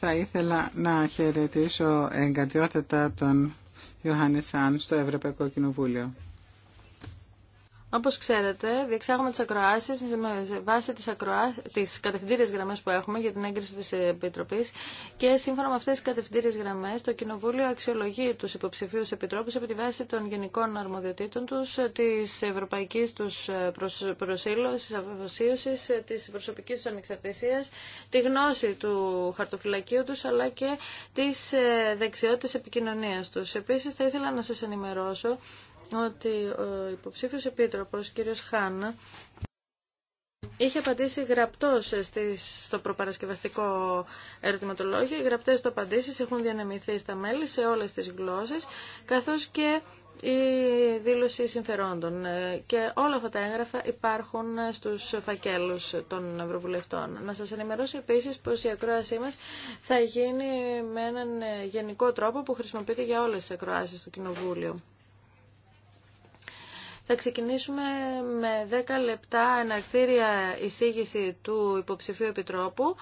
Θα ήθελα να χαιρετήσω εγκαρδιότητα τον Ιωάννη Σαν στο Ευρωπαϊκό Κοινοβούλιο. Όπω ξέρετε, διεξάγουμε τι ακροάσεις με βάση τι τις κατευθυντήριες γραμμές που έχουμε για την έγκριση τη Επιτροπή και σύμφωνα με αυτέ τι κατευθυντήριες γραμμέ, το Κοινοβούλιο αξιολογεί του υποψηφίου Επιτρόπου επί τη βάση των γενικών αρμοδιοτήτων του, τη Ευρωπαϊκή του ε, προσήλωση, τη αφοσίωσης, ε, της προσωπικής τους ανεξαρτησίας, τη γνώση του χαρτοφυλακίου του, αλλά και τις ε, δεξιότητες επικοινωνία του. Επίση θα ήθελα να σα ενημερώσω ότι ο υποψήφιος επίτροπος, κύριος Χάν, είχε απαντήσει γραπτός στις, στο προπαρασκευαστικό ερωτηματολόγιο. Οι γραπτές του απαντήσεις έχουν διανεμηθεί στα μέλη σε όλες τις γλώσσες, καθώς και η δήλωση συμφερόντων. Και όλα αυτά τα έγγραφα υπάρχουν στους φακέλους των Ευρωβουλευτών. Να σας ενημερώσω επίσης πως η ακρόασή μας θα γίνει με έναν γενικό τρόπο που χρησιμοποιείται για όλες τις ακροάσεις του Κοινοβούλιο. Θα ξεκινήσουμε με 10 λεπτά ανακτήρια εισήγηση του υποψηφίου επιτρόπου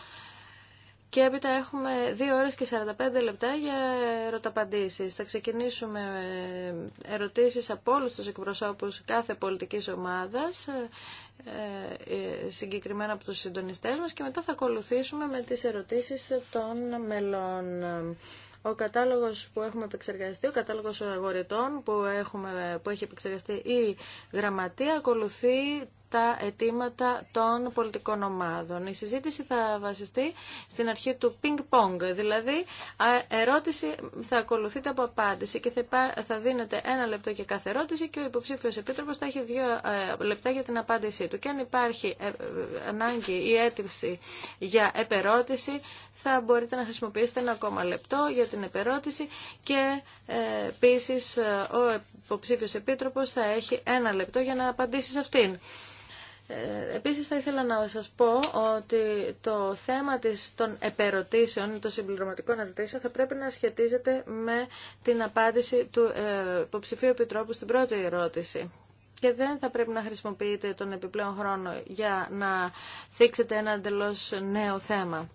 και έπειτα έχουμε 2 ώρες και 45 λεπτά για ερωταπαντήσεις. Θα ξεκινήσουμε ερωτήσεις από όλους τους εκπροσώπους κάθε πολιτικής ομάδας, ε, ε, συγκεκριμένα από τους συντονιστές μας και μετά θα ακολουθήσουμε με τις ερωτήσεις των μελών. Ο κατάλογος που έχουμε επεξεργαστεί, ο κατάλογος αγορετών που, έχουμε, που έχει επεξεργαστεί η γραμματεία ακολουθεί τα αιτήματα των πολιτικών ομάδων. Η συζήτηση θα βασιστεί στην αρχή του ping-pong, δηλαδή ερώτηση θα ακολουθείται από απάντηση και θα δίνεται ένα λεπτό για κάθε ερώτηση και ο υποψήφιος επίτροπος θα έχει δύο ε, λεπτά για την απάντησή του. Και αν υπάρχει ε, ε, ανάγκη ή αίτηση για επερώτηση, θα μπορείτε να χρησιμοποιήσετε ένα ακόμα λεπτό για την επερώτηση και επίση ο υποψήφιος επίτροπος θα έχει ένα λεπτό για να απαντήσει σε αυτήν. Ε, επίσης θα ήθελα να σας πω ότι το θέμα της, των επερωτήσεων, των συμπληρωματικών ερωτήσεων θα πρέπει να σχετίζεται με την απάντηση του ε, υποψηφίου επιτρόπου στην πρώτη ερώτηση και δεν θα πρέπει να χρησιμοποιείτε τον επιπλέον χρόνο για να θίξετε ένα εντελώ νέο θέμα.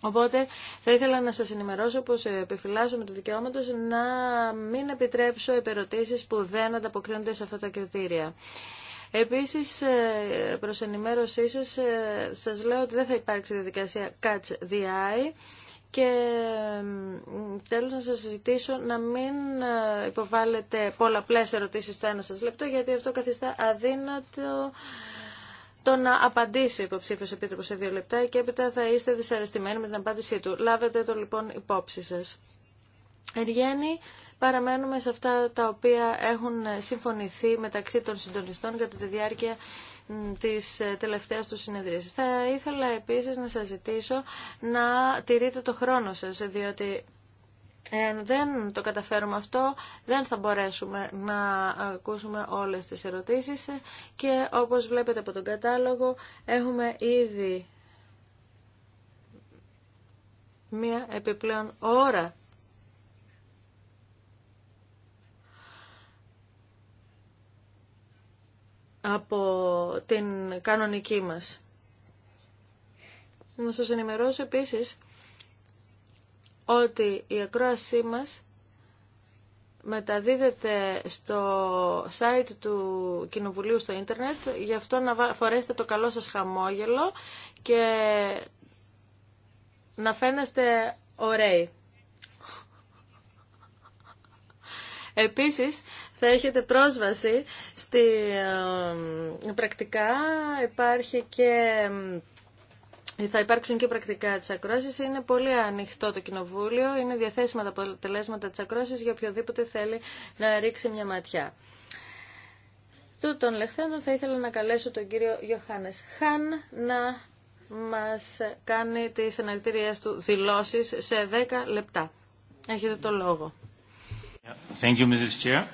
Οπότε θα ήθελα να σας ενημερώσω πως ε, επιφυλάσσουμε το δικαιώματο να μην επιτρέψω επερωτήσεις που δεν ανταποκρίνονται σε αυτά τα κριτήρια. Επίσης, ε, προς ενημέρωσή σας, ε, σα λέω ότι δεν θα υπάρξει διαδικασία catch the eye. Και θέλω να σας ζητήσω να μην ε, υποβάλλετε πολλαπλές ερωτήσεις στο ένα σας λεπτό, γιατί αυτό καθιστά αδύνατο το να απαντήσει ο υποψήφιος επίτροπος σε δύο λεπτά και έπειτα θα είστε δυσαρεστημένοι με την απάντησή του. Λάβετε το λοιπόν υπόψη σας παραμένουμε σε αυτά τα οποία έχουν συμφωνηθεί μεταξύ των συντονιστών κατά τη διάρκεια της ε, τελευταίας του συνεδρίας. Θα ήθελα επίσης να σας ζητήσω να τηρείτε το χρόνο σας, διότι εάν δεν το καταφέρουμε αυτό, δεν θα μπορέσουμε να ακούσουμε όλες τις ερωτήσεις και όπως βλέπετε από τον κατάλογο έχουμε ήδη μία επιπλέον ώρα από την κανονική μας. Να σας ενημερώσω επίσης ότι η ακρόασή μας μεταδίδεται στο site του Κοινοβουλίου στο ίντερνετ, γι' αυτό να φορέσετε το καλό σας χαμόγελο και να φαίνεστε ωραίοι. Επίσης, θα έχετε πρόσβαση στη ε, πρακτικά. Υπάρχει και ε, θα υπάρξουν και πρακτικά τη ακρόαση. Είναι πολύ ανοιχτό το κοινοβούλιο. Είναι διαθέσιμα τα αποτελέσματα τη ακρόαση για οποιοδήποτε θέλει να ρίξει μια ματιά. Τούτων λεχθέντων θα ήθελα να καλέσω τον κύριο Γιοχάνης, Χαν να μας κάνει τις αναλυτήριες του δηλώσεις σε 10 λεπτά. Έχετε το λόγο. Thank you, Mrs. Chair.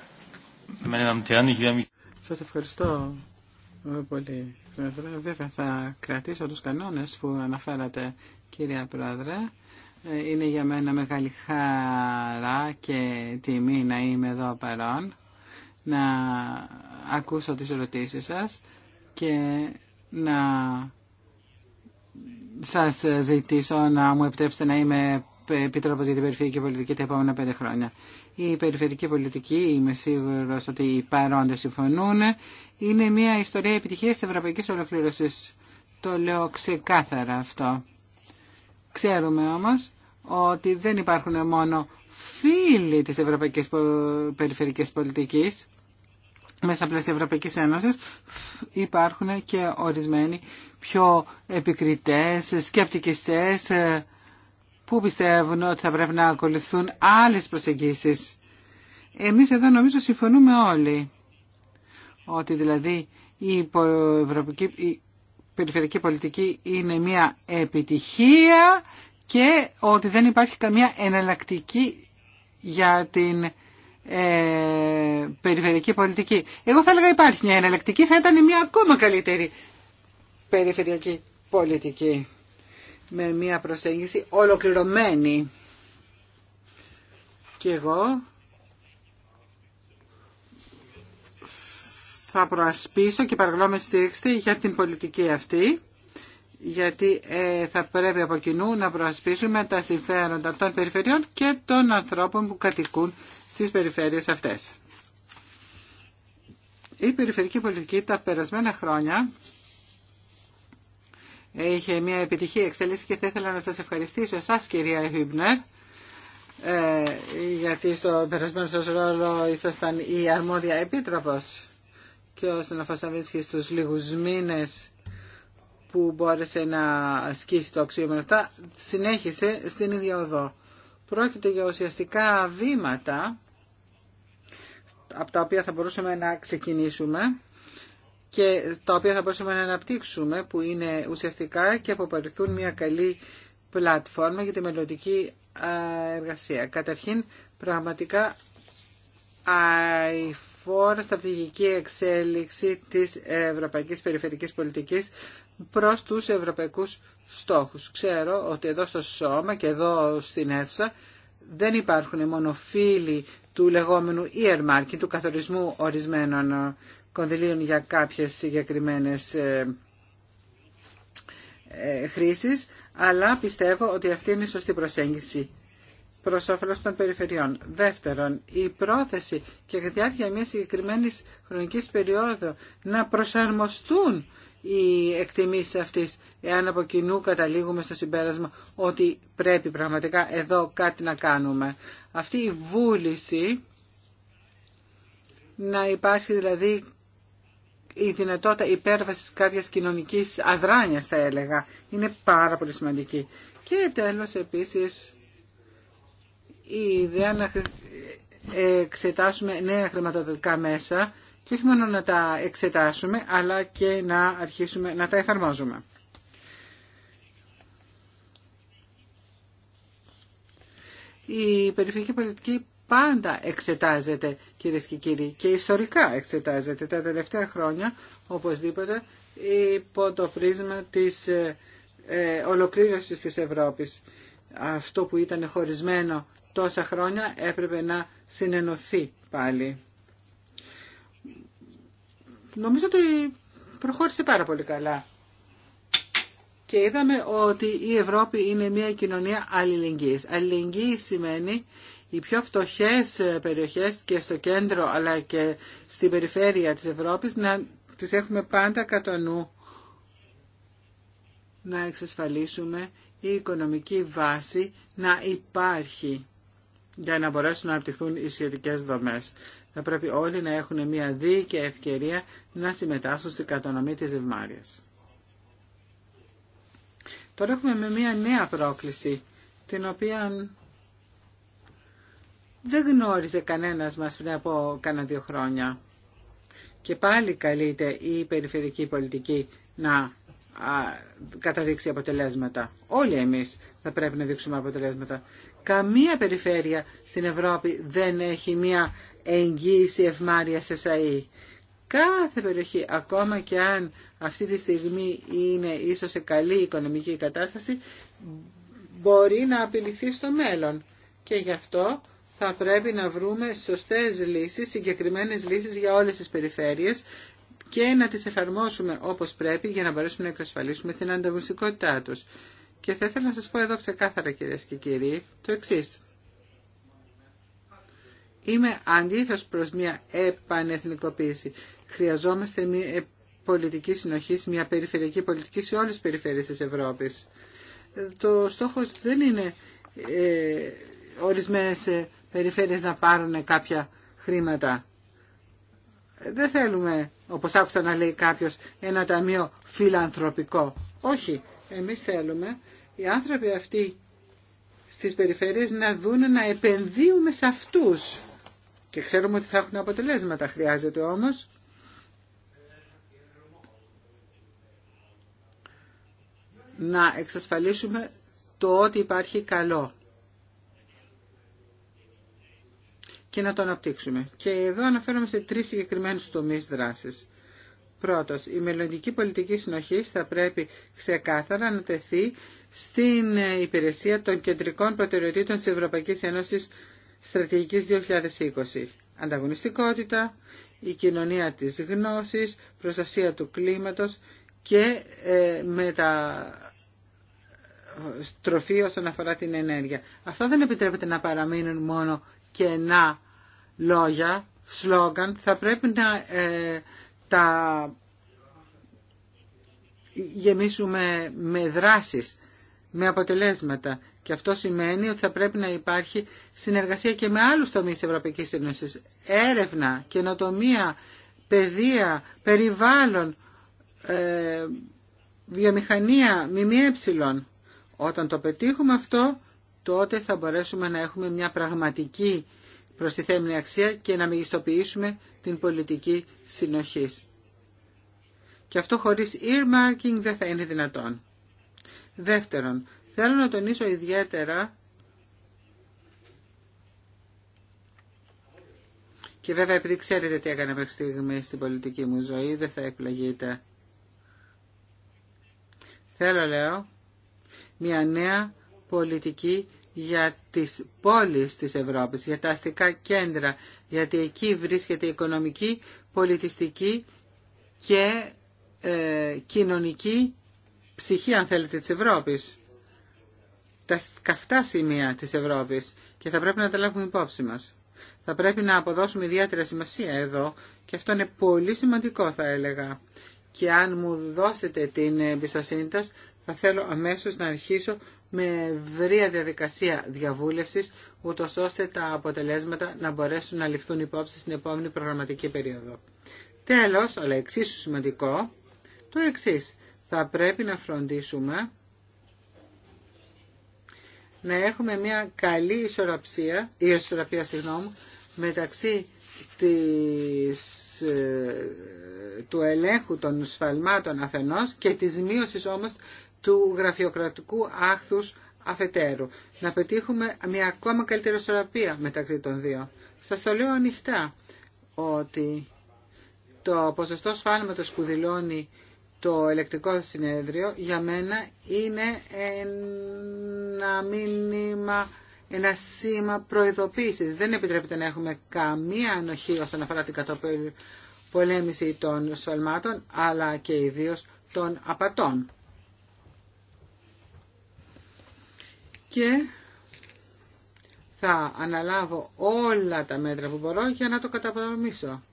Σας ευχαριστώ ε, πολύ, Πρόεδρε. Βέβαια θα κρατήσω τους κανόνες που αναφέρατε, κυρία Πρόεδρε. Ε, είναι για μένα μεγάλη χαρά και τιμή να είμαι εδώ παρόν, να ακούσω τις ερωτήσεις σας και να σας ζητήσω να μου επιτρέψετε να είμαι Επίτροπος για την Περιφερειακή Πολιτική τα επόμενα πέντε χρόνια η περιφερική πολιτική, είμαι σίγουρο ότι οι παρόντες συμφωνούν, είναι μια ιστορία επιτυχίας της ευρωπαϊκής ολοκλήρωσης. Το λέω ξεκάθαρα αυτό. Ξέρουμε όμως ότι δεν υπάρχουν μόνο φίλοι της ευρωπαϊκής περιφερειακής πολιτικής, μέσα πλαίσια Ευρωπαϊκής Ένωση. υπάρχουν και ορισμένοι πιο επικριτές, σκεπτικιστές, ε, που πιστεύουν ότι θα πρέπει να ακολουθούν άλλες προσεγγίσεις. Εμείς εδώ νομίζω συμφωνούμε όλοι ότι δηλαδή η, περιφερειακή πολιτική είναι μια επιτυχία και ότι δεν υπάρχει καμία εναλλακτική για την ε, περιφερειακή πολιτική. Εγώ θα έλεγα υπάρχει μια εναλλακτική, θα ήταν μια ακόμα καλύτερη περιφερειακή πολιτική με μια προσέγγιση ολοκληρωμένη. Και εγώ θα προασπίσω και παρακαλώ με στήριξτε για την πολιτική αυτή γιατί ε, θα πρέπει από κοινού να προασπίσουμε τα συμφέροντα των περιφερειών και των ανθρώπων που κατοικούν στις περιφέρειες αυτές. Η περιφερική πολιτική τα περασμένα χρόνια είχε μια επιτυχή εξέλιξη και θα ήθελα να σας ευχαριστήσω εσάς κυρία Χίμπνερ γιατί στο περασμένο σας ρόλο ήσασταν η αρμόδια επίτροπος και ο Σαναφασαβίτσχη στους λίγους μήνες που μπόρεσε να ασκήσει το αξίωμα αυτά συνέχισε στην ίδια οδό. Πρόκειται για ουσιαστικά βήματα από τα οποία θα μπορούσαμε να ξεκινήσουμε και τα οποία θα μπορούσαμε να αναπτύξουμε που είναι ουσιαστικά και αποπαριθούν μια καλή πλατφόρμα για τη μελλοντική εργασία. Καταρχήν πραγματικά η φόρα στρατηγική εξέλιξη της Ευρωπαϊκής Περιφερικής Πολιτικής προς τους ευρωπαϊκούς στόχους. Ξέρω ότι εδώ στο σώμα και εδώ στην αίθουσα δεν υπάρχουν μόνο φίλοι του λεγόμενου earmarking, του καθορισμού ορισμένων κονδυλίων για κάποιες συγκεκριμένες ε, ε, χρήσεις, αλλά πιστεύω ότι αυτή είναι η σωστή προσέγγιση προς όφελος των περιφερειών. Δεύτερον, η πρόθεση και η διάρκεια μιας συγκεκριμένης χρονικής περίοδου να προσαρμοστούν οι εκτιμήσεις αυτής, εάν από κοινού καταλήγουμε στο συμπέρασμα ότι πρέπει πραγματικά εδώ κάτι να κάνουμε. Αυτή η βούληση να υπάρξει δηλαδή η δυνατότητα υπέρβασης κάποιας κοινωνικής αδράνειας θα έλεγα είναι πάρα πολύ σημαντική. Και τέλος επίσης η ιδέα να εξετάσουμε νέα χρηματοδοτικά μέσα και όχι μόνο να τα εξετάσουμε αλλά και να αρχίσουμε να τα εφαρμόζουμε. Η περιφερειακή πολιτική πάντα εξετάζεται κύριε και κύριοι και ιστορικά εξετάζεται τα τελευταία χρόνια οπωσδήποτε υπό το πρίσμα της ε, ε, ολοκλήρωσης της Ευρώπης. Αυτό που ήταν χωρισμένο τόσα χρόνια έπρεπε να συνενωθεί πάλι. Νομίζω ότι προχώρησε πάρα πολύ καλά. Και είδαμε ότι η Ευρώπη είναι μια κοινωνία αλληλεγγύης. Αλληλεγγύη σημαίνει οι πιο φτωχές ε, περιοχές και στο κέντρο αλλά και στην περιφέρεια της Ευρώπης να τις έχουμε πάντα κατά νου να εξασφαλίσουμε η οικονομική βάση να υπάρχει για να μπορέσουν να αναπτυχθούν οι σχετικές δομές. Θα πρέπει όλοι να έχουν μια δίκαιη ευκαιρία να συμμετάσχουν στην κατανομή της ζευμάριας. Τώρα έχουμε με μια νέα πρόκληση, την οποία δεν γνώριζε κανένας μας πριν από κάνα δύο χρόνια. Και πάλι καλείται η περιφερική πολιτική να καταδείξει αποτελέσματα. Όλοι εμείς θα πρέπει να δείξουμε αποτελέσματα. Καμία περιφέρεια στην Ευρώπη δεν έχει μια εγγύηση σε ΣΑΗ. Κάθε περιοχή, ακόμα και αν αυτή τη στιγμή είναι ίσως σε καλή οικονομική κατάσταση, μπορεί να απειληθεί στο μέλλον. Και γι' αυτό θα πρέπει να βρούμε σωστές λύσεις, συγκεκριμένες λύσεις για όλες τις περιφέρειες και να τις εφαρμόσουμε όπως πρέπει για να μπορέσουμε να εξασφαλίσουμε την ανταγωνιστικότητά τους. Και θα ήθελα να σας πω εδώ ξεκάθαρα κυρίε και κύριοι το εξή. Είμαι αντίθετος προς μια επανεθνικοποίηση. Χρειαζόμαστε μια πολιτική συνοχή, μια περιφερειακή πολιτική σε όλες τις περιφέρειες της Ευρώπης. Ε, το στόχος δεν είναι ε, ορισμένες ε, περιφέρειες να πάρουν κάποια χρήματα. Δεν θέλουμε, όπως άκουσα να λέει κάποιος, ένα ταμείο φιλανθρωπικό. Όχι, εμείς θέλουμε οι άνθρωποι αυτοί στις περιφέρειες να δουνε να επενδύουμε σε αυτούς. Και ξέρουμε ότι θα έχουν αποτελέσματα. Χρειάζεται όμως να εξασφαλίσουμε το ότι υπάρχει καλό. και να το αναπτύξουμε. Και εδώ αναφέρομαι σε τρεις συγκεκριμένους τομείς δράσης. Πρώτος, η μελλοντική πολιτική συνοχή θα πρέπει ξεκάθαρα να τεθεί στην υπηρεσία των κεντρικών προτεραιοτήτων της Ευρωπαϊκής Ένωσης Στρατηγικής 2020. Ανταγωνιστικότητα, η κοινωνία της γνώσης, προστασία του κλίματος και ε, μεταστροφή ε, όσον αφορά την ενέργεια. Αυτό δεν επιτρέπεται να παραμείνουν μόνο κενά λόγια, σλόγγαν, θα πρέπει να ε, τα γεμίσουμε με δράσεις, με αποτελέσματα. Και αυτό σημαίνει ότι θα πρέπει να υπάρχει συνεργασία και με άλλους τομείς Ευρωπαϊκής Ένωσης. Έρευνα, καινοτομία, παιδεία, περιβάλλον, ε, βιομηχανία, μιμιέψιλον. Ε, όταν το πετύχουμε αυτό τότε θα μπορέσουμε να έχουμε μια πραγματική προστιθέμενη αξία και να μεγιστοποιήσουμε την πολιτική συνοχής. Και αυτό χωρίς earmarking δεν θα είναι δυνατόν. Δεύτερον, θέλω να τονίσω ιδιαίτερα και βέβαια επειδή ξέρετε τι έκανα μέχρι στιγμή στην πολιτική μου ζωή δεν θα εκπλαγείτε. Θέλω λέω μια νέα πολιτική για τις πόλεις της Ευρώπης, για τα αστικά κέντρα, γιατί εκεί βρίσκεται η οικονομική, πολιτιστική και ε, κοινωνική ψυχή, αν θέλετε, της Ευρώπης. Τα καυτά σημεία της Ευρώπης και θα πρέπει να τα λάβουμε υπόψη μας. Θα πρέπει να αποδώσουμε ιδιαίτερη σημασία εδώ και αυτό είναι πολύ σημαντικό θα έλεγα. Και αν μου δώσετε την εμπιστοσύνη σας, θέλω αμέσως να αρχίσω με βρία διαδικασία διαβούλευσης, ούτω ώστε τα αποτελέσματα να μπορέσουν να ληφθούν υπόψη στην επόμενη προγραμματική περίοδο. Τέλος, αλλά εξίσου σημαντικό, το εξής. Θα πρέπει να φροντίσουμε να έχουμε μια καλή ισορροπία, ισορροπία συγγνώμη, μεταξύ της, ε, του ελέγχου των σφαλμάτων αφενός και της μείωσης όμως του γραφειοκρατικού άχθους αφετέρου. Να πετύχουμε μια ακόμα καλύτερη ισορροπία μεταξύ των δύο. Σας το λέω ανοιχτά ότι το ποσοστό σφάλματος που δηλώνει το ελεκτικό συνέδριο για μένα είναι ένα μήνυμα, ένα σήμα προειδοποίησης. Δεν επιτρέπεται να έχουμε καμία ανοχή όσον αφορά την πολέμηση των σφαλμάτων αλλά και ιδίως των απατών. και θα αναλάβω όλα τα μέτρα που μπορώ για να το καταπολεμήσω.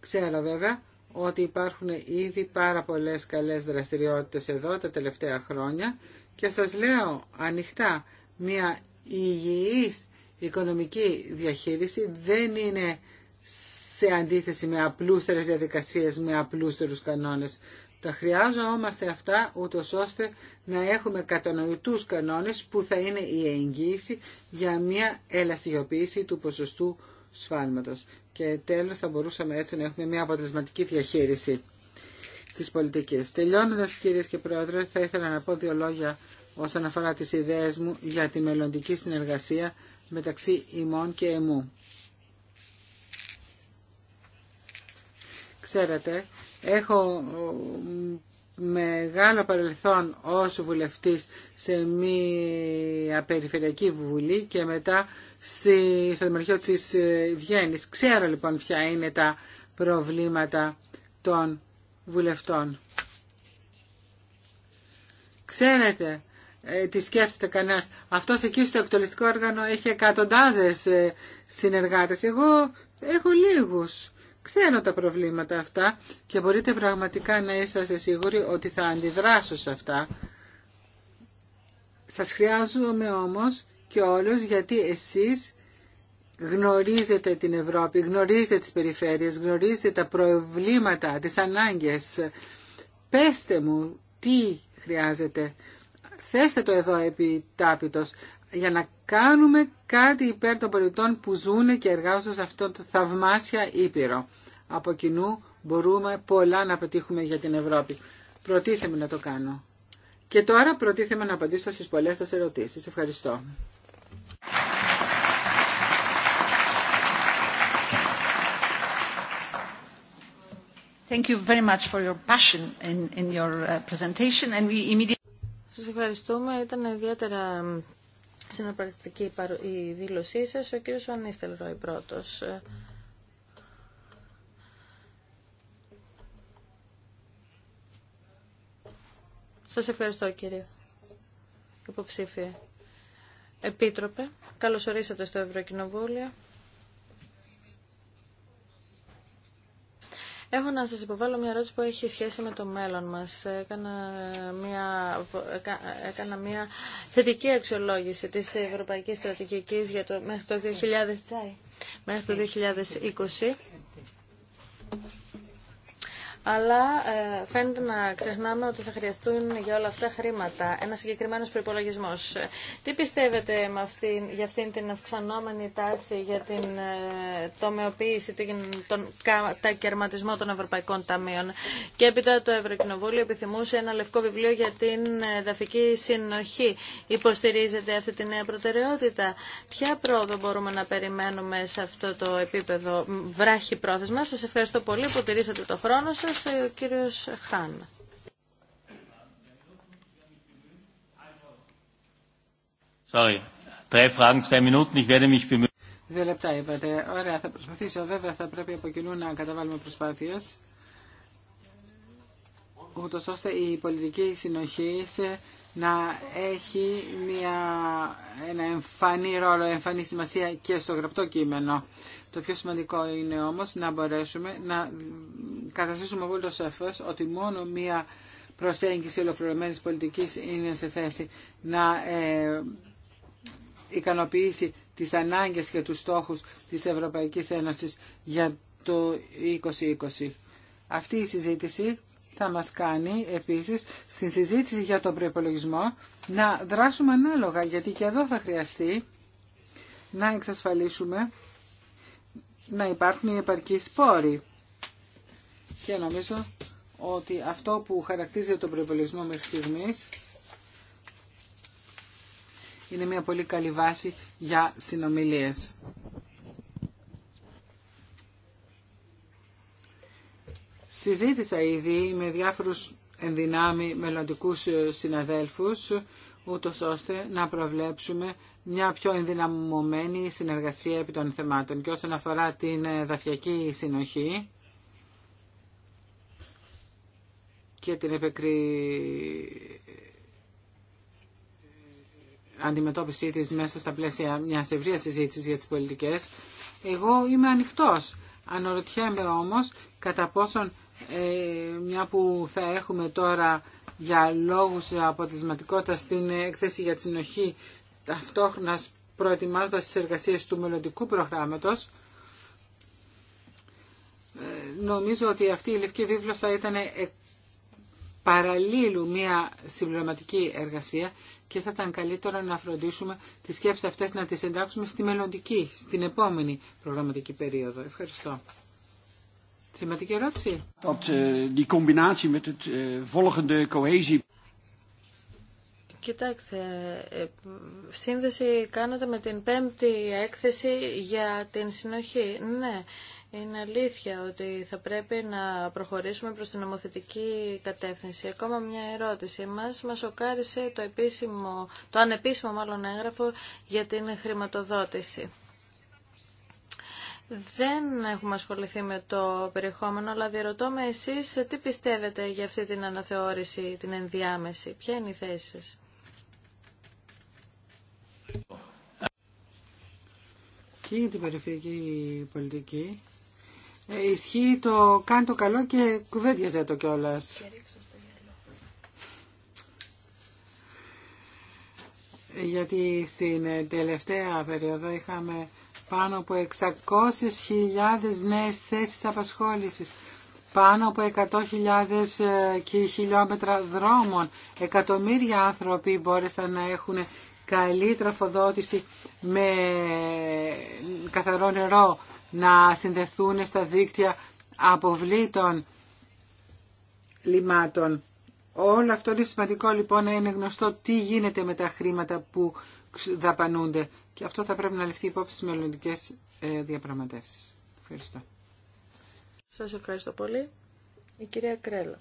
Ξέρω βέβαια ότι υπάρχουν ήδη πάρα πολλές καλές δραστηριότητες εδώ τα τελευταία χρόνια και σας λέω ανοιχτά, μια υγιής οικονομική διαχείριση δεν είναι σε αντίθεση με απλούστερες διαδικασίες, με απλούστερους κανόνες. Τα χρειάζομαστε αυτά ούτω ώστε να έχουμε κατανοητούς κανόνες που θα είναι η εγγύηση για μια ελαστιοποίηση του ποσοστού σφάλματος. Και τέλος θα μπορούσαμε έτσι να έχουμε μια αποτελεσματική διαχείριση της πολιτικής. Τελειώνοντας κυρίες και πρόεδρε θα ήθελα να πω δύο λόγια όσον αφορά τις ιδέες μου για τη μελλοντική συνεργασία μεταξύ ημών και εμού. Ξέρετε Έχω μεγάλο παρελθόν ως βουλευτής σε μια περιφερειακή βουλή και μετά στη, στο Δημορχείο της ε, Βιέννης. Ξέρω λοιπόν ποια είναι τα προβλήματα των βουλευτών. Ξέρετε ε, τι σκέφτεται κανένα. Αυτός εκεί στο εκτολιστικό όργανο έχει εκατοντάδες συνεργάτε. συνεργάτες. Εγώ έχω λίγους ξέρω τα προβλήματα αυτά και μπορείτε πραγματικά να είσαστε σίγουροι ότι θα αντιδράσω σε αυτά. Σας χρειάζομαι όμως και όλους γιατί εσείς γνωρίζετε την Ευρώπη, γνωρίζετε τις περιφέρειες, γνωρίζετε τα προβλήματα, τις ανάγκες. Πέστε μου τι χρειάζεται. Θέστε το εδώ επιτάπητος για να κάνουμε κάτι υπέρ των πολιτών που ζουν και εργάζονται σε αυτό το θαυμάσια ήπειρο. Από κοινού μπορούμε πολλά να πετύχουμε για την Ευρώπη. Προτίθεμαι να το κάνω. Και τώρα προτίθεμαι να απαντήσω στις πολλές σας ερωτήσεις. Ευχαριστώ. Thank Σας ευχαριστούμε. Ήταν ιδιαίτερα Συναπαραστατική η δήλωσή σας. Ο κύριος Βανίστελ Ροϊ πρώτος. Σας ευχαριστώ κύριε υποψήφιε. Επίτροπε, καλώς ορίσατε στο Ευρωκοινοβούλιο. Έχω να σας υποβάλω μια ερώτηση που έχει σχέση με το μέλλον μας. Έκανα μια, έκανα μια θετική αξιολόγηση της Ευρωπαϊκής Στρατηγικής για το, μέχρι το 2000, μέχρι το 2020 αλλά ε, φαίνεται να ξεχνάμε ότι θα χρειαστούν για όλα αυτά χρήματα, ένα συγκεκριμένο προπολογισμό. Τι πιστεύετε με αυτή, για αυτήν την αυξανόμενη τάση για την ε, τομεοποίηση, τον κατακαιρματισμό των Ευρωπαϊκών Ταμείων. Και έπειτα το Ευρωκοινοβούλιο επιθυμούσε ένα λευκό βιβλίο για την εδαφική συνοχή. Υποστηρίζετε αυτή τη νέα προτεραιότητα. Ποια πρόοδο μπορούμε να περιμένουμε σε αυτό το επίπεδο βράχη πρόθεσμα. σα ευχαριστώ πολύ που τηρήσατε το χρόνο σα. Δύο λεπτά είπατε. Ωραία, θα προσπαθήσω. Βέβαια θα πρέπει από κοινού να καταβάλουμε προσπάθειε. Ούτω ώστε η πολιτική συνοχή να έχει μια, ένα εμφανή ρόλο, εμφανή σημασία και στο γραπτό κείμενο. Το πιο σημαντικό είναι όμως να μπορέσουμε να καταστήσουμε το σεφές ότι μόνο μία προσέγγιση ολοκληρωμένης πολιτικής είναι σε θέση να ε, ικανοποιήσει τις ανάγκες και τους στόχους της Ευρωπαϊκής Ένωσης για το 2020. Αυτή η συζήτηση θα μας κάνει επίσης στη συζήτηση για τον προϋπολογισμό να δράσουμε ανάλογα, γιατί και εδώ θα χρειαστεί να εξασφαλίσουμε να υπάρχουν οι επαρκείς πόροι. Και νομίζω ότι αυτό που χαρακτηρίζει τον προπολογισμό μέχρι στιγμής είναι μια πολύ καλή βάση για συνομιλίες. Συζήτησα ήδη με διάφορους ενδυνάμει μελλοντικού συναδέλφους ούτως ώστε να προβλέψουμε μια πιο ενδυναμωμένη συνεργασία επί των θεμάτων. Και όσον αφορά την ε, δαφιακή συνοχή και την επικρι... αντιμετώπιση της μέσα στα πλαίσια μιας ευρείας συζήτησης για τις πολιτικές, εγώ είμαι ανοιχτός. Αναρωτιέμαι όμως κατά πόσον ε, μια που θα έχουμε τώρα για λόγους αποτελεσματικότητας στην έκθεση για τη συνοχή ταυτόχρονα προετοιμάζοντας τις εργασίες του μελλοντικού προγράμματος, ε, νομίζω ότι αυτή η Λευκή Βίβλος θα ήταν παραλλήλου μια συμπληρωματική εργασία και θα ήταν καλύτερο να φροντίσουμε τις σκέψεις αυτές να τις εντάξουμε στη μελλοντική, στην επόμενη προγραμματική περίοδο. Ευχαριστώ. Σημαντική ερώτηση. Ε, ε, Κοιτάξτε, ε, σύνδεση κάνατε με την πέμπτη έκθεση για την συνοχή. Ναι, είναι αλήθεια ότι θα πρέπει να προχωρήσουμε προς την νομοθετική κατεύθυνση. Ακόμα μια ερώτηση. Μας μας σοκάρισε το, επίσημο, το ανεπίσημο μάλλον έγγραφο για την χρηματοδότηση. Δεν έχουμε ασχοληθεί με το περιεχόμενο, αλλά διαρωτώ με εσείς τι πιστεύετε για αυτή την αναθεώρηση, την ενδιάμεση. Ποια είναι η θέση σας. Και για την περιφερειακή πολιτική ε, ισχύει το κάν το καλό και κουβέντιαζε το κιόλα. Ε, γιατί στην ε, τελευταία περίοδο είχαμε πάνω από 600.000 νέες θέσεις απασχόλησης, πάνω από 100.000 ε, χιλιόμετρα δρόμων. Εκατομμύρια άνθρωποι μπόρεσαν να έχουν καλή τροφοδότηση με καθαρό νερό, να συνδεθούν στα δίκτυα αποβλήτων λιμάτων. Όλο αυτό είναι σημαντικό λοιπόν να είναι γνωστό τι γίνεται με τα χρήματα που δαπανούνται και αυτό θα πρέπει να ληφθεί υπόψη στις μελλοντικές ε, διαπραγματεύσεις. Ευχαριστώ. Σας ευχαριστώ πολύ. Η κυρία Κρέλα.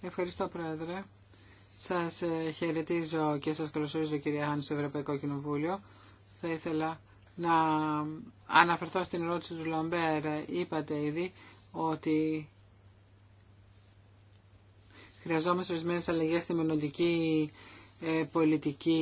Ευχαριστώ Πρόεδρε. Σας ε, χαιρετίζω και σας καλωσορίζω κυρία Χάνου στο Ευρωπαϊκό Κοινοβούλιο. Θα ήθελα να αναφερθώ στην ερώτηση του Λομπέρ. Είπατε ήδη ότι χρειαζόμαστε ορισμένε αλλαγέ στη μελλοντική ε, πολιτική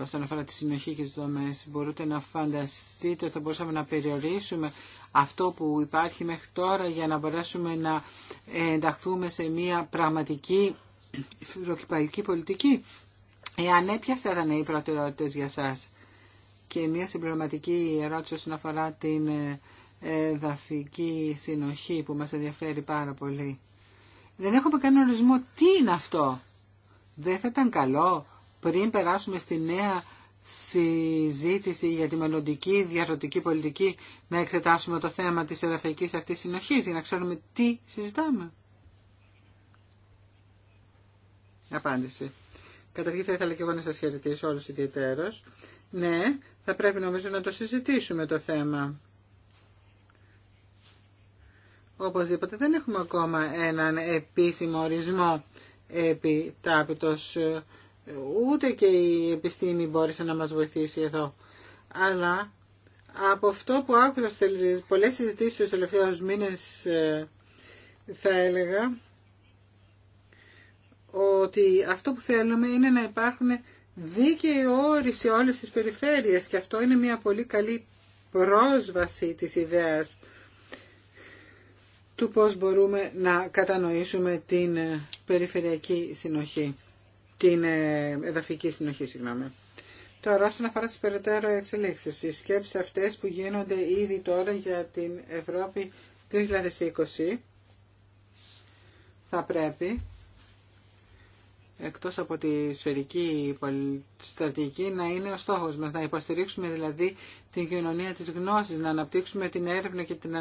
όσον αφορά τη συνοχή και τις δομές. Μπορείτε να φανταστείτε ότι θα μπορούσαμε να περιορίσουμε αυτό που υπάρχει μέχρι τώρα για να μπορέσουμε να ενταχθούμε σε μια πραγματική φιλοκυπαϊκή πολιτική. Εάν ναι, ήταν οι προτεραιότητε για σας. Και μια συμπληρωματική ερώτηση όσον αφορά την ε, δαφική συνοχή που μας ενδιαφέρει πάρα πολύ. Δεν έχουμε κανένα ορισμό τι είναι αυτό δεν θα ήταν καλό πριν περάσουμε στη νέα συζήτηση για τη μελλοντική διαρροτική πολιτική να εξετάσουμε το θέμα της εδαφικής αυτής συνοχής για να ξέρουμε τι συζητάμε. Απάντηση. Καταρχήν θα ήθελα και εγώ να σας χαιρετήσω όλους ιδιαίτερος. Ναι, θα πρέπει νομίζω να το συζητήσουμε το θέμα. Οπωσδήποτε δεν έχουμε ακόμα έναν επίσημο ορισμό επιτάπητος. Ούτε και η επιστήμη μπόρεσε να μας βοηθήσει εδώ. Αλλά από αυτό που άκουσα σε πολλές συζητήσεις τους τελευταίους μήνες ε, θα έλεγα ότι αυτό που θέλουμε είναι να υπάρχουν δίκαιοι όροι σε όλες τις περιφέρειες και αυτό είναι μια πολύ καλή πρόσβαση της ιδέας του πώς μπορούμε να κατανοήσουμε την ε, περιφερειακή συνοχή, την ε, εδαφική συνοχή, συγγνώμη. Τώρα, όσον αφορά τις περαιτέρω εξελίξεις, οι σκέψεις αυτές που γίνονται ήδη τώρα για την Ευρώπη 2020, θα πρέπει, εκτός από τη σφαιρική στρατηγική, να είναι ο στόχος μας, να υποστηρίξουμε δηλαδή την κοινωνία της γνώσης, να αναπτύξουμε την έρευνα και την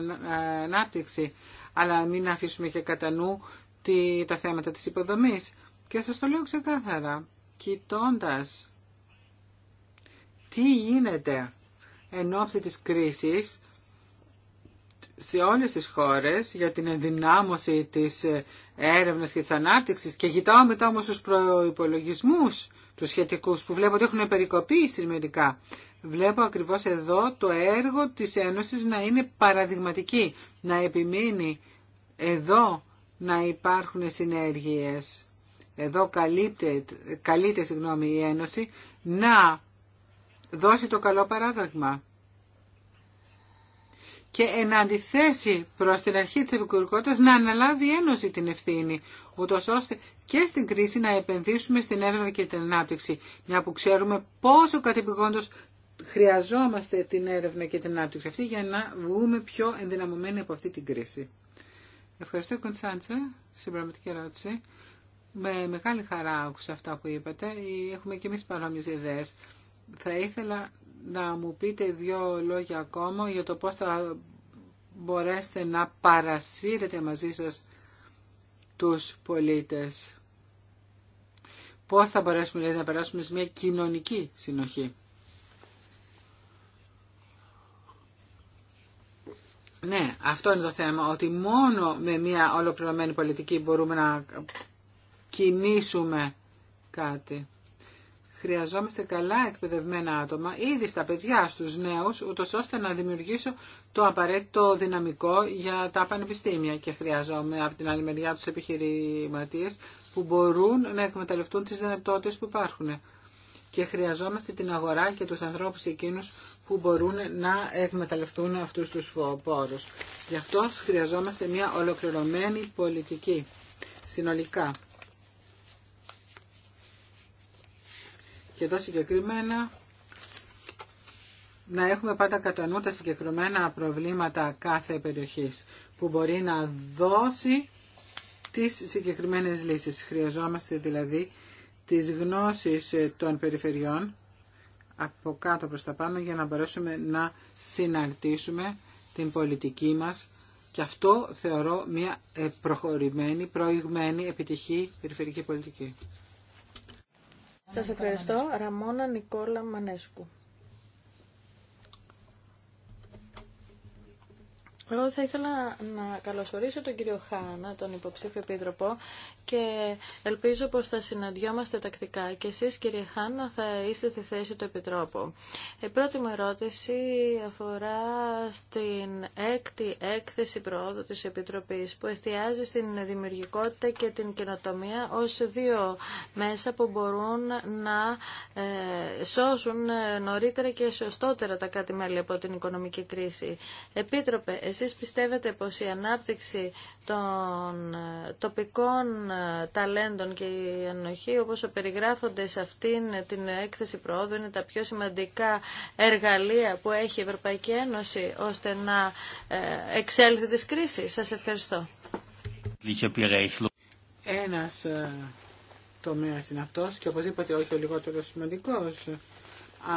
ανάπτυξη, αλλά μην αφήσουμε και κατά νου τα θέματα της υποδομής. Και σας το λέω ξεκάθαρα, κοιτώντα τι γίνεται εν ώψη της κρίσης σε όλες τις χώρες για την ενδυνάμωση της ε, έρευνας και της ανάπτυξης και κοιτάω μετά όμως τους προϋπολογισμούς τους σχετικούς που βλέπω ότι έχουν περικοπεί σημερικά. Βλέπω ακριβώς εδώ το έργο της Ένωσης να είναι παραδειγματική, να επιμείνει εδώ να υπάρχουν συνέργειες. Εδώ καλύπτε, καλείται συγγνώμη, η Ένωση να δώσει το καλό παράδειγμα και εν αντιθέσει προς την αρχή της επικουρικότητας να αναλάβει η Ένωση την ευθύνη, ούτως ώστε και στην κρίση να επενδύσουμε στην έρευνα και την ανάπτυξη, μια που ξέρουμε πόσο κατεπηγόντως χρειαζόμαστε την έρευνα και την ανάπτυξη αυτή για να βγούμε πιο ενδυναμωμένοι από αυτή την κρίση. Ευχαριστώ, Κωνσάντσα, στην ερώτηση. Με μεγάλη χαρά άκουσα αυτά που είπατε. Έχουμε και εμείς παρόμοιες ιδέες. Θα ήθελα να μου πείτε δύο λόγια ακόμα για το πώς θα μπορέσετε να παρασύρετε μαζί σας τους πολίτες. Πώς θα μπορέσουμε δηλαδή, να περάσουμε σε μια κοινωνική συνοχή. Ναι, αυτό είναι το θέμα, ότι μόνο με μια ολοκληρωμένη πολιτική μπορούμε να κινήσουμε κάτι. Χρειαζόμαστε καλά εκπαιδευμένα άτομα ήδη στα παιδιά, στους νέους, ούτω ώστε να δημιουργήσω το απαραίτητο δυναμικό για τα πανεπιστήμια. Και χρειαζόμαι από την άλλη μεριά τους επιχειρηματίες που μπορούν να εκμεταλλευτούν τις δυνατότητες που υπάρχουν. Και χρειαζόμαστε την αγορά και τους ανθρώπους εκείνους που μπορούν να εκμεταλλευτούν αυτούς τους πόρους. Γι' αυτό χρειαζόμαστε μια ολοκληρωμένη πολιτική συνολικά και εδώ συγκεκριμένα να έχουμε πάντα κατά νου τα συγκεκριμένα προβλήματα κάθε περιοχής που μπορεί να δώσει τις συγκεκριμένες λύσεις. Χρειαζόμαστε δηλαδή τις γνώσεις ε, των περιφερειών από κάτω προς τα πάνω για να μπορέσουμε να συναρτήσουμε την πολιτική μας και αυτό θεωρώ μια προχωρημένη, προηγμένη, επιτυχή περιφερική πολιτική. Σας ευχαριστώ. Ραμόνα Νικόλα Μανέσκου. Εγώ θα ήθελα να καλωσορίσω τον κύριο Χάνα, τον υποψήφιο επίτροπο και ελπίζω πως θα συναντιόμαστε τακτικά και εσείς κύριε Χάνα θα είστε στη θέση του επιτρόπου. Η πρώτη μου ερώτηση αφορά στην έκτη έκθεση προόδου της Επιτροπής που εστιάζει στην δημιουργικότητα και την καινοτομία ως δύο μέσα που μπορούν να ε, σώσουν ε, νωρίτερα και σωστότερα τα κάτι μέλη από την οικονομική κρίση. Επίτροπε, εσείς πιστεύετε πως η ανάπτυξη των ε, τοπικών ε, ταλέντων και η ανοχή όπως περιγράφονται σε αυτήν την έκθεση προόδου είναι τα πιο σημαντικά εργαλεία που έχει η Ευρωπαϊκή Ένωση ώστε να ε, εξέλθει της κρίσης. Σας ευχαριστώ. Ένας τομέας είναι αυτός και οπωσδήποτε όχι ο λιγότερο σημαντικός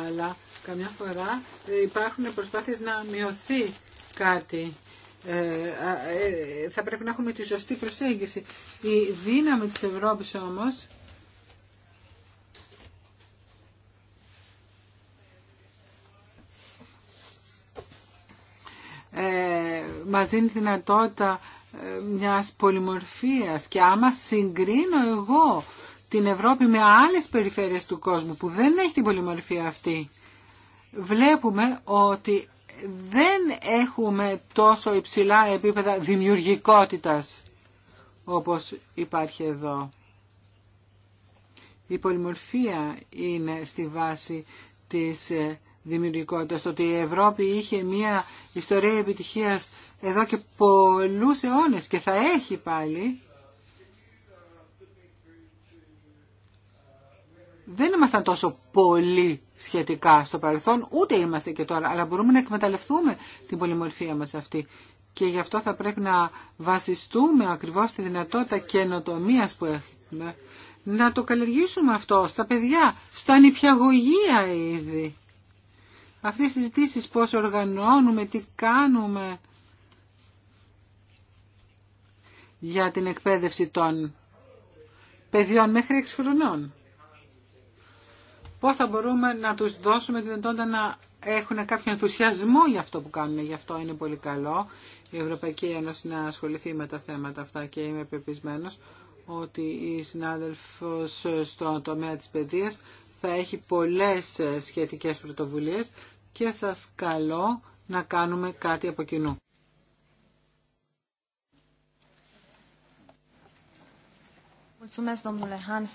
αλλά καμιά φορά υπάρχουν προσπάθειες να μειωθεί κάτι. Ε, ε, θα πρέπει να έχουμε τη σωστή προσέγγιση. Η δύναμη της Ευρώπης όμως ε, μας δίνει δυνατότητα ε, μιας πολυμορφίας και άμα συγκρίνω εγώ την Ευρώπη με άλλες περιφέρειες του κόσμου που δεν έχει την πολυμορφία αυτή βλέπουμε ότι δεν έχουμε τόσο υψηλά επίπεδα δημιουργικότητας όπως υπάρχει εδώ. Η πολυμορφία είναι στη βάση της ε, δημιουργικότητας. Το ότι η Ευρώπη είχε μια ιστορία επιτυχίας εδώ και πολλούς αιώνες και θα έχει πάλι δεν ήμασταν τόσο πολύ σχετικά στο παρελθόν, ούτε είμαστε και τώρα, αλλά μπορούμε να εκμεταλλευτούμε την πολυμορφία μας αυτή. Και γι' αυτό θα πρέπει να βασιστούμε ακριβώς τη δυνατότητα καινοτομία που έχουμε, να το καλλιεργήσουμε αυτό στα παιδιά, στα νηπιαγωγεία ήδη. Αυτές οι συζητήσεις πώς οργανώνουμε, τι κάνουμε για την εκπαίδευση των παιδιών μέχρι 6 χρονών πώς θα μπορούμε να τους δώσουμε τη δυνατότητα να έχουν κάποιο ενθουσιασμό για αυτό που κάνουν. Γι' αυτό είναι πολύ καλό η Ευρωπαϊκή Ένωση να ασχοληθεί με τα θέματα αυτά και είμαι πεπισμένος ότι η συνάδελφος στον τομέα της παιδείας θα έχει πολλές σχετικές πρωτοβουλίες και σας καλώ να κάνουμε κάτι από κοινού. Mulțumesc, domnule Hans.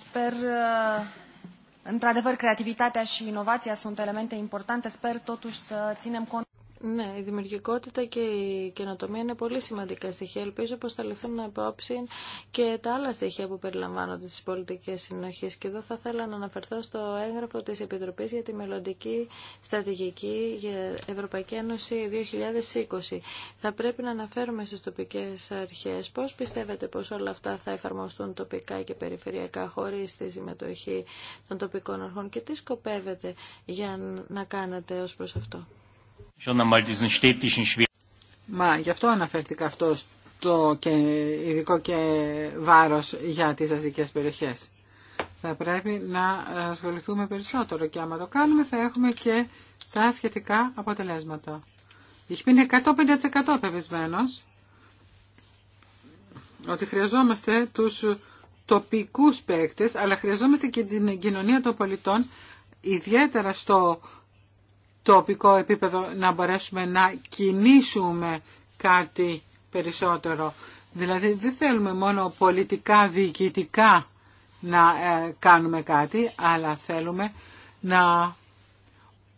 Într-adevăr, creativitatea și inovația sunt elemente importante. Sper totuși să ținem cont ναι, η δημιουργικότητα και η καινοτομία είναι πολύ σημαντικά στοιχεία. Ελπίζω πως θα ληφθούν απόψη και τα άλλα στοιχεία που περιλαμβάνονται στις πολιτικές συνοχές. Και εδώ θα ήθελα να αναφερθώ στο έγγραφο της Επιτροπής για τη Μελλοντική Στρατηγική για Ευρωπαϊκή Ένωση 2020. Θα πρέπει να αναφέρουμε στις τοπικές αρχές πώς πιστεύετε πως όλα αυτά θα εφαρμοστούν τοπικά και περιφερειακά χωρίς τη συμμετοχή των τοπικών αρχών και τι σκοπεύετε για να κάνετε ως προς αυτό. Μα γι' αυτό αναφέρθηκα αυτό το και ειδικό και βάρος για τις αστικές περιοχές. Θα πρέπει να ασχοληθούμε περισσότερο και άμα το κάνουμε θα έχουμε και τα σχετικά αποτελέσματα. Είχε πει 150% πεπισμένος ότι χρειαζόμαστε τους τοπικούς παίκτες, αλλά χρειαζόμαστε και την κοινωνία των πολιτών, ιδιαίτερα στο τοπικό επίπεδο να μπορέσουμε να κινήσουμε κάτι περισσότερο. Δηλαδή δεν θέλουμε μόνο πολιτικά, διοικητικά να ε, κάνουμε κάτι, αλλά θέλουμε να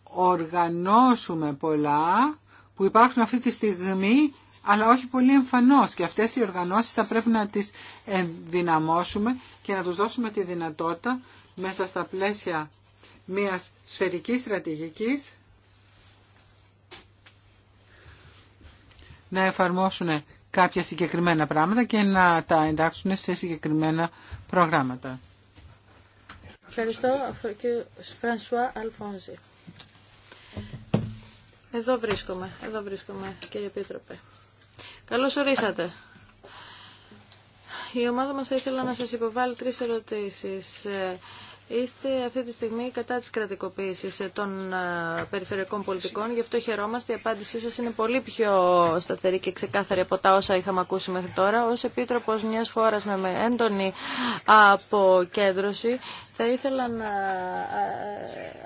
οργανώσουμε πολλά που υπάρχουν αυτή τη στιγμή, αλλά όχι πολύ εμφανώς. Και αυτές οι οργανώσεις θα πρέπει να τις ενδυναμώσουμε και να τους δώσουμε τη δυνατότητα μέσα στα πλαίσια μιας σφαιρικής στρατηγικής να εφαρμόσουν κάποια συγκεκριμένα πράγματα και να τα εντάξουν σε συγκεκριμένα προγράμματα. Ευχαριστώ, κύριε Φρανσουά Αλφόνζη. Εδώ βρίσκομαι, εδώ βρίσκομαι, κύριε Επίτροπε. Καλώς ορίσατε. Η ομάδα μας θα ήθελα να σας υποβάλει τρεις ερωτήσεις. Ε, Είστε αυτή τη στιγμή κατά της κρατικοποίησης ε, των ε, περιφερειακών πολιτικών, γι' αυτό χαιρόμαστε. Η απάντησή σα είναι πολύ πιο σταθερή και ξεκάθαρη από τα όσα είχαμε ακούσει μέχρι τώρα. ω επίτροπο μιας χώρα με έντονη αποκέντρωση, θα ήθελα να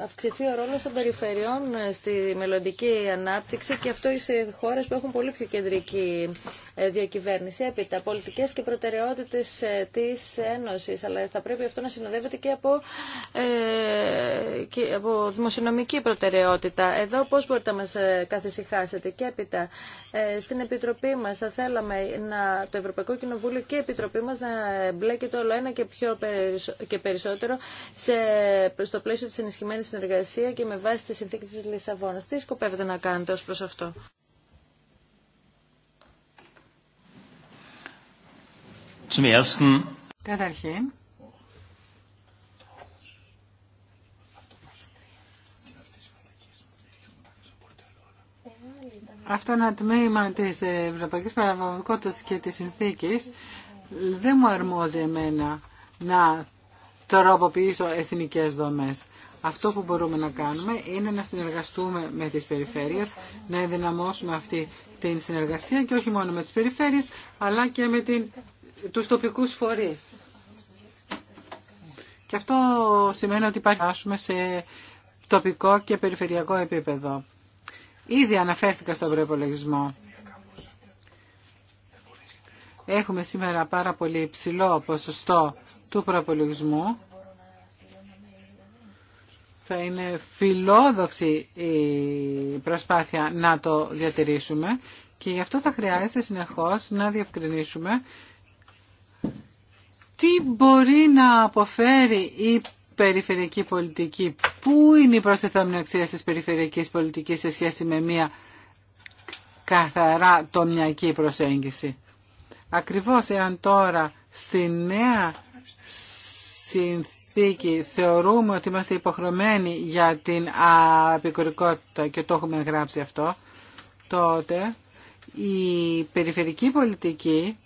αυξηθεί ο ρόλος των περιφερειών ε, στη μελλοντική ανάπτυξη και αυτό σε χώρες που έχουν πολύ πιο κεντρική ε, διακυβέρνηση. Έπειτα, πολιτικές και προτεραιότητες ε, της Ένωσης, αλλά θα πρέπει αυτό να συνοδεύεται και από, ε, και από δημοσιονομική προτεραιότητα. Εδώ πώς μπορείτε να μας καθησυχάσετε. Και έπειτα, στην Επιτροπή μας θα θέλαμε να, το Ευρωπαϊκό Κοινοβούλιο και η Επιτροπή μας να μπλέκεται όλο ένα και, πιο, και περισσότερο σε, στο πλαίσιο της ενισχυμένης συνεργασία και με βάση τη συνθήκη της Λισαβόνας. Τι σκοπεύετε να κάνετε ως προς αυτό. Καταρχήν, αυτό ένα τμήμα τη Ευρωπαϊκή Παραγωγικότητα και τη συνθήκη δεν μου αρμόζει εμένα να τροποποιήσω εθνικές δομές. Αυτό που μπορούμε να κάνουμε είναι να συνεργαστούμε με τις περιφέρειες, να ενδυναμώσουμε αυτή την συνεργασία και όχι μόνο με τις περιφέρειες, αλλά και με την, τους τοπικούς φορείς. Και αυτό σημαίνει ότι υπάρχει σε τοπικό και περιφερειακό επίπεδο. Ήδη αναφέρθηκα στον προπολογισμό. Έχουμε σήμερα πάρα πολύ υψηλό ποσοστό του προπολογισμού. Θα είναι φιλόδοξη η προσπάθεια να το διατηρήσουμε και γι' αυτό θα χρειάζεται συνεχώς να διευκρινίσουμε τι μπορεί να αποφέρει η περιφερειακή πολιτική, πού είναι η προσθεθόμενη αξία της περιφερειακής πολιτικής σε σχέση με μια καθαρά τομιακή προσέγγιση. Ακριβώς εάν τώρα στη νέα συνθήκη θεωρούμε ότι είμαστε υποχρεωμένοι για την απεικορικότητα και το έχουμε γράψει αυτό, τότε η περιφερική πολιτική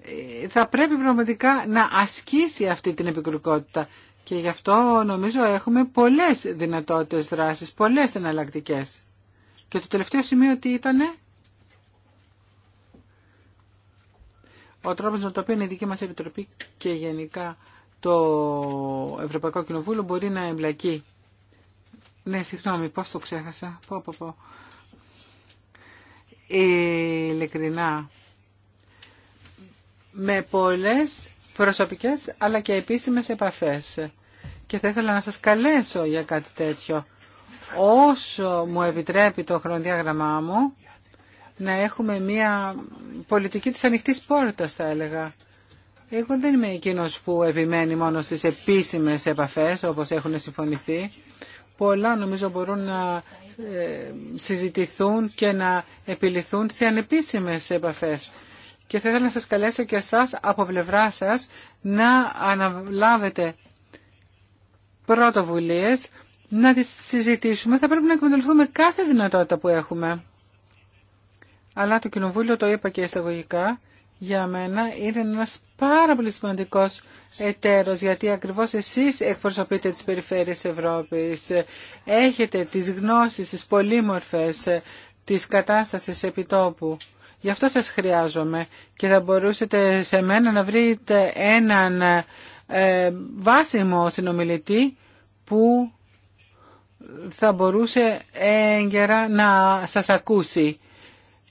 ε, θα πρέπει πραγματικά να ασκήσει αυτή την επικουρικότητα. Και γι' αυτό νομίζω έχουμε πολλές δυνατότητες δράσης, πολλές εναλλακτικέ. Και το τελευταίο σημείο τι ήτανε? ο τρόπος με τον οποίο η δική μας Επιτροπή και γενικά το Ευρωπαϊκό Κοινοβούλιο μπορεί να εμπλακεί. Ναι, συγγνώμη, πώς το ξέχασα. Πω, πω, πω. Ειλικρινά, με πολλές προσωπικές αλλά και επίσημες επαφές. Και θα ήθελα να σας καλέσω για κάτι τέτοιο. Όσο μου επιτρέπει το χρονοδιάγραμμά μου, να έχουμε μια πολιτική της ανοιχτής πόρτας θα έλεγα. Εγώ δεν είμαι εκείνος που επιμένει μόνο στις επίσημες επαφές όπως έχουν συμφωνηθεί. Πολλά νομίζω μπορούν να ε, συζητηθούν και να επιληθούν σε ανεπίσημες επαφές. Και θα ήθελα να σας καλέσω και εσάς από πλευρά σας να αναλάβετε πρωτοβουλίες, να τις συζητήσουμε. Θα πρέπει να εκμεταλλευτούμε κάθε δυνατότητα που έχουμε αλλά το Κοινοβούλιο, το είπα και εισαγωγικά, για μένα είναι ένας πάρα πολύ σημαντικός εταίρος, γιατί ακριβώς εσείς εκπροσωπείτε τις περιφέρειες Ευρώπης, έχετε τις γνώσεις, τις πολύμορφες, της κατάστασης επιτόπου. Γι' αυτό σας χρειάζομαι και θα μπορούσατε σε μένα να βρείτε έναν ε, βάσιμο συνομιλητή που θα μπορούσε έγκαιρα να σας ακούσει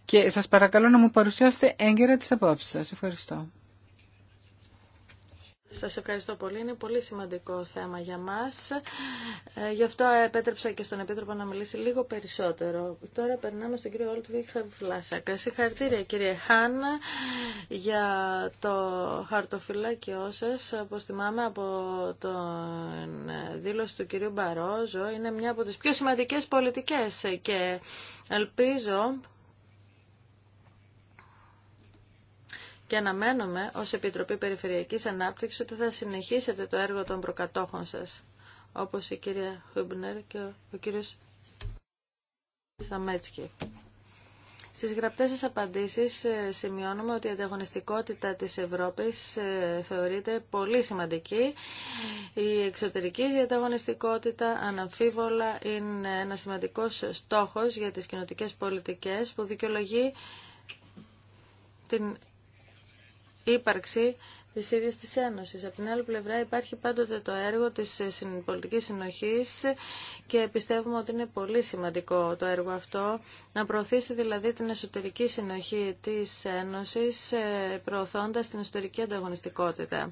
και σας παρακαλώ να μου παρουσιάσετε έγκαιρα τις απόψεις σας. Ευχαριστώ. Σας ευχαριστώ πολύ. Είναι πολύ σημαντικό θέμα για μας. Ε, γι' αυτό επέτρεψα και στον Επίτροπο να μιλήσει λίγο περισσότερο. Τώρα περνάμε στον κύριο Όλτβιχ Βλάσακα. Συγχαρητήρια κύριε Χάν για το χαρτοφυλάκιό σας. Όπως θυμάμαι από τον δήλωση του κυρίου Μπαρόζο, είναι μια από τις πιο σημαντικές πολιτικές και ελπίζω και αναμένουμε ως Επιτροπή Περιφερειακής Ανάπτυξης ότι θα συνεχίσετε το έργο των προκατόχων σας, όπως η κυρία Χούμπνερ και ο κύριος Σαμέτσκι. Στις γραπτές σας απαντήσεις ε, σημειώνουμε ότι η ανταγωνιστικότητα της Ευρώπης ε, θεωρείται πολύ σημαντική. Η εξωτερική ανταγωνιστικότητα αναμφίβολα είναι ένα σημαντικός στόχος για τις κοινοτικές πολιτικές που δικαιολογεί την ύπαρξη τη ίδια τη Ένωση. Από την άλλη πλευρά υπάρχει πάντοτε το έργο της πολιτική συνοχής και πιστεύουμε ότι είναι πολύ σημαντικό το έργο αυτό να προωθήσει δηλαδή την εσωτερική συνοχή της Ένωση, ε, προωθώντα την εσωτερική ανταγωνιστικότητα.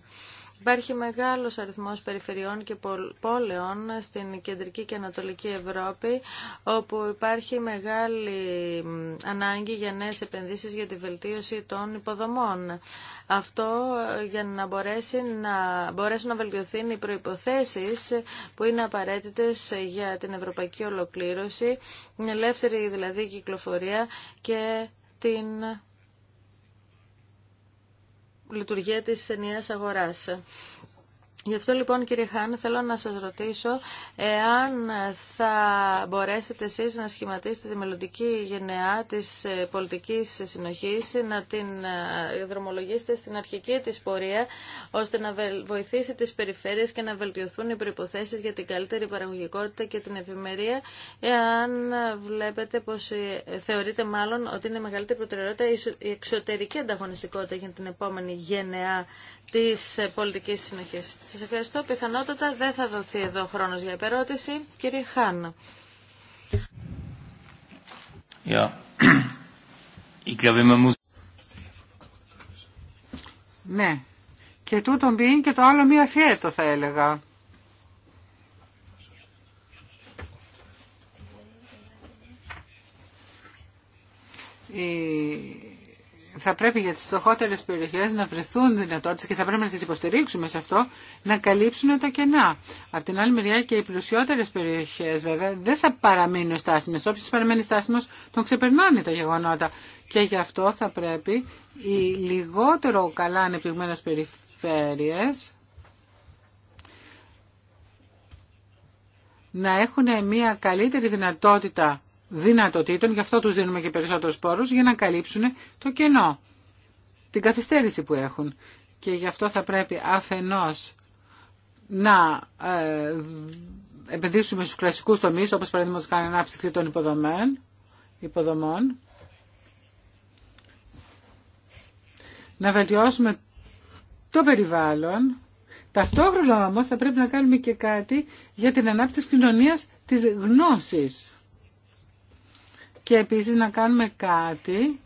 Υπάρχει μεγάλος αριθμός περιφερειών και πόλεων στην κεντρική και ανατολική Ευρώπη, όπου υπάρχει μεγάλη ανάγκη για νέες επενδύσεις για τη βελτίωση των υποδομών. Αυτό ε, για να, μπορέσει να μπορέσουν να βελτιωθούν οι προϋποθέσεις που είναι απαραίτητες για την ευρωπαϊκή ολοκλήρωση, την ελεύθερη δηλαδή κυκλοφορία και την λειτουργία της ενιαίας αγοράς. Γι' αυτό λοιπόν κύριε Χάν θέλω να σας ρωτήσω εάν θα μπορέσετε εσείς να σχηματίσετε τη μελλοντική γενεά της ε, πολιτικής συνοχής να την ε, δρομολογήσετε στην αρχική της πορεία ώστε να βοηθήσει τις περιφέρειες και να βελτιωθούν οι προϋποθέσεις για την καλύτερη παραγωγικότητα και την ευημερία εάν βλέπετε πως ε, θεωρείτε μάλλον ότι είναι μεγαλύτερη προτεραιότητα η εξωτερική ανταγωνιστικότητα για την επόμενη γενεά της πολιτικής συνοχής. Σας ευχαριστώ. Πιθανότατα δεν θα δοθεί εδώ χρόνος για επερώτηση. Κύριε Χάν. Ναι. Και τούτον πει και το άλλο μία φιέτο θα έλεγα. Η θα πρέπει για τις στοχότερες περιοχές να βρεθούν δυνατότητες και θα πρέπει να τις υποστηρίξουμε σε αυτό, να καλύψουν τα κενά. Από την άλλη μεριά και οι πλουσιότερες περιοχές βέβαια δεν θα παραμείνουν στάσιμες. Όποιος παραμένει στάσιμος τον ξεπερνάνε τα γεγονότα. Και γι' αυτό θα πρέπει οι λιγότερο καλά ανεπτυγμένε περιφέρειες να έχουν μια καλύτερη δυνατότητα δυνατοτήτων, γι' αυτό τους δίνουμε και περισσότερους πόρους για να καλύψουν το κενό, την καθυστέρηση που έχουν. Και γι' αυτό θα πρέπει αφενός να ε, επενδύσουμε στους κλασικούς τομείς, όπως παραδείγματος κάνει ανάψυξη των υποδομών, υποδομών, να βελτιώσουμε το περιβάλλον, ταυτόχρονα όμως θα πρέπει να κάνουμε και κάτι για την ανάπτυξη κοινωνίας της γνώσης και επίσης να κάνουμε κάτι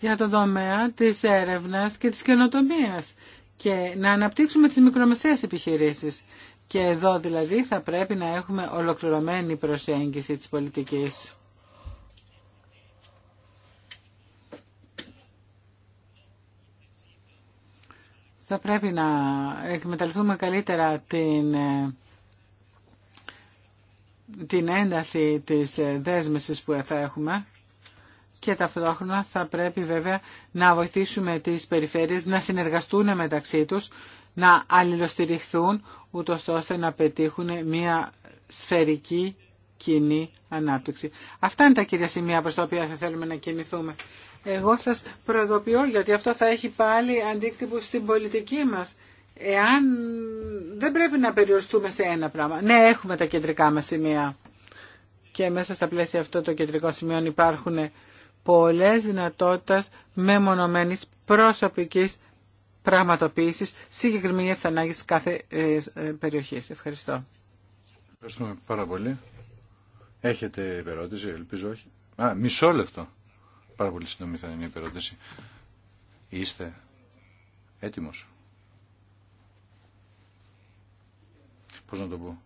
για τον τομέα της έρευνας και της καινοτομίας και να αναπτύξουμε τις μικρομεσαίες επιχειρήσεις. Και εδώ δηλαδή θα πρέπει να έχουμε ολοκληρωμένη προσέγγιση της πολιτικής. Θα πρέπει να εκμεταλλευτούμε καλύτερα την ε, την ένταση της ε, δέσμευσης που θα έχουμε και ταυτόχρονα θα πρέπει βέβαια να βοηθήσουμε τις περιφέρειες να συνεργαστούν μεταξύ τους, να αλληλοστηριχθούν ούτω ώστε να πετύχουν μια σφαιρική κοινή ανάπτυξη. Αυτά είναι τα κυρία σημεία προς τα οποία θα θέλουμε να κινηθούμε. Εγώ σας προεδοποιώ γιατί αυτό θα έχει πάλι αντίκτυπο στην πολιτική μας εάν δεν πρέπει να περιοριστούμε σε ένα πράγμα. Ναι, έχουμε τα κεντρικά μας σημεία και μέσα στα πλαίσια αυτών των κεντρικών σημείων υπάρχουν πολλές δυνατότητες μεμονωμένης προσωπικής πραγματοποίησης συγκεκριμένη της ανάγκης κάθε ε, ε, περιοχής. Ευχαριστώ. Ευχαριστούμε πάρα πολύ. Έχετε υπερώτηση, ελπίζω όχι. Α, μισό λεπτό. Πάρα πολύ σύντομη θα είναι η υπερώτηση. Είστε έτοιμος. πώς να το πω,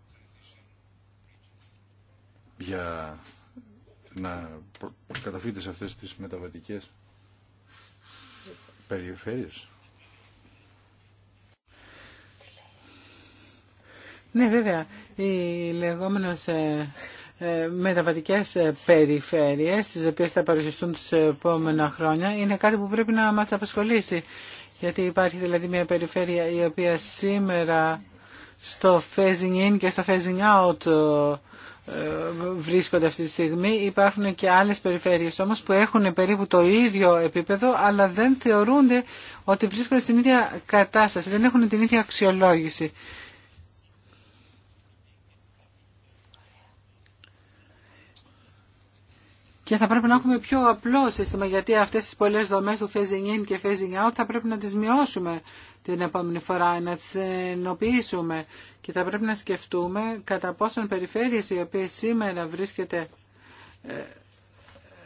για να καταφύγετε σε αυτές τις μεταβατικές περιφέρειες. Ναι, βέβαια. Οι λεγόμενες ε, ε, μεταβατικές ε, περιφέρειες, τις οποίες θα παρουσιαστούν τις επόμενα χρόνια, είναι κάτι που πρέπει να μας απασχολήσει. Γιατί υπάρχει δηλαδή μια περιφέρεια η οποία σήμερα στο phasing in και στο phasing out ε, ε, βρίσκονται αυτή τη στιγμή. Υπάρχουν και άλλες περιφέρειες όμως που έχουν περίπου το ίδιο επίπεδο αλλά δεν θεωρούνται ότι βρίσκονται στην ίδια κατάσταση, δεν έχουν την ίδια αξιολόγηση. και θα πρέπει να έχουμε πιο απλό σύστημα γιατί αυτές τις πολλές δομές του phasing in και phasing out θα πρέπει να τις μειώσουμε την επόμενη φορά, να τις ενοποιήσουμε και θα πρέπει να σκεφτούμε κατά πόσον περιφέρειες οι οποίες σήμερα βρίσκεται ε,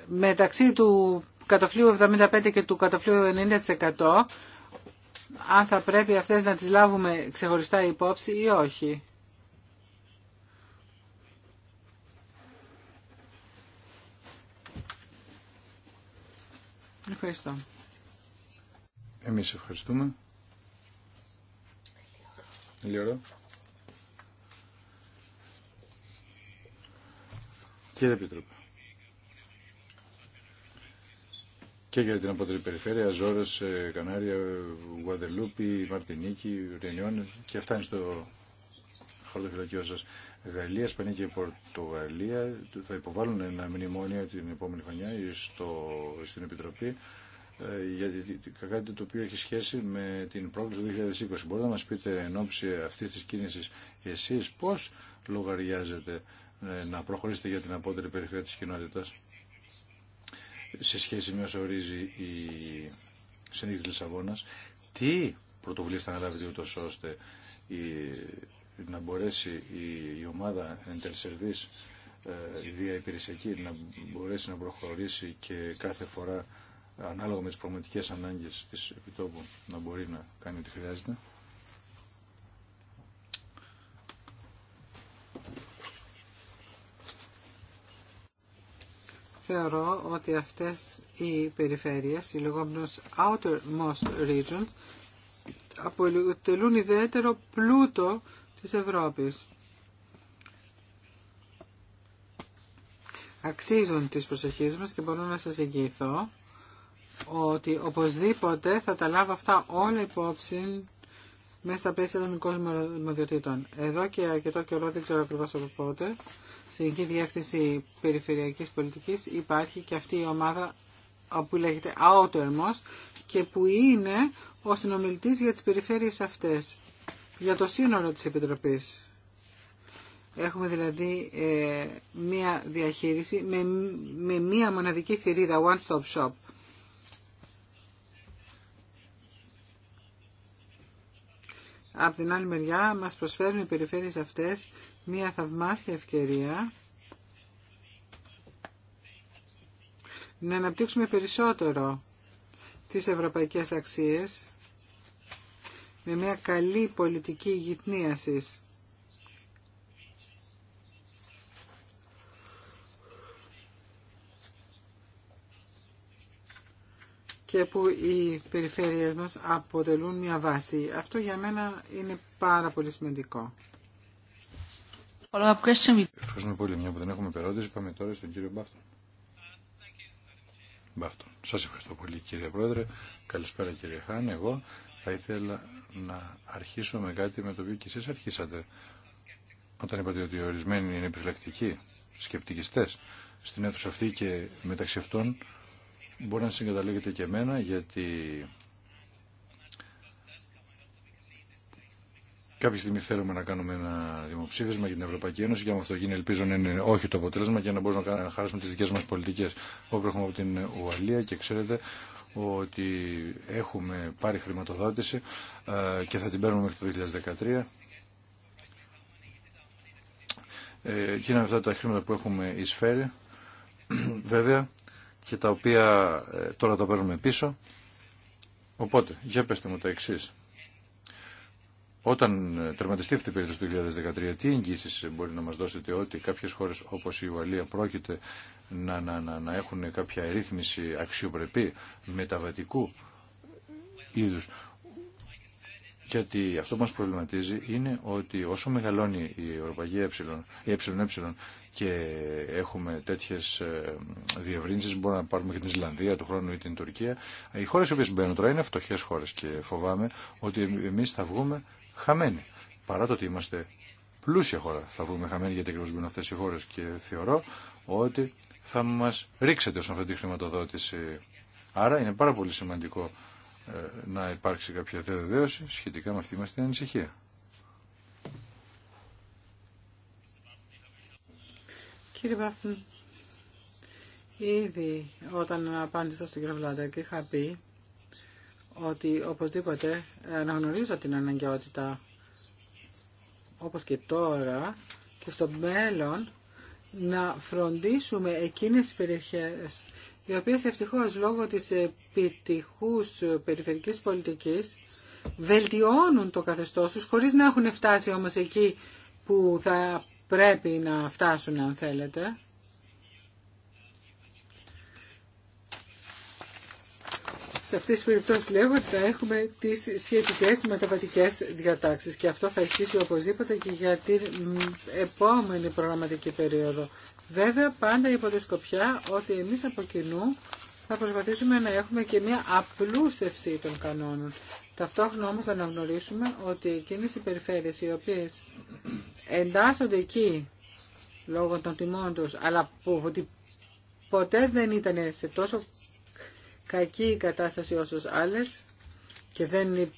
μεταξύ του κατοφλίου 75% και του κατοφλίου 90% αν θα πρέπει αυτές να τις λάβουμε ξεχωριστά υπόψη ή όχι. Ευχαριστώ. Εμείς ευχαριστούμε. Λιώρα. Κύριε Επιτροπή. Και για την αποτελή περιφέρεια, Ζόρες, ε, Κανάρια, Γουαδελούπη, Μαρτινίκη, Ρενιόν και αυτά είναι στο χαρτοφυλακείο σα. Γαλλία, Ισπανία και Πορτογαλία θα υποβάλουν ένα μνημόνιο την επόμενη χρονιά στο, στην Επιτροπή ε, γιατί κάτι το οποίο έχει σχέση με την πρόκληση του 2020. Μπορείτε να μας πείτε εν ώψη αυτής της κίνησης εσείς πώς λογαριάζετε ε, να προχωρήσετε για την απότερη περιφέρεια της κοινότητας σε σχέση με όσο ορίζει η Συνήθεια της Λισαβόνας. Τι πρωτοβουλίες θα αναλάβετε ούτως ώστε η να μπορέσει η, ομάδα εντερσερβής η ε, διαϋπηρεσιακή να μπορέσει να προχωρήσει και κάθε φορά ανάλογα με τις πραγματικές ανάγκες της επιτόπου να μπορεί να κάνει ό,τι χρειάζεται. Θεωρώ ότι αυτές οι περιφέρειες, οι λεγόμενες outermost regions, αποτελούν ιδιαίτερο πλούτο της Ευρώπης. Αξίζουν τις προσοχές μας και μπορώ να σας εγγυηθώ ότι οπωσδήποτε θα τα λάβω αυτά όλα υπόψη μέσα στα πλαίσια των μοδιοτήτων. Εδώ και αρκετό καιρό, δεν ξέρω ακριβώς από πότε, στην Διεύθυνση Περιφερειακής Πολιτικής υπάρχει και αυτή η ομάδα που λέγεται Outermost και που είναι ο συνομιλητής για τις περιφέρειες αυτές για το σύνολο της Επιτροπής. Έχουμε δηλαδή ε, μία διαχείριση με, με μία μοναδική θηρίδα, one-stop shop. από την άλλη μεριά μας προσφέρουν οι περιφέρειες αυτές μία θαυμάσια ευκαιρία να αναπτύξουμε περισσότερο τις ευρωπαϊκές αξίες με μια καλή πολιτική γυπνίασης και που οι περιφέρειες μας αποτελούν μια βάση. Αυτό για μένα είναι πάρα πολύ σημαντικό. Ευχαριστούμε πολύ. Μια που δεν έχουμε περώτηση, πάμε τώρα στον κύριο Μπάφτον. Μπάφτον. Σας ευχαριστώ πολύ κύριε Πρόεδρε. Καλησπέρα κύριε Χάν. Εγώ θα ήθελα να αρχίσω με κάτι με το οποίο και εσείς αρχίσατε. Όταν είπατε ότι ορισμένοι είναι επιφυλακτικοί, σκεπτικιστές στην αίθουσα αυτή και μεταξύ αυτών μπορεί να συγκαταλέγετε και εμένα γιατί Κάποια στιγμή θέλουμε να κάνουμε ένα δημοψήφισμα για την Ευρωπαϊκή Ένωση και αν αυτό γίνει ελπίζω να είναι όχι το αποτέλεσμα και να μπορούμε να χάσουμε τις δικές μας πολιτικές. Εγώ έχουμε από την Ουαλία και ξέρετε ότι έχουμε πάρει χρηματοδότηση ε, και θα την παίρνουμε μέχρι το 2013. Ε, και είναι αυτά τα χρήματα που έχουμε εισφέρει, βέβαια, και τα οποία ε, τώρα τα παίρνουμε πίσω. Οπότε, για πέστε μου τα εξής. Όταν ε, τερματιστεί αυτή η περίοδος του 2013, τι εγγύσει μπορεί να μα δώσετε ότι κάποιε χώρε όπω η Ουαλία πρόκειται να, να, να, να έχουν κάποια ρύθμιση αξιοπρεπή μεταβατικού είδου. Γιατί αυτό που μας προβληματίζει είναι ότι όσο μεγαλώνει η Ευρωπαϊκή ΕΕ, η ε ε και έχουμε τέτοιες διευρύνσεις, μπορούμε να πάρουμε και την Ισλανδία του χρόνου ή την Τουρκία, οι χώρες οι οποίες μπαίνουν τώρα είναι φτωχές χώρες και φοβάμαι ότι εμείς θα βγούμε Χαμένη. Παρά το ότι είμαστε πλούσια χώρα θα βρούμε χαμένοι γιατί ακριβώ μπουν αυτές οι χώρε. και θεωρώ ότι θα μας ρίξετε όσον αυτή τη χρηματοδότηση. Άρα είναι πάρα πολύ σημαντικό ε, να υπάρξει κάποια διαβεβαίωση σχετικά με αυτή μας την ανησυχία. Κύριε Βαφν, ήδη όταν απάντησα στον κύριο Βλάντα και είχα πει ότι οπωσδήποτε αναγνωρίζω την αναγκαιότητα όπως και τώρα και στο μέλλον να φροντίσουμε εκείνες τις περιοχές οι οποίες ευτυχώς λόγω της επιτυχούς περιφερικής πολιτικής βελτιώνουν το καθεστώς τους χωρίς να έχουν φτάσει όμως εκεί που θα πρέπει να φτάσουν αν θέλετε σε αυτές τις περιπτώσεις λέγω ότι θα έχουμε τις σχετικές μεταβατικές διατάξεις και αυτό θα ισχύσει οπωσδήποτε και για την επόμενη προγραμματική περίοδο. Βέβαια πάντα υπό τη σκοπιά ότι εμείς από κοινού θα προσπαθήσουμε να έχουμε και μια απλούστευση των κανόνων. Ταυτόχρονα όμως θα αναγνωρίσουμε ότι εκείνες οι περιφέρειες οι οποίες εντάσσονται εκεί λόγω των τιμών τους, αλλά που ότι ποτέ δεν ήταν σε τόσο κακή η κατάσταση όσε άλλε και δεν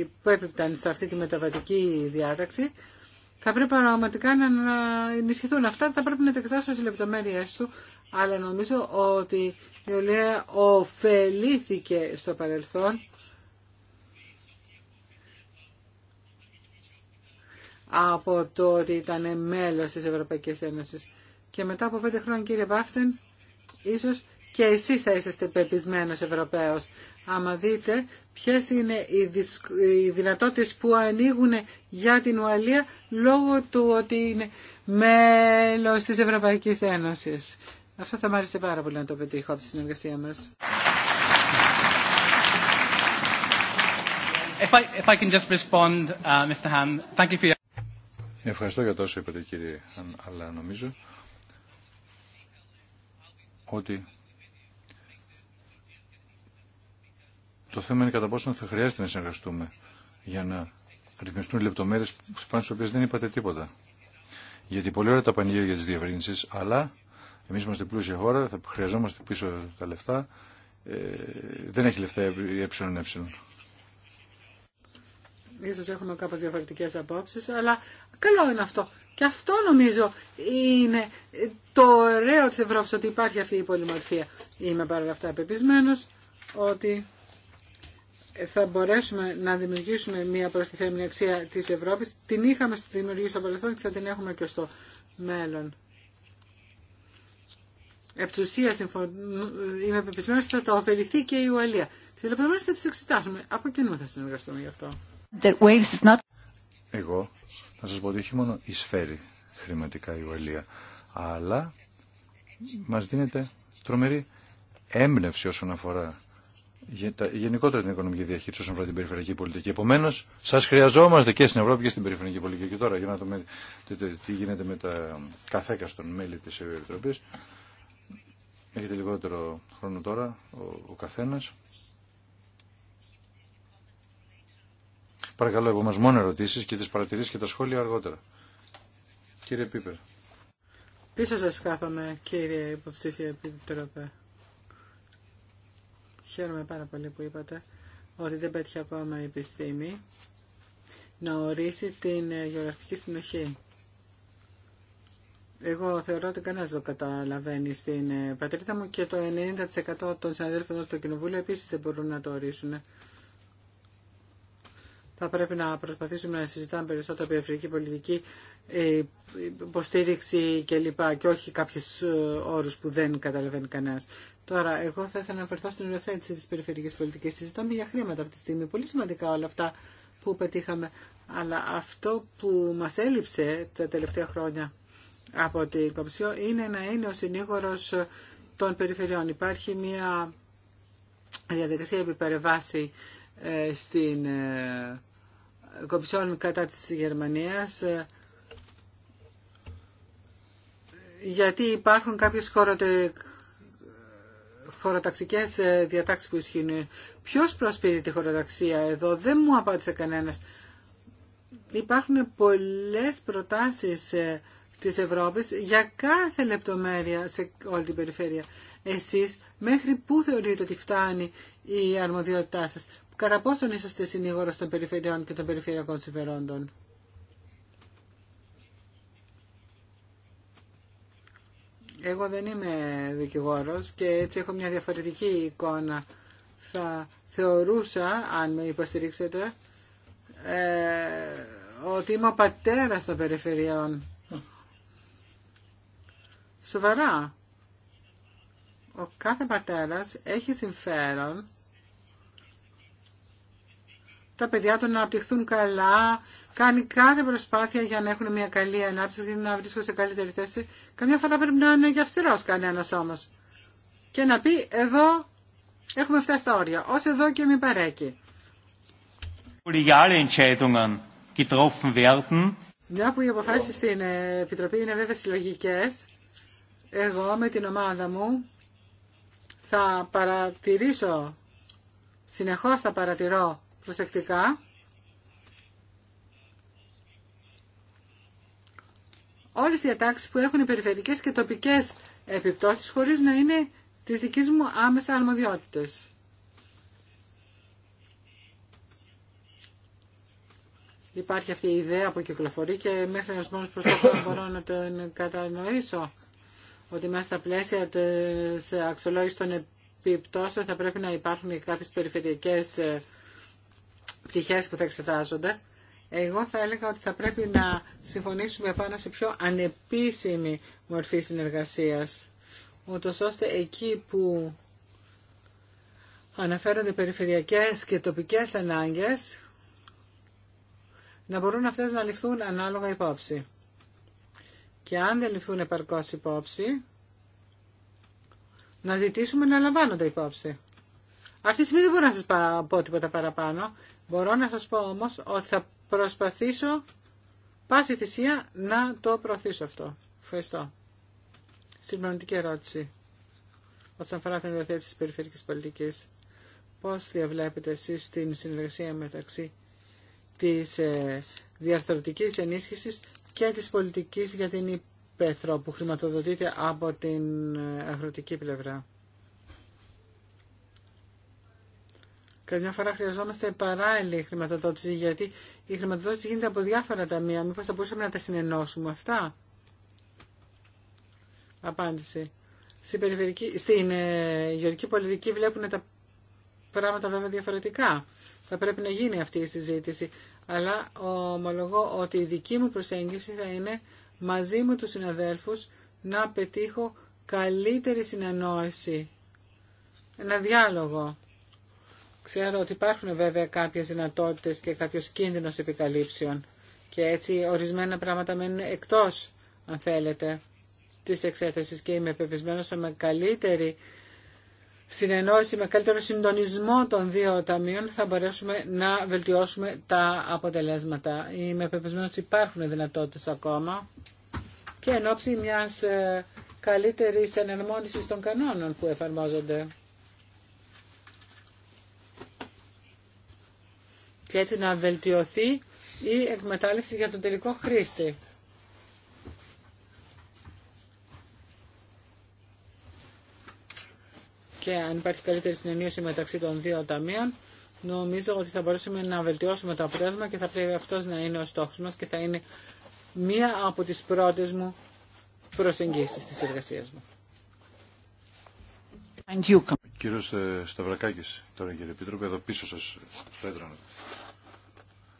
υπέπιπταν σε αυτή τη μεταβατική διάταξη, θα πρέπει πραγματικά να ενισχυθούν. Αυτά θα πρέπει να τα εξετάσουν στις λεπτομέρειές του, αλλά νομίζω ότι η Ολία ωφελήθηκε στο παρελθόν από το ότι ήταν μέλος της Ευρωπαϊκής Ένωσης. Και μετά από πέντε χρόνια, κύριε Βάφτεν, ίσως και εσείς θα είσαστε πεπισμένος Ευρωπαίος. Άμα δείτε ποιες είναι οι, δυσκ... δυνατότητες που ανοίγουν για την Ουαλία λόγω του ότι είναι μέλος της Ευρωπαϊκής Ένωσης. Αυτό θα μου άρεσε πάρα πολύ να το πετύχω από τη συνεργασία μας. Ευχαριστώ για τόσο είπατε κύριε Αλλά νομίζω ότι Το θέμα είναι κατά πόσο θα χρειάζεται να συνεργαστούμε για να ρυθμιστούν λεπτομέρειε πάνω στι οποίε δεν είπατε τίποτα. Γιατί πολύ ωραία τα πανηγύρια για τι διευρύνσει, αλλά εμεί είμαστε πλούσια χώρα, θα χρειαζόμαστε πίσω τα λεφτά. Ε, δεν έχει λεφτά η ε, ΕΕ. Ε, ε. Ίσως έχουμε κάπως διαφορετικές απόψεις, αλλά καλό είναι αυτό. Και αυτό νομίζω είναι το ωραίο της Ευρώπης, ότι υπάρχει αυτή η πολυμορφία. Είμαι παρόλα αυτά πεπισμένος ότι θα μπορέσουμε να δημιουργήσουμε μια προστιθέμενη αξία της Ευρώπης. Την είχαμε δημιουργήσει στο παρελθόν και θα την έχουμε και στο μέλλον. Επ' τη είμαι πεπισμένος ότι θα τα ωφεληθεί και η Ουαλία. Τις λεπτομέρειες θα τις εξετάσουμε. Από κοινού θα συνεργαστούμε γι' αυτό. Εγώ θα σας πω ότι όχι μόνο εισφέρει χρηματικά η Ουαλία, αλλά μας δίνεται τρομερή έμπνευση όσον αφορά γενικότερα την οικονομική διαχείριση όσον αφορά την περιφερειακή πολιτική. Επομένω, σα χρειαζόμαστε και στην Ευρώπη και στην περιφερειακή πολιτική. Και τώρα, για να δούμε τι γίνεται με τα καθέκα των μέλη τη Επιτροπή. Έχετε λιγότερο χρόνο τώρα, ο, ο καθένα. Παρακαλώ, εγώ μόνο ερωτήσει και τις παρατηρήσει και τα σχόλια αργότερα. Κύριε Πίπερ. Πίσω σας κάθομαι, κύριε υποψήφια επιτροπέ. Χαίρομαι πάρα πολύ που είπατε ότι δεν πέτυχε ακόμα η επιστήμη να ορίσει την ε, γεωγραφική συνοχή. Εγώ θεωρώ ότι κανένα δεν το καταλαβαίνει στην ε, πατρίδα μου και το 90% των συναδέλφων στο Κοινοβούλιο επίση δεν μπορούν να το ορίσουν. Θα πρέπει να προσπαθήσουμε να συζητάμε περισσότερο αφρική πολιτική ε, υποστήριξη κλπ. Και, και όχι κάποιου όρου που δεν καταλαβαίνει κανένα. Τώρα, εγώ θα ήθελα να αναφερθώ στην υιοθέτηση τη περιφερειακή πολιτική. Συζητάμε για χρήματα αυτή τη στιγμή. Πολύ σημαντικά όλα αυτά που πετύχαμε. Αλλά αυτό που μα έλειψε τα τελευταία χρόνια από την Κομισιό είναι να είναι ο συνήγορο των περιφερειών. Υπάρχει μια διαδικασία επιπερεβάση ε, στην ε, Κομισιόν κατά της Γερμανίας ε, γιατί υπάρχουν κάποιες χωροταξικές ε, διατάξεις που ισχύουν. Ποιο προσπίζει τη χωροταξία εδώ, δεν μου απάντησε κανένας. Υπάρχουν πολλές προτάσεις ε, της Ευρώπης για κάθε λεπτομέρεια σε όλη την περιφέρεια. Εσείς μέχρι πού θεωρείτε ότι φτάνει η αρμοδιότητά σας, κατά πόσον είσαστε συνήγορος των περιφερειών και των περιφερειακών συμφερόντων. Εγώ δεν είμαι δικηγόρος και έτσι έχω μια διαφορετική εικόνα. Θα θεωρούσα, αν με υποστηρίξετε, ε, ότι είμαι ο πατέρας των περιφερειών. Σοβαρά. Ο κάθε πατέρας έχει συμφέρον τα παιδιά του να αναπτυχθούν καλά, κάνει κάθε προσπάθεια για να έχουν μια καλή ανάπτυξη και να βρίσκονται σε καλύτερη θέση. Καμιά φορά πρέπει να είναι και αυστηρό κανένα όμω. Και να πει εδώ έχουμε φτάσει στα όρια. Ω εδώ και μην παρέκει. Μια που οι αποφάσει στην Επιτροπή είναι βέβαια συλλογικέ, εγώ με την ομάδα μου θα παρατηρήσω, συνεχώς θα παρατηρώ προσεκτικά. Όλες οι ατάξεις που έχουν οι και τοπικές επιπτώσεις χωρίς να είναι της δικής μου άμεσα αρμοδιότητες. Υπάρχει αυτή η ιδέα που κυκλοφορεί και μέχρι να μόνος προς μπορώ να τον κατανοήσω ότι μέσα στα πλαίσια της αξιολόγησης των επιπτώσεων θα πρέπει να υπάρχουν κάποιες περιφερειακές πτυχές που θα εξετάζονται. Εγώ θα έλεγα ότι θα πρέπει να συμφωνήσουμε πάνω σε πιο ανεπίσημη μορφή συνεργασίας, ούτως ώστε εκεί που αναφέρονται περιφερειακές και τοπικές ανάγκες, να μπορούν αυτές να ληφθούν ανάλογα υπόψη. Και αν δεν ληφθούν επαρκώς υπόψη, να ζητήσουμε να λαμβάνονται υπόψη. Αυτή τη στιγμή δεν μπορώ να σας πω τίποτα παραπάνω. Μπορώ να σας πω όμως ότι θα προσπαθήσω πάση θυσία να το προωθήσω αυτό. Ευχαριστώ. Συμπληρωματική ερώτηση όσον αφορά την υιοθέτηση της περιφερικής πολιτικής. Πώς διαβλέπετε εσείς την συνεργασία μεταξύ της ε, διαρθρωτικής ενίσχυσης και της πολιτικής για την υπεθρό που χρηματοδοτείται από την ε, αγροτική πλευρά. Καμιά φορά χρειαζόμαστε παράλληλη χρηματοδότηση, γιατί η χρηματοδότηση γίνεται από διάφορα ταμεία. Μήπως θα μπορούσαμε να τα συνενώσουμε αυτά. Απάντηση. Στην, περιφερική, ε, πολιτική βλέπουν τα πράγματα βέβαια διαφορετικά. Θα πρέπει να γίνει αυτή η συζήτηση. Αλλά ομολογώ ότι η δική μου προσέγγιση θα είναι μαζί με τους συναδέλφους να πετύχω καλύτερη συνεννόηση, ένα διάλογο Ξέρω ότι υπάρχουν βέβαια κάποιες δυνατότητες και κάποιος κίνδυνος επικαλύψεων και έτσι ορισμένα πράγματα μένουν εκτός, αν θέλετε, της εξέθεσης και είμαι πεπισμένος με καλύτερη συνεννόηση, με καλύτερο συντονισμό των δύο ταμείων θα μπορέσουμε να βελτιώσουμε τα αποτελέσματα. Είμαι πεπισμένος ότι υπάρχουν δυνατότητες ακόμα και εν ώψη μιας ε, καλύτερης ενερμόνησης των κανόνων που εφαρμόζονται. και έτσι να βελτιωθεί η εκμετάλλευση για τον τελικό χρήστη. Και αν υπάρχει καλύτερη συνεννόηση μεταξύ των δύο ταμείων, νομίζω ότι θα μπορούσαμε να βελτιώσουμε το αποτέλεσμα και θα πρέπει αυτός να είναι ο στόχος μας και θα είναι μία από τις πρώτες μου προσεγγίσεις της εργασίας μου. Κύριος ε, Σταυρακάκης, τώρα κύριε Επίτροπε, εδώ πίσω σας στο έδρανο.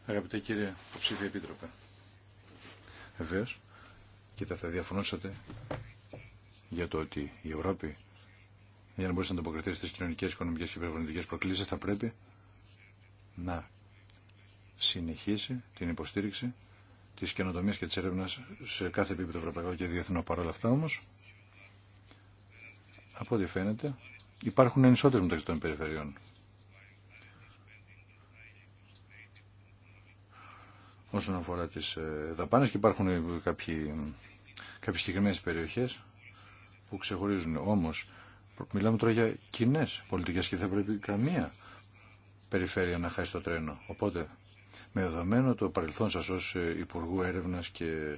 Αγαπητέ κύριε υποψήφια επίτροπε. Βεβαίω, κοίτα, θα διαφωνούσατε για το ότι η Ευρώπη για να μπορέσει να ανταποκριθεί στι κοινωνικέ, οικονομικέ και περιβαλλοντικέ προκλήσει, θα πρέπει να συνεχίσει την υποστήριξη τη καινοτομία και τη έρευνα σε κάθε επίπεδο ευρωπαϊκό και διεθνό. Παρ' όλα αυτά όμω, από ό,τι φαίνεται, υπάρχουν ενισότητε μεταξύ των περιφερειών. όσον αφορά τις ε, δαπάνες και υπάρχουν κάποιοι, κάποιες συγκεκριμένες περιοχές που ξεχωρίζουν. Όμως μιλάμε τώρα για κοινέ πολιτικές και θα πρέπει καμία περιφέρεια να χάσει το τρένο. Οπότε με δεδομένο το παρελθόν σας ως ε, Υπουργού Έρευνας και,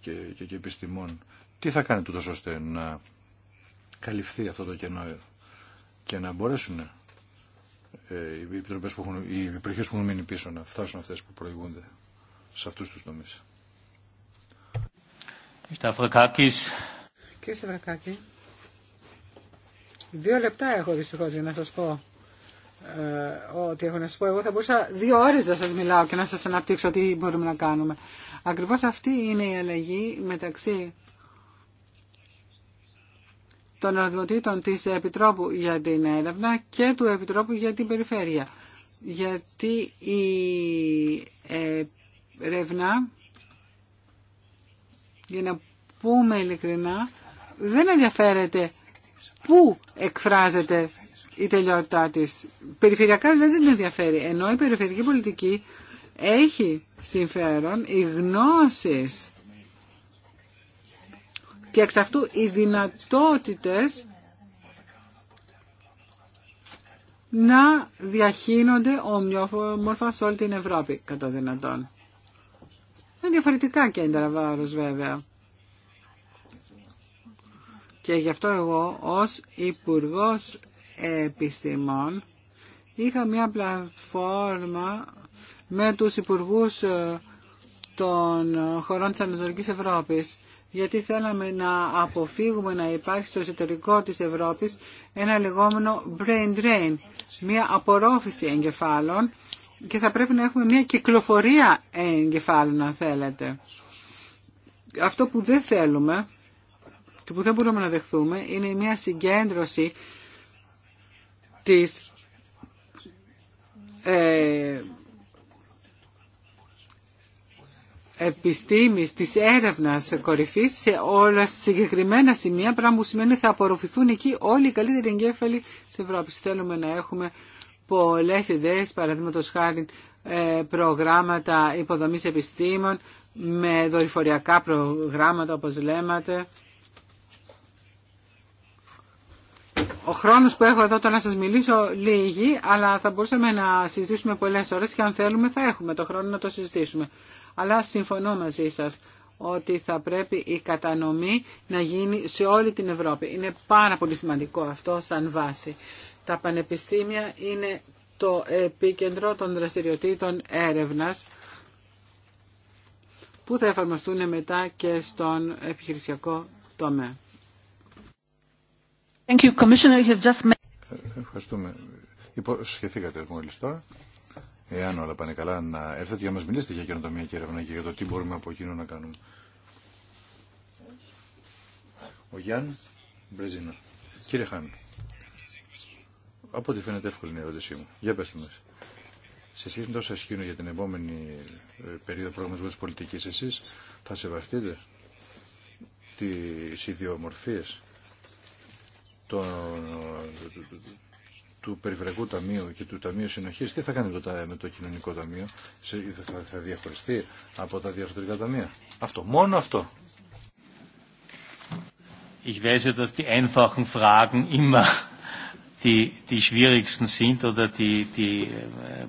και, και, Επιστημών τι θα κάνετε τούτος ώστε να καλυφθεί αυτό το κενό και να μπορέσουν ε, οι επιτροπές που έχουν, οι που έχουν μείνει πίσω να φτάσουν αυτές που προηγούνται σε αυτούς τους τομείς. Κύριε Σταυρακάκη, δύο λεπτά έχω δυστυχώς για να σας πω ε, ό,τι έχω να σας πω. Εγώ θα μπορούσα δύο ώρες να σας μιλάω και να σας αναπτύξω τι μπορούμε να κάνουμε. Ακριβώς αυτή είναι η αλλαγή μεταξύ των αρμοδιοτήτων της Επιτρόπου για την έρευνα και του Επιτρόπου για την Περιφέρεια. Γιατί η Ρευνά, για να πούμε ειλικρινά, δεν ενδιαφέρεται πού εκφράζεται η τελειότητά της. Περιφερειακά δηλαδή δεν ενδιαφέρει, ενώ η περιφερειακή πολιτική έχει συμφέρον οι γνώσεις και εξ αυτού οι δυνατότητες να διαχύνονται ομοιόμορφα σε όλη την Ευρώπη κατά δυνατόν. Είναι διαφορετικά κέντρα βάρους βέβαια. Και γι' αυτό εγώ ως Υπουργός Επιστημών είχα μια πλατφόρμα με τους υπουργούς ε, των χωρών της Ανατολικής Ευρώπης γιατί θέλαμε να αποφύγουμε να υπάρχει στο εσωτερικό της Ευρώπης ένα λεγόμενο brain drain, μια απορρόφηση εγκεφάλων και θα πρέπει να έχουμε μια κυκλοφορία εγκεφάλων αν θέλετε. Αυτό που δεν θέλουμε και που δεν μπορούμε να δεχθούμε είναι μια συγκέντρωση της ε, επιστήμης, της έρευνας κορυφής σε όλα συγκεκριμένα σημεία, πράγμα που σημαίνει ότι θα απορροφηθούν εκεί όλοι οι καλύτεροι εγκέφαλοι της Ευρώπης. Θέλουμε να έχουμε πολλές ιδέες, παραδείγματο χάρη ε, προγράμματα υποδομής επιστήμων με δορυφοριακά προγράμματα όπως λέμε. Ο χρόνος που έχω εδώ τώρα να σας μιλήσω λίγη, αλλά θα μπορούσαμε να συζητήσουμε πολλές ώρες και αν θέλουμε θα έχουμε το χρόνο να το συζητήσουμε. Αλλά συμφωνώ μαζί σας ότι θα πρέπει η κατανομή να γίνει σε όλη την Ευρώπη. Είναι πάρα πολύ σημαντικό αυτό σαν βάση. Τα πανεπιστήμια είναι το επίκεντρο των δραστηριοτήτων έρευνας που θα εφαρμοστούν μετά και στον επιχειρησιακό τομέα. Thank you, Commissioner. You have just... Ευχαριστούμε. Υποσχεθήκατε μόλι τώρα. Εάν όλα πάνε καλά, να έρθετε για να μα μιλήσετε για καινοτομία και έρευνα και για το τι μπορούμε από εκείνο να κάνουμε. Ο Γιάννη Μπρεζίνο. Κύριε Χάνη από ό,τι φαίνεται εύκολη είναι η ερώτησή μου. Για πες μας. Σε σχέση με το όσα για την επόμενη ε, περίοδο προγραμματισμού της πολιτικής, εσείς θα σεβαστείτε τις ιδιομορφίες των, του Περιφερειακού Ταμείου και του Ταμείου Συνοχής, τι θα κάνετε το, με το Κοινωνικό Ταμείο, θα, διαχωριστεί από τα διαφορετικά ταμεία. Αυτό, μόνο αυτό. Ich weiß ja, dass die einfachen die, die schwierigsten sind oder die, die äh,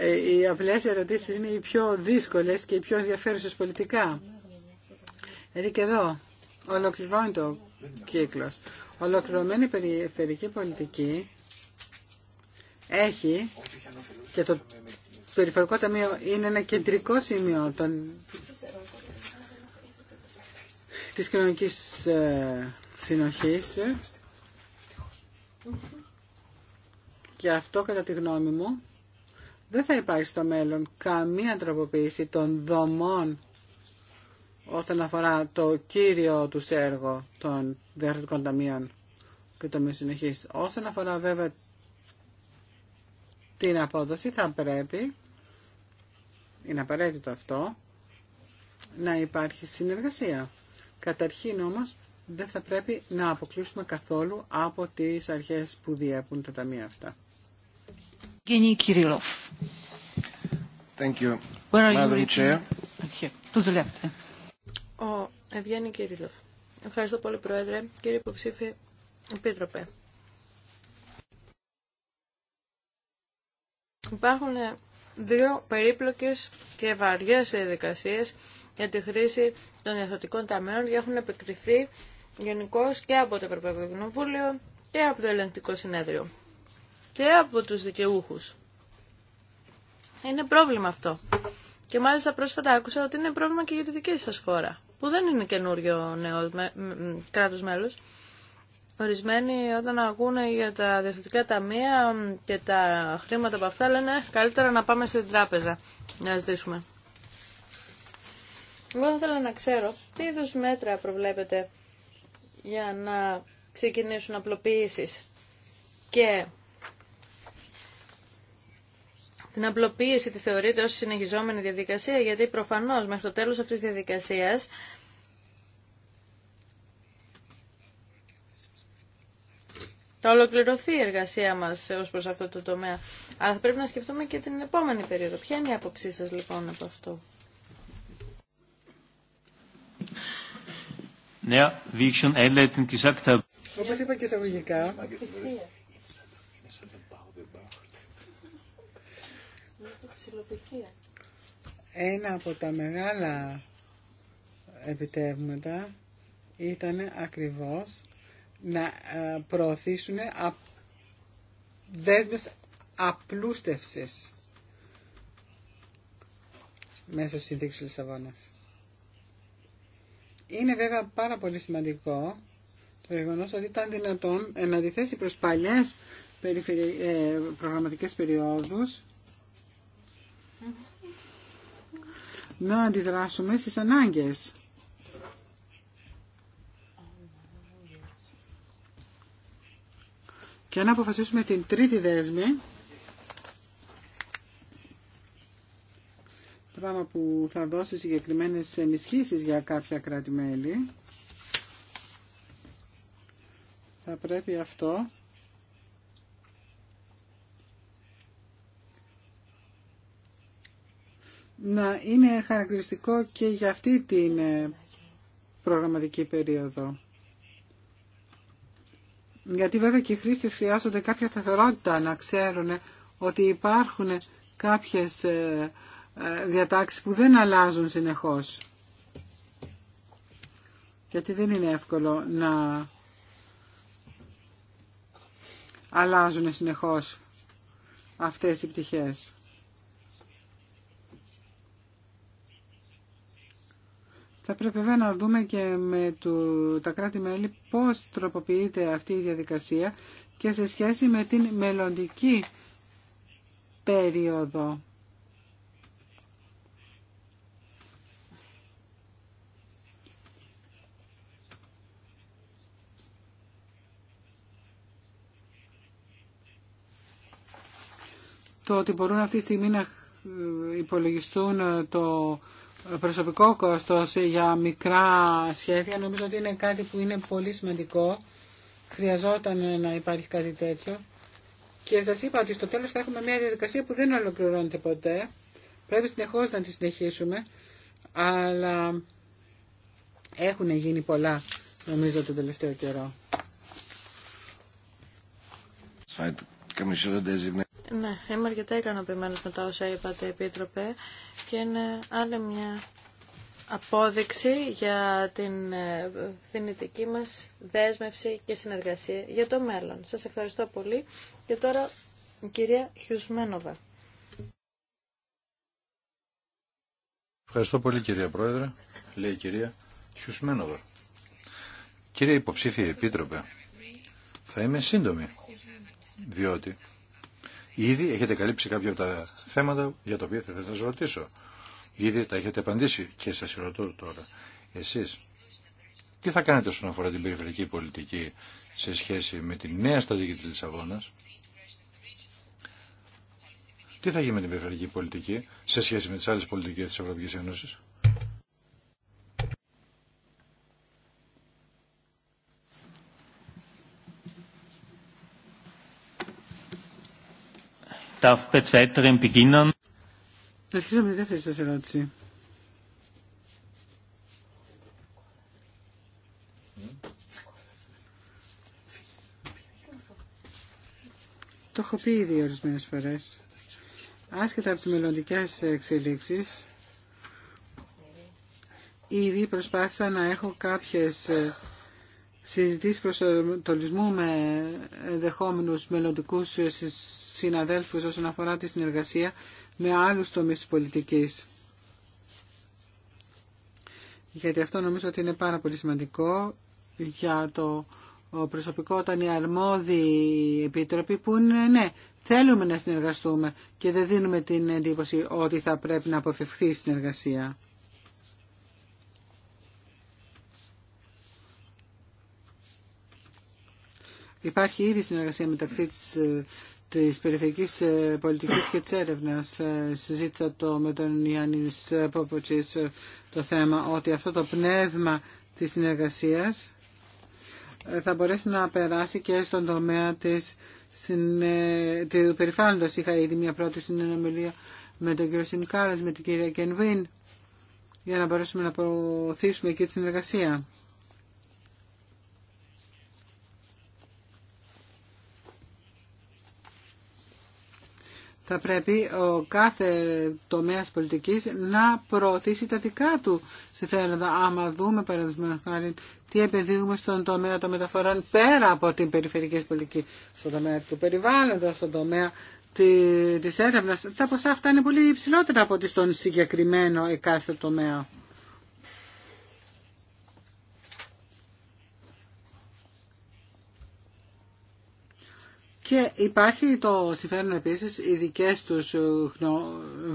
ε, οι απλέ ερωτήσει είναι οι πιο δύσκολε και οι πιο ενδιαφέρουσε πολιτικά. Δηλαδή και εδώ ολοκληρώνει το κύκλο. Ολοκληρωμένη περιφερική πολιτική έχει και το Περιφερικό Ταμείο είναι ένα κεντρικό σημείο των, της κοινωνικής ε, συνοχής και αυτό κατά τη γνώμη μου δεν θα υπάρχει στο μέλλον καμία τροποποίηση των δομών όσον αφορά το κύριο του έργο των διαρθρωτικών ταμείων και μη συνεχής. Όσον αφορά βέβαια την απόδοση θα πρέπει, είναι απαραίτητο αυτό, να υπάρχει συνεργασία. Καταρχήν όμως δεν θα πρέπει να αποκλείσουμε καθόλου από τις αρχές που διέπουν τα ταμεία αυτά. Evgeny Kirillov. Thank you. Where are Madam Chair. Here, to the left. Ο Ευγέννη Κυρίλοφ. Ευχαριστώ πολύ, Πρόεδρε. Κύριε υποψήφι, Επίτροπε. Υπάρχουν ε, δύο περίπλοκες και βαριές διαδικασίε για τη χρήση των διαθωτικών ταμείων και έχουν επικριθεί γενικώ και από το Ευρωπαϊκό Κοινοβούλιο και από το Ελεγκτικό Συνέδριο και από τους δικαιούχους. Είναι πρόβλημα αυτό. Και μάλιστα πρόσφατα άκουσα ότι είναι πρόβλημα και για τη δική σας χώρα, που δεν είναι καινούριο νέο κράτος μέλος. Ορισμένοι όταν ακούνε για τα διευθυντικά ταμεία και τα χρήματα από αυτά λένε «Ε, καλύτερα να πάμε στην τράπεζα να ζητήσουμε. Εγώ θα ήθελα να ξέρω τι είδου μέτρα προβλέπετε για να ξεκινήσουν απλοποιήσεις και την απλοποίηση τη θεωρείται ως συνεχιζόμενη διαδικασία, γιατί προφανώς μέχρι το τέλος αυτής της διαδικασίας θα ολοκληρωθεί η εργασία μας ως προς αυτό το τομέα. Αλλά θα πρέπει να σκεφτούμε και την επόμενη περίοδο. Ποια είναι η άποψή σας λοιπόν από αυτό. Ναι, είπα και Ένα από τα μεγάλα επιτεύγματα ήταν ακριβώς να ε, προωθήσουν δέσμες απλούστευσης μέσω της Λισαβόνας. Είναι βέβαια πάρα πολύ σημαντικό το γεγονό ότι ήταν δυνατόν να αντιθέσει προς παλιές ε, προγραμματικές περιόδους να αντιδράσουμε στις ανάγκες. Και να αποφασίσουμε την τρίτη δέσμη, πράγμα που θα δώσει συγκεκριμένες ενισχύσεις για κάποια κράτη-μέλη, θα πρέπει αυτό να είναι χαρακτηριστικό και για αυτή την ε, προγραμματική περίοδο. Γιατί βέβαια και οι χρήστες χρειάζονται κάποια σταθερότητα να ξέρουν ε, ότι υπάρχουν κάποιες ε, διατάξεις που δεν αλλάζουν συνεχώς. Γιατί δεν είναι εύκολο να αλλάζουν συνεχώς αυτές οι πτυχές. Θα πρέπει βέβαια να δούμε και με τα κράτη-μέλη πώς τροποποιείται αυτή η διαδικασία και σε σχέση με την μελλοντική περίοδο. Το ότι μπορούν αυτή τη στιγμή να υπολογιστούν το προσωπικό κόστος για μικρά σχέδια νομίζω ότι είναι κάτι που είναι πολύ σημαντικό. Χρειαζόταν να υπάρχει κάτι τέτοιο. Και σας είπα ότι στο τέλος θα έχουμε μια διαδικασία που δεν ολοκληρώνεται ποτέ. Πρέπει συνεχώς να τη συνεχίσουμε. Αλλά έχουν γίνει πολλά νομίζω τον τελευταίο καιρό. Ναι, είμαι αρκετά ικανοποιημένο με τα όσα είπατε, Επίτροπε, και είναι άλλη μια απόδειξη για την ε, δυνητική μας δέσμευση και συνεργασία για το μέλλον. Σας ευχαριστώ πολύ. Και τώρα κυρία Χιουσμένοβα. Ευχαριστώ πολύ κυρία Πρόεδρε, λέει η κυρία Χιουσμένοβα. Κύριε Υποψήφια Επίτροπε, θα είμαι σύντομη, διότι Ήδη έχετε καλύψει κάποια από τα θέματα για τα οποία θα να σα ρωτήσω. Ήδη τα έχετε απαντήσει και σας ρωτώ τώρα. Εσείς, τι θα κάνετε όσον αφορά την περιφερειακή πολιτική σε σχέση με τη νέα στρατηγική της Λισαβόνα. Τι θα γίνει με την περιφερειακή πολιτική σε σχέση με τις άλλε πολιτικές της ευρωπαϊκή Ένωση, darf bei zweiterem beginnen. τη δεύτερη σας ερώτηση. Το έχω πει ήδη ορισμένες φορές. Άσχετα από τις μελλοντικές εξελίξεις, ήδη προσπάθησα να έχω κάποιες ε, συζητήσεις προσανατολισμού με δεχόμενους μελλοντικούς συναδέλφους όσον αφορά τη συνεργασία με άλλους τομείς τη πολιτικής. Γιατί αυτό νομίζω ότι είναι πάρα πολύ σημαντικό για το προσωπικό όταν οι αρμόδιοι επίτροποι που είναι ναι, θέλουμε να συνεργαστούμε και δεν δίνουμε την εντύπωση ότι θα πρέπει να αποφευχθεί η συνεργασία. Υπάρχει ήδη συνεργασία μεταξύ της της περιφερειακή ε, πολιτικής και της έρευνας. Ε, συζήτησα το με τον Ιάννη Πόποτσι ε, το θέμα ότι αυτό το πνεύμα της συνεργασίας θα μπορέσει να περάσει και στον τομέα της, του περιφάλλοντος. Είχα ήδη μια πρώτη συνομιλία με τον κύριο Σιμκάρας, με την κυρία Κενβίν για να μπορέσουμε να προωθήσουμε και τη συνεργασία. θα πρέπει ο κάθε τομέας πολιτικής να προωθήσει τα δικά του συμφέροντα. Άμα δούμε παραδείγματο χάρη τι επενδύουμε στον τομέα των μεταφορών πέρα από την περιφερειακή πολιτική, στον τομέα του περιβάλλοντος, στον τομέα της έρευνας, τα ποσά αυτά είναι πολύ υψηλότερα από ότι στον συγκεκριμένο εκάστοτε τομέα. Και υπάρχει το συμφέρον επίσης οι δικέ τους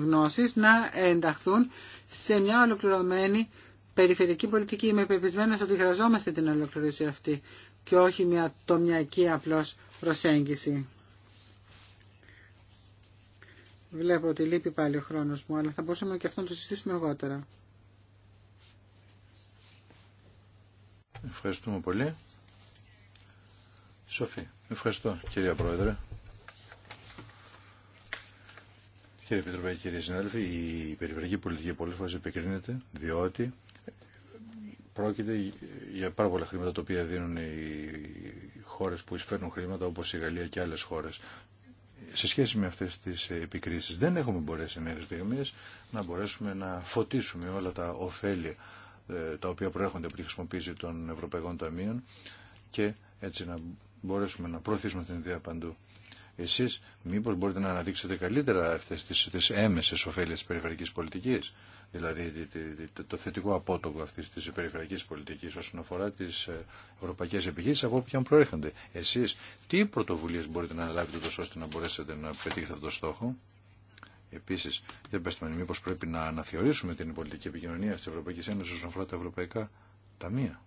γνώσεις να ενταχθούν σε μια ολοκληρωμένη περιφερειακή πολιτική. Είμαι πεπισμένος ότι χρειαζόμαστε την ολοκληρώση αυτή και όχι μια τομιακή απλώς προσέγγιση. Βλέπω ότι λείπει πάλι ο χρόνος μου, αλλά θα μπορούσαμε και αυτό να το συζητήσουμε αργότερα. Ευχαριστούμε πολύ. Σοφή. Ευχαριστώ κυρία Πρόεδρε. Κύριε Επιτροπέ, κύριε συνάδελφοι, η περιφερειακή πολιτική πολλέ φορέ επικρίνεται διότι πρόκειται για πάρα πολλά χρήματα τα οποία δίνουν οι χώρες που εισφέρουν χρήματα όπως η Γαλλία και άλλες χώρες. Σε σχέση με αυτές τις επικρίσεις δεν έχουμε μπορέσει μέχρι στιγμής να μπορέσουμε να φωτίσουμε όλα τα ωφέλη ε, τα οποία προέρχονται από τη χρησιμοποίηση των Ευρωπαϊκών Ταμείων και έτσι να μπορέσουμε να προωθήσουμε την ιδέα παντού. Εσείς μήπως μπορείτε να αναδείξετε καλύτερα αυτές τις, τις έμεσες ωφέλειες της περιφερειακής πολιτικής, δηλαδή το θετικό απότοκο αυτή τη περιφερειακή πολιτική όσον αφορά τις ε, ευρωπαϊκέ επιχείρησει από όποιον προέρχονται. Εσεί, τι πρωτοβουλίε μπορείτε να αναλάβετε ώστε να μπορέσετε να πετύχετε αυτό το στόχο. Επίση, δεν πέστε με μήπω πρέπει να αναθεωρήσουμε την πολιτική επικοινωνία τη Ευρωπαϊκή Ένωση όσον αφορά τα ευρωπαϊκά ταμεία.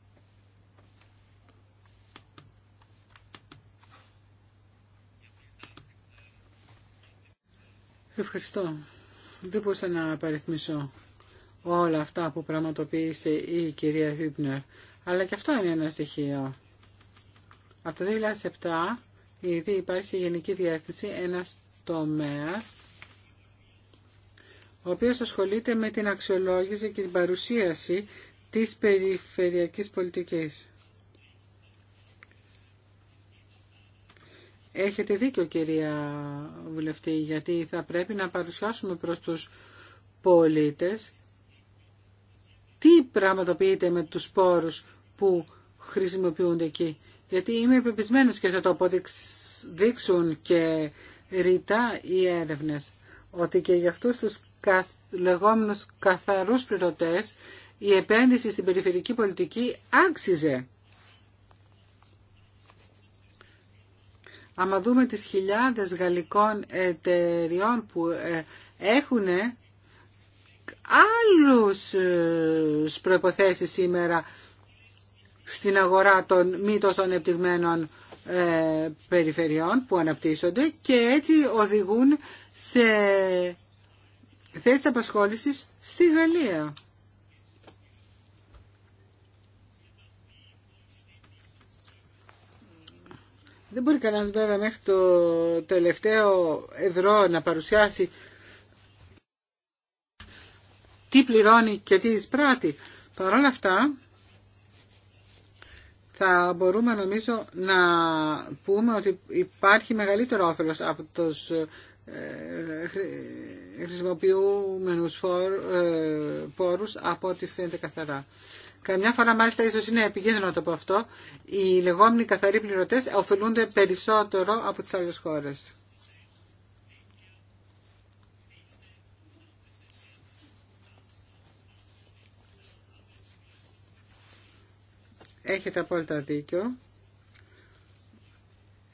Ευχαριστώ. Δεν μπορούσα να απαριθμίσω όλα αυτά που πραγματοποίησε η κυρία Χίπνερ. Αλλά και αυτό είναι ένα στοιχείο. Από το 2007 ήδη υπάρχει στη Γενική Διεύθυνση ένας τομέας ο οποίος ασχολείται με την αξιολόγηση και την παρουσίαση της περιφερειακής πολιτικής. Έχετε δίκιο κυρία Βουλευτή, γιατί θα πρέπει να παρουσιάσουμε προς τους πολίτες τι πραγματοποιείται με τους πόρους που χρησιμοποιούνται εκεί. Γιατί είμαι πεπισμένος και θα το αποδείξουν και ρητά οι έρευνες, ότι και για αυτούς τους λεγόμενους καθαρούς πληρωτές η επένδυση στην περιφερική πολιτική άξιζε. Άμα δούμε τις χιλιάδες γαλλικών εταιριών που ε, έχουν άλλους ε, προϋποθέσεις σήμερα στην αγορά των μη τόσο ανεπτυγμένων ε, περιφερειών που αναπτύσσονται και έτσι οδηγούν σε θέσεις απασχόλησης στη Γαλλία. Δεν μπορεί κανένα βέβαια μέχρι το τελευταίο ευρώ να παρουσιάσει τι πληρώνει και τι εισπράττει. Παρ' όλα αυτά θα μπορούμε νομίζω να πούμε ότι υπάρχει μεγαλύτερο όφελος από τους ε, χρησιμοποιούμενους ε, πόρους από ό,τι φαίνεται καθαρά. Καμιά φορά μάλιστα ίσως είναι επικίνδυνο να το πω αυτό. Οι λεγόμενοι καθαροί πληρωτές ωφελούνται περισσότερο από τις άλλες χώρες. Έχετε απόλυτα δίκιο.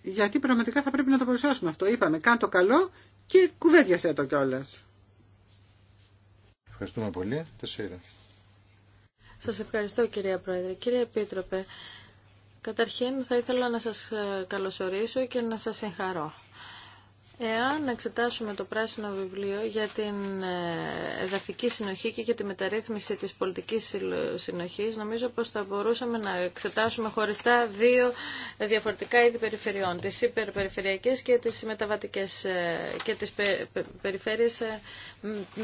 Γιατί πραγματικά θα πρέπει να το προσώσουμε αυτό. Είπαμε, κάν το καλό και κουβέντιασέ το κιόλας. Ευχαριστούμε πολύ. Τεσσέρα. Σας ευχαριστώ κυρία Πρόεδρε. Κύριε Επίτροπε, καταρχήν θα ήθελα να σας καλωσορίσω και να σας συγχαρώ. Εάν εξετάσουμε το πράσινο βιβλίο για την ε, εδαφική συνοχή και για τη μεταρρύθμιση της πολιτικής συνοχής, νομίζω πως θα μπορούσαμε να εξετάσουμε χωριστά δύο ε, διαφορετικά είδη περιφερειών, τις υπερπεριφερειακές και τις μεταβατικές ε, και τις περιφέρειες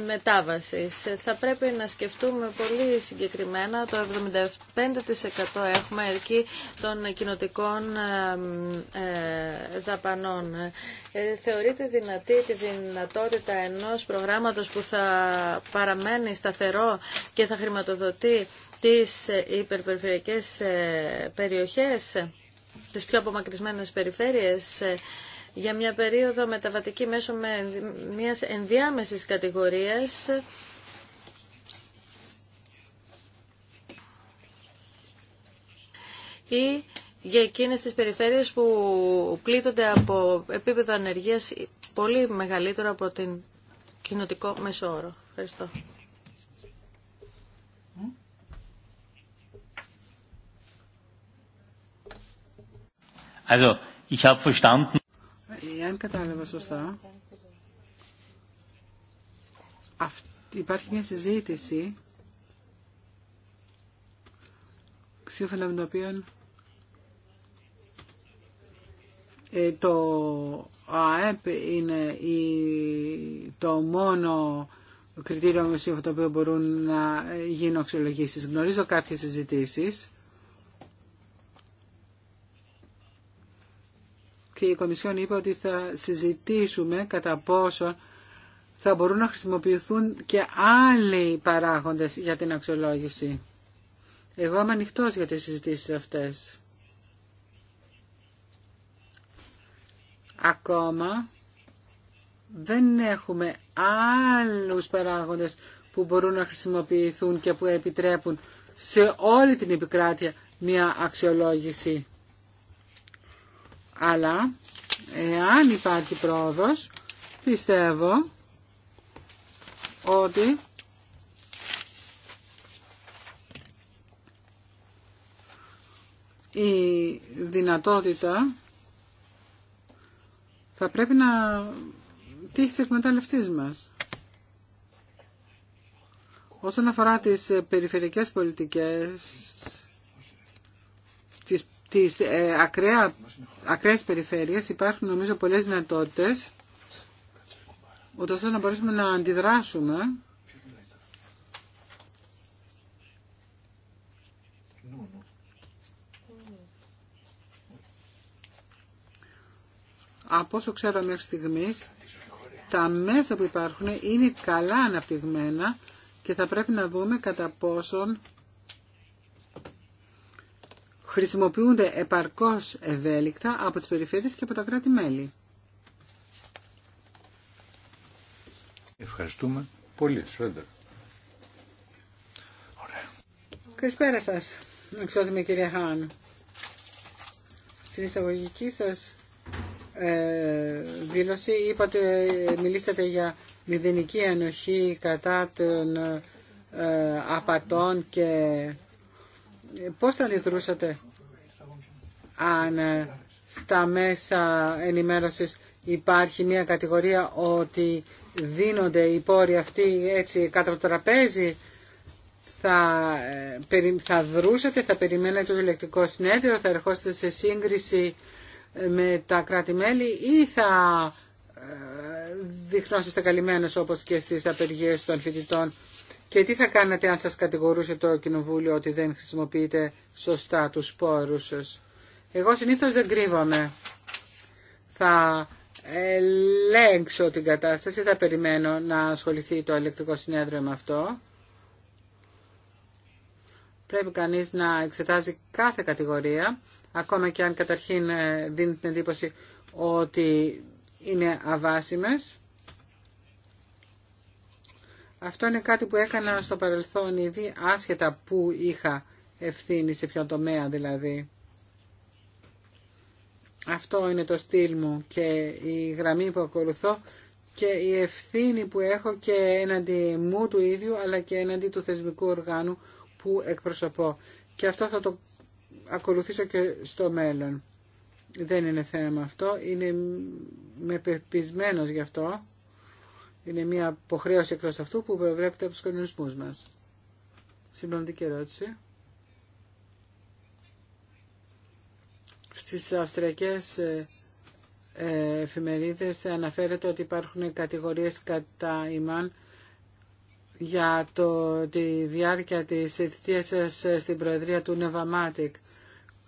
μετάβασης. Θα πρέπει να σκεφτούμε πολύ συγκεκριμένα, το 75% έχουμε εκεί των κοινοτικών δαπανών θεωρείτε δυνατή τη δυνατότητα ενός προγράμματος που θα παραμένει σταθερό και θα χρηματοδοτεί τις υπερπεριφερειακές ε, περιοχές, τις πιο απομακρυσμένες περιφέρειες, ε, για μια περίοδο μεταβατική μέσω με μιας ενδιάμεσης κατηγορίας ή για εκείνες τις περιφέρειες που πλήττονται από επίπεδο ανεργίας πολύ μεγαλύτερο από την κοινοτικό μέσο όρο. Ευχαριστώ. Also, ich habe verstanden. Εάν κατάλαβα σωστά, υπάρχει μια συζήτηση σύμφωνα με την οποία Ε, το ΑΕΠ είναι το μόνο κριτήριο με το οποίο μπορούν να γίνουν αξιολογήσεις. Γνωρίζω κάποιες συζητήσεις και η Κομισιόν είπε ότι θα συζητήσουμε κατά πόσο θα μπορούν να χρησιμοποιηθούν και άλλοι παράγοντες για την αξιολόγηση. Εγώ είμαι ανοιχτό για τις συζητήσεις αυτές. Ακόμα δεν έχουμε άλλους παράγοντες που μπορούν να χρησιμοποιηθούν και που επιτρέπουν σε όλη την επικράτεια μια αξιολόγηση. Αλλά εάν υπάρχει πρόοδος, πιστεύω ότι η δυνατότητα θα πρέπει να τύχει τη εκμεταλλευτή μας. Όσον αφορά τις ε, περιφερειακές πολιτικές, τις, τις ε, ακραία, ακραίες περιφέρειες υπάρχουν νομίζω πολλές δυνατότητες, ούτως ώστε να μπορέσουμε να αντιδράσουμε από όσο ξέρω μέχρι στιγμής, τα μέσα που υπάρχουν είναι καλά αναπτυγμένα και θα πρέπει να δούμε κατά πόσον χρησιμοποιούνται επαρκώς ευέλικτα από τις περιφέρειες και από τα κράτη-μέλη. Ευχαριστούμε πολύ, Σρέντερ. Ωραία. Καλησπέρα σας, εξόδημη κυρία Χάν. Στην εισαγωγική σας ε, δήλωση είπατε, μιλήσατε για μηδενική ενοχή κατά των ε, απατών και πώς θα αντιδρούσατε αν στα μέσα ενημέρωσης υπάρχει μια κατηγορία ότι δίνονται οι πόροι αυτοί έτσι κάτω το τραπέζι θα, ε, θα δρούσατε, θα περιμένετε το ηλεκτρικό συνέδριο, θα ερχόσατε σε σύγκριση με τα κράτη-μέλη ή θα ε, δειχνόσαστε καλυμμένος όπως και στις απεργίες των φοιτητών και τι θα κάνετε αν σας κατηγορούσε το Κοινοβούλιο ότι δεν χρησιμοποιείτε σωστά τους πόρους σας. Εγώ συνήθως δεν κρύβομαι. Θα ελέγξω την κατάσταση, θα περιμένω να ασχοληθεί το ελεκτικό συνέδριο με αυτό. Πρέπει κανείς να εξετάζει κάθε κατηγορία ακόμα και αν καταρχήν ε, δίνει την εντύπωση ότι είναι αβάσιμες. Αυτό είναι κάτι που έκανα στο παρελθόν ήδη, άσχετα που είχα ευθύνη, σε ποιον τομέα δηλαδή. Αυτό είναι το στυλ μου και η γραμμή που ακολουθώ και η ευθύνη που έχω και έναντι μου του ίδιου αλλά και έναντι του θεσμικού οργάνου που εκπροσωπώ. Και αυτό θα το ακολουθήσω και στο μέλλον. Δεν είναι θέμα αυτό, είναι με γι' αυτό. Είναι μια αποχρέωση εκτό αυτού που προβλέπεται από του κανονισμού μας. Συμπληρωματική ερώτηση. Στι αυστριακέ ε, ε, εφημερίδες αναφέρεται ότι υπάρχουν κατηγορίες κατά ημάν για το, τη διάρκεια της θητείας σας στην Προεδρία του Νεβαμάτικ.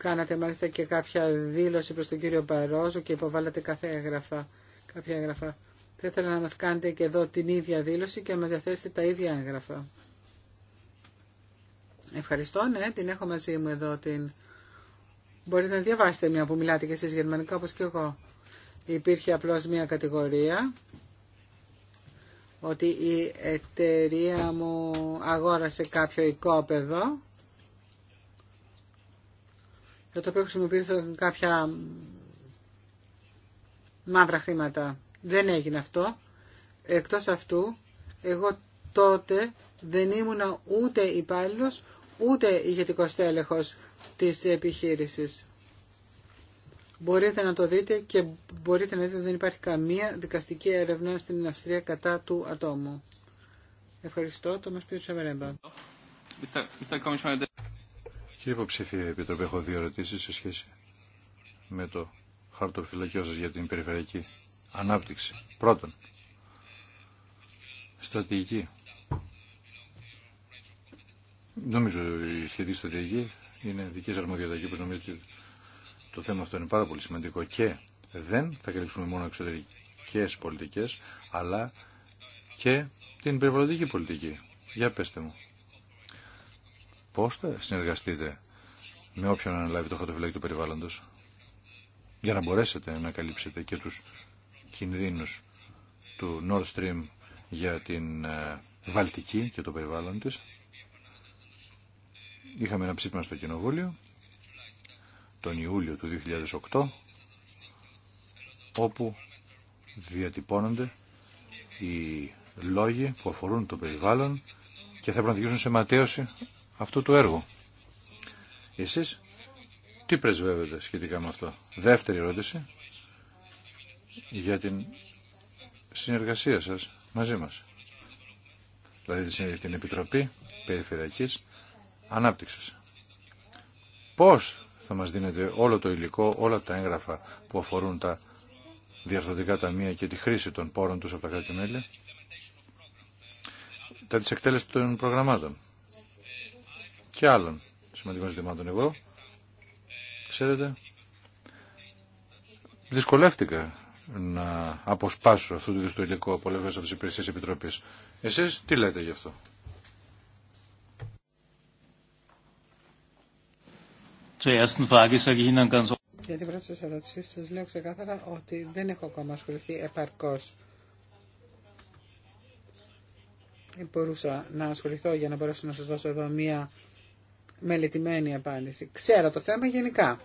Κάνατε μάλιστα και κάποια δήλωση προς τον κύριο Μπαρόζο και υποβάλλατε κάθε έγγραφα, κάποια έγγραφα. Θα ήθελα να μας κάνετε και εδώ την ίδια δήλωση και να μας διαθέσετε τα ίδια έγγραφα. Ευχαριστώ, ναι, την έχω μαζί μου εδώ την... Μπορείτε να διαβάσετε μια που μιλάτε και εσείς γερμανικά όπως και εγώ. Υπήρχε απλώς μια κατηγορία ότι η εταιρεία μου αγόρασε κάποιο οικόπεδο για το οποίο χρησιμοποιήθηκαν κάποια μαύρα χρήματα. Δεν έγινε αυτό. Εκτός αυτού, εγώ τότε δεν ήμουνα ούτε υπάλληλο ούτε ηγετικό τέλεχο της επιχείρησης. Μπορείτε να το δείτε και μπορείτε να δείτε ότι δεν υπάρχει καμία δικαστική έρευνα στην Αυστρία κατά του ατόμου. Ευχαριστώ. Το μας πει ο Κύριε Υποψήφια Επιτροπή, έχω δύο ερωτήσει σε σχέση με το χαρτοφυλακείο σας για την περιφερειακή ανάπτυξη. Πρώτον, στρατηγική. Νομίζω η σχετική στρατηγική είναι δική σας και όπως νομίζετε το θέμα αυτό είναι πάρα πολύ σημαντικό και δεν θα καλύψουμε μόνο εξωτερικές πολιτικές, αλλά και την περιβαλλοντική πολιτική. Για πέστε μου. Πώς θα συνεργαστείτε με όποιον αναλάβει το χαρτοφυλάκι του περιβάλλοντος για να μπορέσετε να καλύψετε και τους κινδύνους του Nord Stream για την ε, Βαλτική και το περιβάλλον της. Είχαμε ένα ψήφιμα στο Κοινοβούλιο τον Ιούλιο του 2008 όπου διατυπώνονται οι λόγοι που αφορούν το περιβάλλον και θα πρέπει να σε ματέωση αυτού του έργου. Εσείς τι πρεσβεύετε σχετικά με αυτό. Δεύτερη ερώτηση για την συνεργασία σας μαζί μας. Δηλαδή την Επιτροπή Περιφερειακής Ανάπτυξης. Πώς θα μας δίνετε όλο το υλικό, όλα τα έγγραφα που αφορούν τα διαρθρωτικά ταμεία και τη χρήση των πόρων τους από τα κράτη-μέλη, τα της εκτέλεσης των προγραμμάτων και άλλων σημαντικών ζητημάτων εγώ. Ξέρετε, δυσκολεύτηκα να αποσπάσω αυτού του είδους το υλικό από από τις υπηρεσίες επιτροπής. Εσείς τι λέτε γι' αυτό. Για την πρώτη σας ερώτηση σας λέω ξεκάθαρα ότι δεν έχω ακόμα ασχοληθεί επαρκώς. Μπορούσα να ασχοληθώ για να μπορέσω να σας δώσω εδώ μία μελετημένη απάντηση. Ξέρω το θέμα γενικά.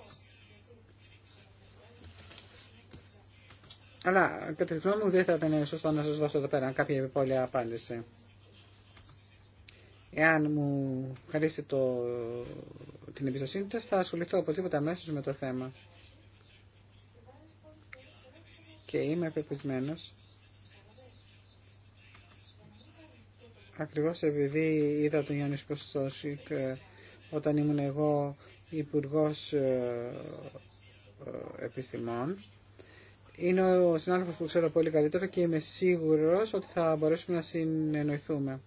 Αλλά κατά τη γνώμη μου δεν θα ήταν σωστό να σας δώσω εδώ πέρα κάποια επιπόλαια απάντηση. Εάν μου χαρίσει το... την εμπιστοσύνη σας θα ασχοληθώ οπωσδήποτε αμέσω με το θέμα. Και είμαι πεπισμένος ακριβώς επειδή είδα τον Γιάννη Ποστόσικ ε, όταν ήμουν εγώ υπουργός ε, ε, επιστημών. Είναι ο συνάδελφο που ξέρω πολύ καλύτερο και είμαι σίγουρος ότι θα μπορέσουμε να συνεννοηθούμε.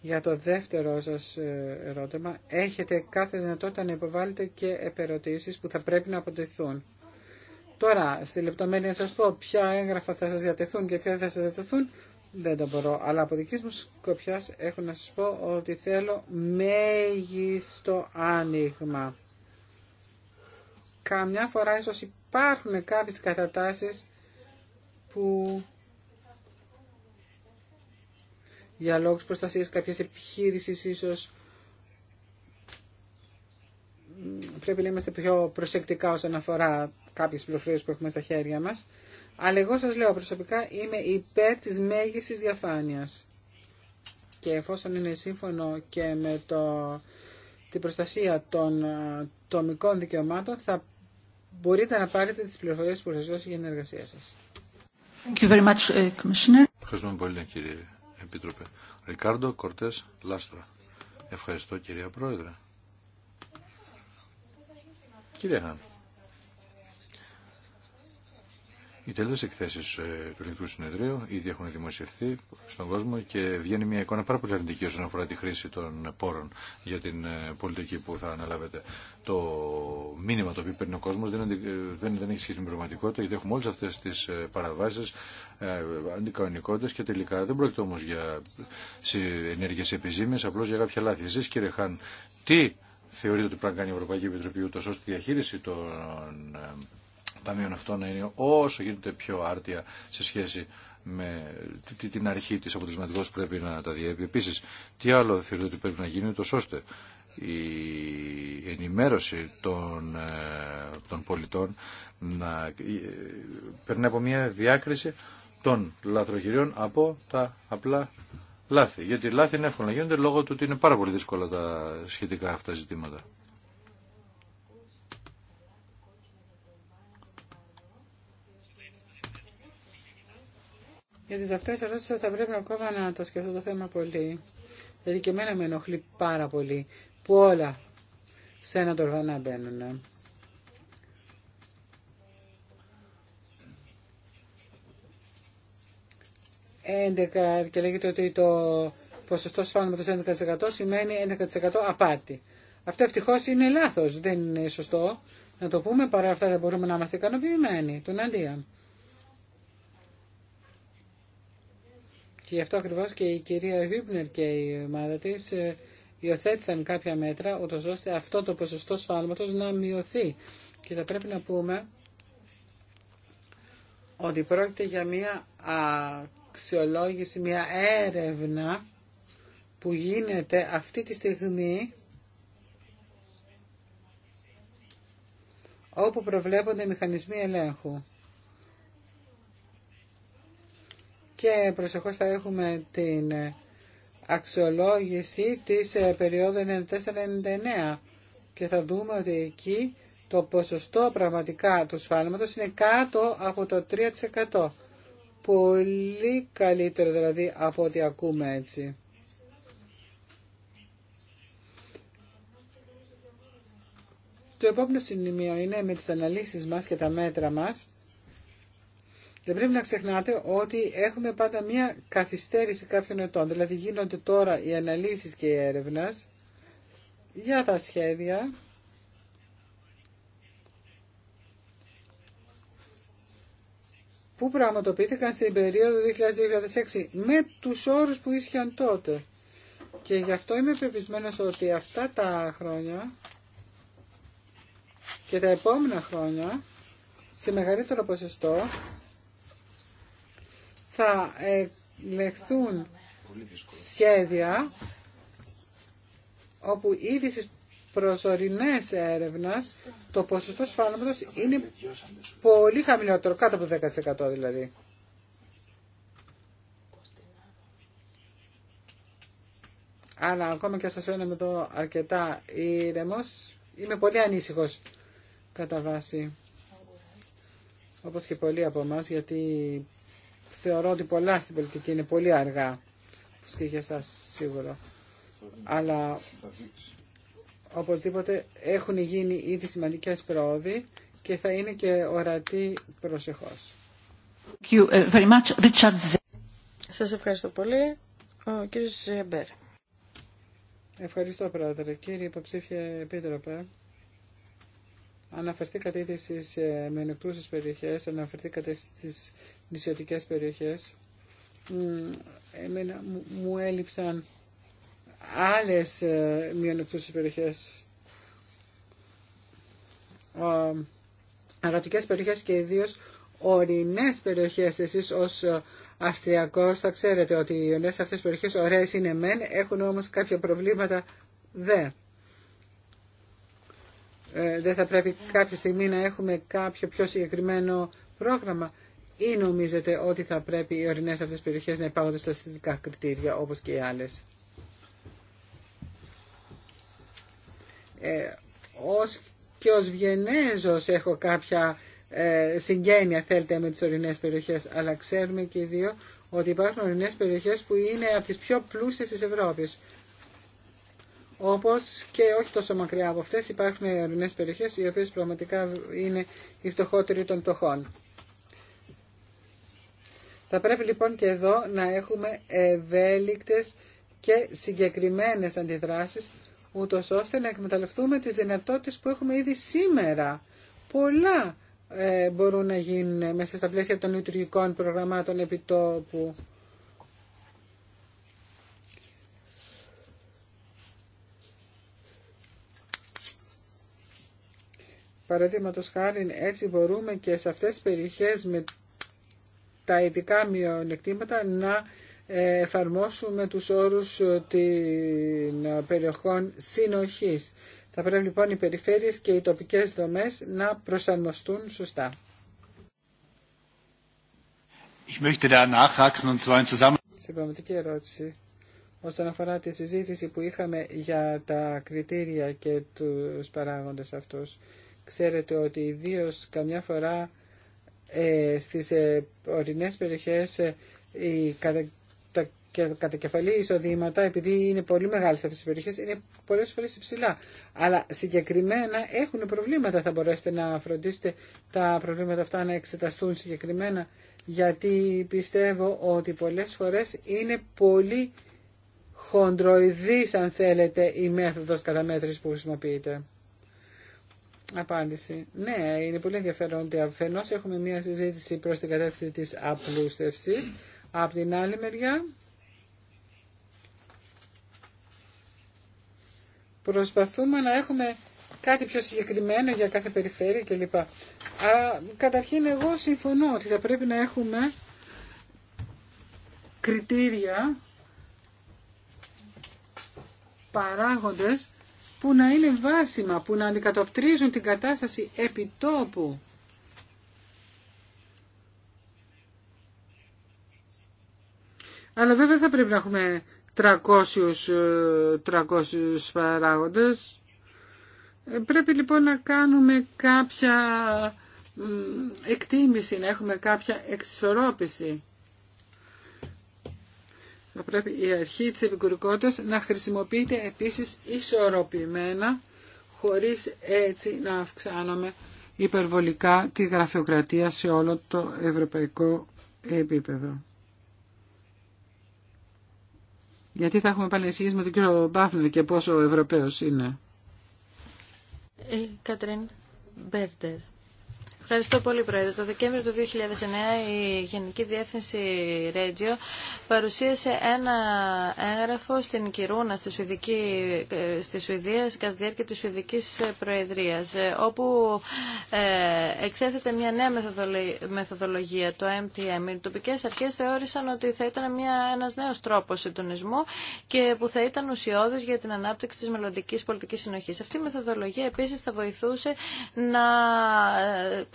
Για το δεύτερο σας ε, ερώτημα, έχετε κάθε δυνατότητα να υποβάλλετε και επερωτήσεις που θα πρέπει να αποτεθούν. Τώρα, στη λεπτομέρεια σας πω ποια έγγραφα θα σας διατεθούν και ποια θα σας διατεθούν, δεν το μπορώ, αλλά από δική μου σκοπιά έχω να σα πω ότι θέλω μέγιστο άνοιγμα. Καμιά φορά ίσως υπάρχουν κάποιες κατατάσει που για λόγους προστασίας κάποιες επιχείρησης ίσως πρέπει να είμαστε πιο προσεκτικά όσον αφορά κάποιες πληροφορίες που έχουμε στα χέρια μας. Αλλά εγώ σας λέω προσωπικά είμαι υπέρ της μέγιστης διαφάνειας. Και εφόσον είναι σύμφωνο και με το, την προστασία των τομικών δικαιωμάτων θα μπορείτε να πάρετε τις πληροφορίες που σας δώσει για την εργασία σας. Thank you very much, uh, Commissioner. Ευχαριστούμε πολύ κύριε Επίτροπε. Ρικάρντο Κορτές Λάστρα. Ευχαριστώ κυρία Πρόεδρε. Κυρία Χάν. Οι τελευταίες εκθέσεις ε, του Ελληνικού Συνεδρίου ήδη έχουν δημοσιευθεί στον κόσμο και βγαίνει μια εικόνα πάρα πολύ αρνητική όσον αφορά τη χρήση των πόρων για την ε, πολιτική που θα αναλάβετε. Το μήνυμα το οποίο παίρνει ο κόσμο, ε, δεν, δεν, έχει σχέση με την πραγματικότητα γιατί έχουμε όλες αυτές τις παραβάσεις αντικανονικότητε και τελικά δεν πρόκειται όμω για ενέργειε επιζήμιες, απλώ για κάποια λάθη. Εσεί κύριε Χάν, τι θεωρείτε ότι πρέπει να κάνει η Ευρωπαϊκή Επιτροπή ούτω ώστε τη διαχείριση των ταμείων αυτό να είναι όσο γίνεται πιο άρτια σε σχέση με την αρχή της αποτελεσματικότητας που πρέπει να τα διέπει. Επίση, τι άλλο θεωρείτε ότι πρέπει να γίνει, ούτως ώστε η ενημέρωση των, ε, των πολιτών να ε, περνάει από μια διάκριση των λαθροχειριών από τα απλά λάθη. Γιατί λάθη είναι να γίνονται λόγω του ότι είναι πάρα πολύ δύσκολα τα σχετικά αυτά ζητήματα. Για την ερώτηση θα πρέπει ακόμα να το σκεφτώ το θέμα πολύ. Γιατί και εμένα με ενοχλεί πάρα πολύ που όλα σε ένα τορβανά μπαίνουν. «11» και λέγεται ότι το ποσοστό σφάλματος 11% και λεγεται οτι το ποσοστο του 11% απάτη. Αυτό ευτυχώ είναι λάθο. δεν είναι σωστό να το πούμε, παρά αυτά δεν μπορούμε να είμαστε ικανοποιημένοι, τον αντίον. Και γι' αυτό ακριβώς και η κυρία Βίμπνερ και η ομάδα της ε, υιοθέτησαν κάποια μέτρα, ούτω ώστε αυτό το ποσοστό σφάλματος να μειωθεί. Και θα πρέπει να πούμε ότι πρόκειται για μια αξιολόγηση, μια έρευνα που γίνεται αυτή τη στιγμή όπου προβλέπονται μηχανισμοί ελέγχου. και προσεχώς θα έχουμε την αξιολόγηση της ε, περίοδου 94-99 και θα δούμε ότι εκεί το ποσοστό πραγματικά του σφάλματος είναι κάτω από το 3%. Πολύ καλύτερο δηλαδή από ό,τι ακούμε έτσι. Το επόμενο σημείο είναι με τις αναλύσεις μας και τα μέτρα μας δεν πρέπει να ξεχνάτε ότι έχουμε πάντα μια καθυστέρηση κάποιων ετών. Δηλαδή γίνονται τώρα οι αναλύσεις και οι έρευνας για τα σχέδια. που πραγματοποιήθηκαν στην περίοδο 2006 με τους όρους που ίσχυαν τότε. Και γι' αυτό είμαι πεπισμένος ότι αυτά τα χρόνια και τα επόμενα χρόνια σε μεγαλύτερο ποσοστό θα εκλεχθούν σχέδια όπου ήδη στις προσωρινές έρευνας το ποσοστό σφάλματος είναι πολύ χαμηλότερο, κάτω από το 10% δηλαδή. Αλλά ακόμα και σας φαίνομαι εδώ αρκετά ήρεμος, είμαι πολύ ανήσυχος κατά βάση. Όπως και πολλοί από εμάς, γιατί θεωρώ ότι πολλά στην πολιτική είναι πολύ αργά. Και για εσάς σίγουρα. Αλλά οπωσδήποτε έχουν γίνει ήδη σημαντικές πρόοδοι και θα είναι και ορατή προσεχώς. Uh, σας ευχαριστώ πολύ. Ο Ζεμπέρ. Ευχαριστώ, Πρόεδρε. Κύριε Υποψήφια Επίτροπε. Αναφερθήκατε ήδη στι ε, περιοχέ, περιοχές, αναφερθήκατε στι νησιωτικές περιοχές. Εμένα μου έλειψαν άλλε ε, περιοχέ. περιοχές. περιοχέ περιοχές και ιδίω ορεινέ περιοχές. εσεί ως ε, Αυστριακό θα ξέρετε ότι οι ορεινέ αυτές περιοχές ωραίε είναι μεν, έχουν όμως κάποια προβλήματα δε. Ε, δεν θα πρέπει κάποια στιγμή να έχουμε κάποιο πιο συγκεκριμένο πρόγραμμα ή νομίζετε ότι θα πρέπει οι ορεινές αυτές τις περιοχές να υπάρχουν στα αισθητικά κριτήρια όπως και οι άλλες. Ε, ως και ως Βιενέζος έχω κάποια ε, συγγένεια θέλετε με τις ορεινές περιοχές αλλά ξέρουμε και οι δύο ότι υπάρχουν ορεινές περιοχές που είναι από τις πιο πλούσιες της Ευρώπης. Όπως και όχι τόσο μακριά από αυτέ, υπάρχουν ορεινέ περιοχέ, οι οποίες πραγματικά είναι οι φτωχότεροι των φτωχών. Θα πρέπει λοιπόν και εδώ να έχουμε ευέλικτε και συγκεκριμένε αντιδράσεις ούτω ώστε να εκμεταλλευτούμε τις δυνατότητες που έχουμε ήδη σήμερα. Πολλά ε, μπορούν να γίνουν μέσα στα πλαίσια των λειτουργικών προγραμμάτων επιτόπου. Παραδείγματο χάρη έτσι μπορούμε και σε αυτές τις περιοχές με τα ειδικά μειονεκτήματα να ε, εφαρμόσουμε τους όρους ε, των ε, περιοχών συνοχής. Θα πρέπει λοιπόν οι περιφέρειες και οι τοπικές δομές να προσαρμοστούν σωστά. Ich möchte da nachhaken und zwar in ερώτηση, όσον αφορά τη συζήτηση που είχαμε για τα κριτήρια και τους παράγοντες αυτούς, Ξέρετε ότι ιδίω καμιά φορά ε, στις ε, ορεινές περιοχές ε, οι κατακεφαλή εισοδήματα, επειδή είναι πολύ μεγάλε αυτέ τι περιοχέ, είναι πολλές φορές υψηλά. Αλλά συγκεκριμένα έχουν προβλήματα. Θα μπορέσετε να φροντίσετε τα προβλήματα αυτά να εξεταστούν συγκεκριμένα, γιατί πιστεύω ότι πολλές φορές είναι πολύ χοντροειδής αν θέλετε, η μέθοδος καταμέτρησης που χρησιμοποιείται. Απάντηση. Ναι, είναι πολύ ενδιαφέρον ότι αφενό έχουμε μία συζήτηση προ την κατεύθυνση τη απλούστευση. Απ' την άλλη μεριά, προσπαθούμε να έχουμε κάτι πιο συγκεκριμένο για κάθε περιφέρεια κλπ. Α, καταρχήν εγώ συμφωνώ ότι θα πρέπει να έχουμε κριτήρια, παράγοντες που να είναι βάσιμα, που να αντικατοπτρίζουν την κατάσταση επιτόπου. Αλλά βέβαια θα πρέπει να έχουμε 300, 300 ε, παράγοντες. Ε, πρέπει λοιπόν να κάνουμε κάποια εκτίμηση, να έχουμε κάποια εξισορρόπηση θα πρέπει η αρχή της επικουρικότητας να χρησιμοποιείται επίσης ισορροπημένα χωρίς έτσι να αυξάνομαι υπερβολικά τη γραφειοκρατία σε όλο το ευρωπαϊκό επίπεδο. Γιατί θα έχουμε πανεσχέσει με τον κύριο Μπάφνερ και πόσο Ευρωπαίος είναι. Ε, Κατρίν Μπέρτερ. Ευχαριστώ πολύ, Πρόεδρε. Το Δεκέμβριο του 2009 η Γενική Διεύθυνση Ρέτζιο παρουσίασε ένα έγγραφο στην Κυρούνα, στη, Σουηδική, ε, στη Σουηδία, κατά τη διάρκεια της Σουηδικής Προεδρίας, ε, όπου ε, εξέθεται μια νέα μεθοδολογία, το MTM. Οι τοπικές αρχές θεώρησαν ότι θα ήταν μια, ένας νέος τρόπος συντονισμού και που θα ήταν ουσιώδης για την ανάπτυξη της μελλοντική πολιτικής συνοχής. Αυτή η μεθοδολογία επίσης θα βοηθούσε να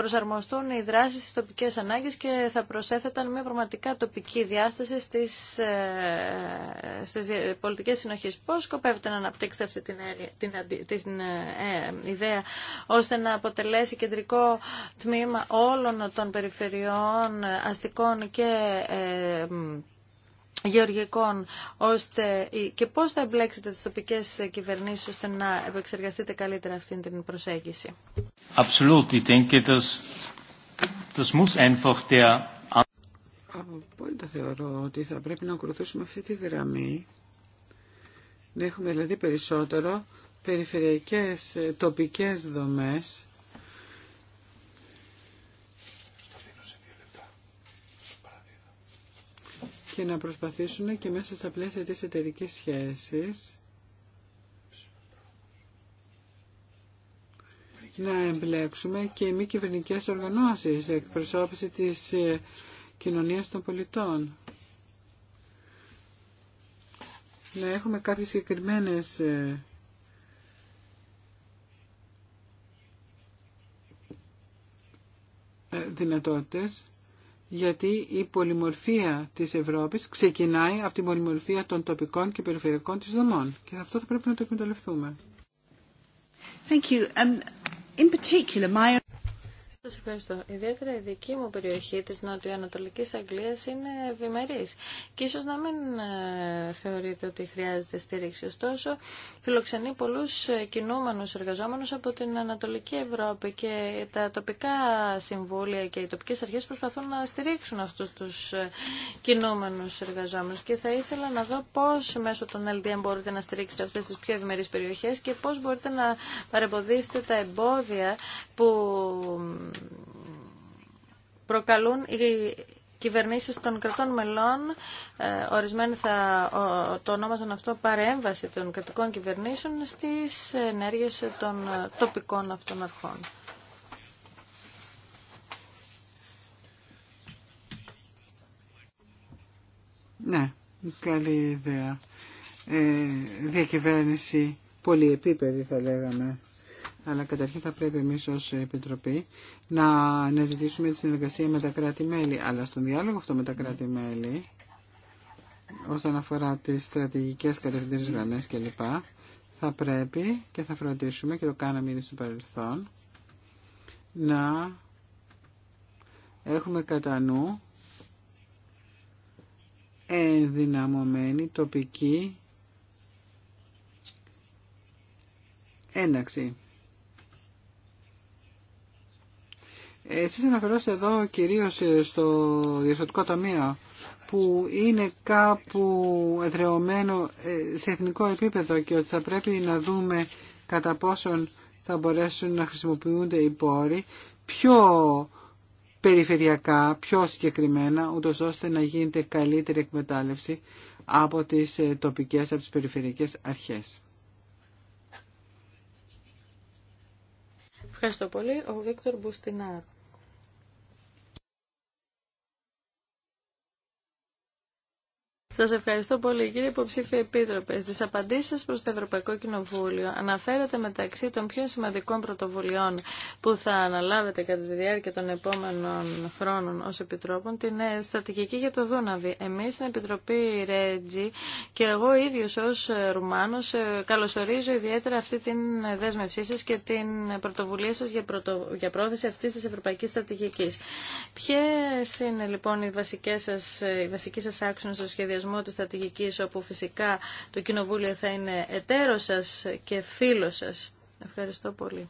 προσαρμοστούν οι δράσεις στις τοπικές ανάγκες και θα προσέθεταν μια πραγματικά τοπική διάσταση στις, ε, στις πολιτικές συνοχές. Πώς σκοπεύετε να αναπτύξετε αυτή την, ε, ε, ιδέα ώστε να αποτελέσει κεντρικό τμήμα όλων των περιφερειών αστικών και ε, γεωργικών ώστε, και πώς θα εμπλέξετε τις τοπικές κυβερνήσεις ώστε να επεξεργαστείτε καλύτερα αυτή την προσέγγιση. Απόλυτα θεωρώ ότι θα πρέπει να ακολουθήσουμε αυτή τη γραμμή, να έχουμε δηλαδή περισσότερο περιφερειακές τοπικές δομές και να προσπαθήσουν και μέσα στα πλαίσια της εταιρική σχέσης να εμπλέξουμε και μη κυβερνικέ οργανώσεις, εκπροσώπηση της ε, κοινωνίας των πολιτών. Να έχουμε κάποιες συγκεκριμένε ε, ε, δυνατότητες γιατί η πολυμορφία της Ευρώπης ξεκινάει από την πολυμορφία των τοπικών και περιφερειακών της δομών και αυτό θα πρέπει να το εκμεταλλευτούμε. Thank you. Um, in particular, my... Σας ευχαριστώ. Ιδιαίτερα η δική μου περιοχή της νοτιοανατολικής Αγγλίας είναι ευημερής και ίσως να μην ε, θεωρείτε ότι χρειάζεται στήριξη. Ωστόσο, φιλοξενεί πολλούς ε, κινούμενους εργαζόμενους από την Ανατολική Ευρώπη και τα τοπικά συμβούλια και οι τοπικές αρχές προσπαθούν να στηρίξουν αυτούς τους ε, κινούμενους εργαζόμενους και θα ήθελα να δω πώς μέσω των LDM μπορείτε να στηρίξετε αυτές τις πιο ευημερείς περιοχές και πώς μπορείτε να παρεμποδίσετε τα εμπόδια που προκαλούν οι κυβερνήσεις των κρατών μελών, ε, ορισμένοι θα το ονόμαζαν αυτό παρέμβαση των κρατικών κυβερνήσεων στις ενέργειες των τοπικών αυτών αρχών. Ναι, καλή ιδέα. Ε, διακυβέρνηση πολυεπίπεδη θα λέγαμε αλλά καταρχήν θα πρέπει εμείς ως Επιτροπή να αναζητήσουμε τη συνεργασία με τα κράτη-μέλη. Αλλά στον διάλογο αυτό με τα κράτη-μέλη, όσον αφορά τις στρατηγικές κατευθυντήρες γραμμές κλπ, θα πρέπει και θα φροντίσουμε, και το κάναμε ήδη στο παρελθόν, να έχουμε κατά νου ενδυναμωμένη τοπική ένταξη Εσείς αναφερόσατε εδώ κυρίως ε, στο Διευθυντικό Ταμείο που είναι κάπου εδρεωμένο ε, σε εθνικό επίπεδο και ότι θα πρέπει να δούμε κατά πόσον θα μπορέσουν να χρησιμοποιούνται οι πόροι πιο περιφερειακά, πιο συγκεκριμένα, ούτως ώστε να γίνεται καλύτερη εκμετάλλευση από τις ε, τοπικές, από τις περιφερειακές αρχές. Ευχαριστώ πολύ. Ο Βίκτορ Μπουστινάρ. Σα ευχαριστώ πολύ κύριε υποψήφιο επίτροπε. στι απαντήσει προ προς το Ευρωπαϊκό Κοινοβούλιο αναφέρατε μεταξύ των πιο σημαντικών πρωτοβουλειών που θα αναλάβετε κατά τη διάρκεια των επόμενων χρόνων ω επιτρόπων την ε, στρατηγική για το Δούναβι. Εμεί, στην Επιτροπή Ρέτζι και εγώ ίδιο ω ρουμάνο, ε, καλωσορίζω ιδιαίτερα αυτή την δέσμευσή σα και την πρωτοβουλία σα για, πρωτο... για πρόθεση αυτή τη Ευρωπαϊκή Στρατηγική. Ποιε είναι λοιπόν οι βασικέ σας, ε, οι στο σχεδιασμό σχεδιασμό της στρατηγικής, όπου φυσικά το Κοινοβούλιο θα είναι εταίρος σας και φίλο σας. Ευχαριστώ πολύ.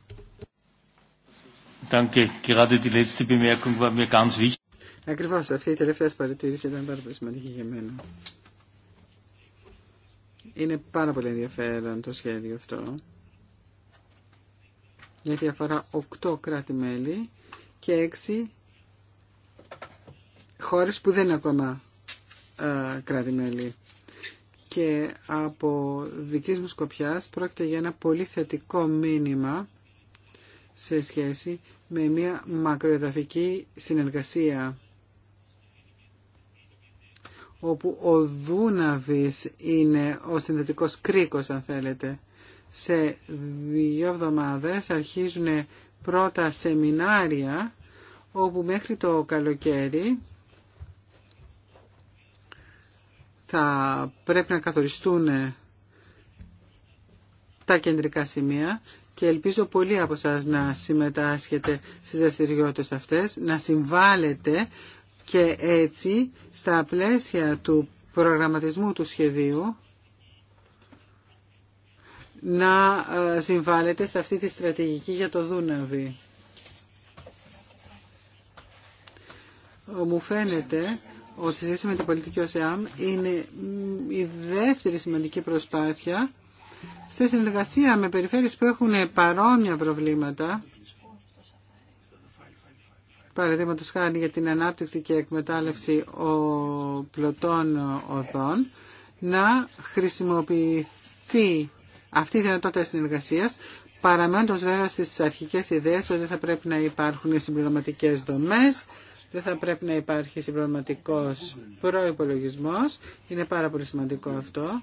Ακριβώς, αυτή η τελευταία παρατήρηση ήταν πάρα πολύ σημαντική για μένα. Είναι πάρα πολύ ενδιαφέρον το σχέδιο αυτό. Γιατί αφορά αφορά κράτη-μέλη και έξι χώρες που δεν είναι ακόμα ε, κράτη-μέλη. Και από δική μου σκοπιά, πρόκειται για ένα πολύ θετικό μήνυμα σε σχέση με μια μακροεδαφική συνεργασία όπου ο Δούναβης είναι ο συνδετικός κρίκος αν θέλετε. Σε δύο εβδομάδες αρχίζουν πρώτα σεμινάρια όπου μέχρι το καλοκαίρι θα πρέπει να καθοριστούν τα κεντρικά σημεία και ελπίζω πολύ από εσά να συμμετάσχετε στις δραστηριότητε αυτές, να συμβάλλετε και έτσι στα πλαίσια του προγραμματισμού του σχεδίου να ε, συμβάλλετε σε αυτή τη στρατηγική για το Δούναβι. Μου φαίνεται ο σε σχέση με την πολιτική ΟΣΕΑΜ είναι η δεύτερη σημαντική προσπάθεια σε συνεργασία με περιφέρειες που έχουν παρόμοια προβλήματα παραδείγματο χάρη για την ανάπτυξη και εκμετάλλευση πλωτών οδών να χρησιμοποιηθεί αυτή η δυνατότητα συνεργασία, παραμένοντα βέβαια στι αρχικέ ιδέες ότι θα πρέπει να υπάρχουν συμπληρωματικέ δομέ δεν θα πρέπει να υπάρχει συμπληρωματικός προϋπολογισμός. Είναι πάρα πολύ σημαντικό αυτό.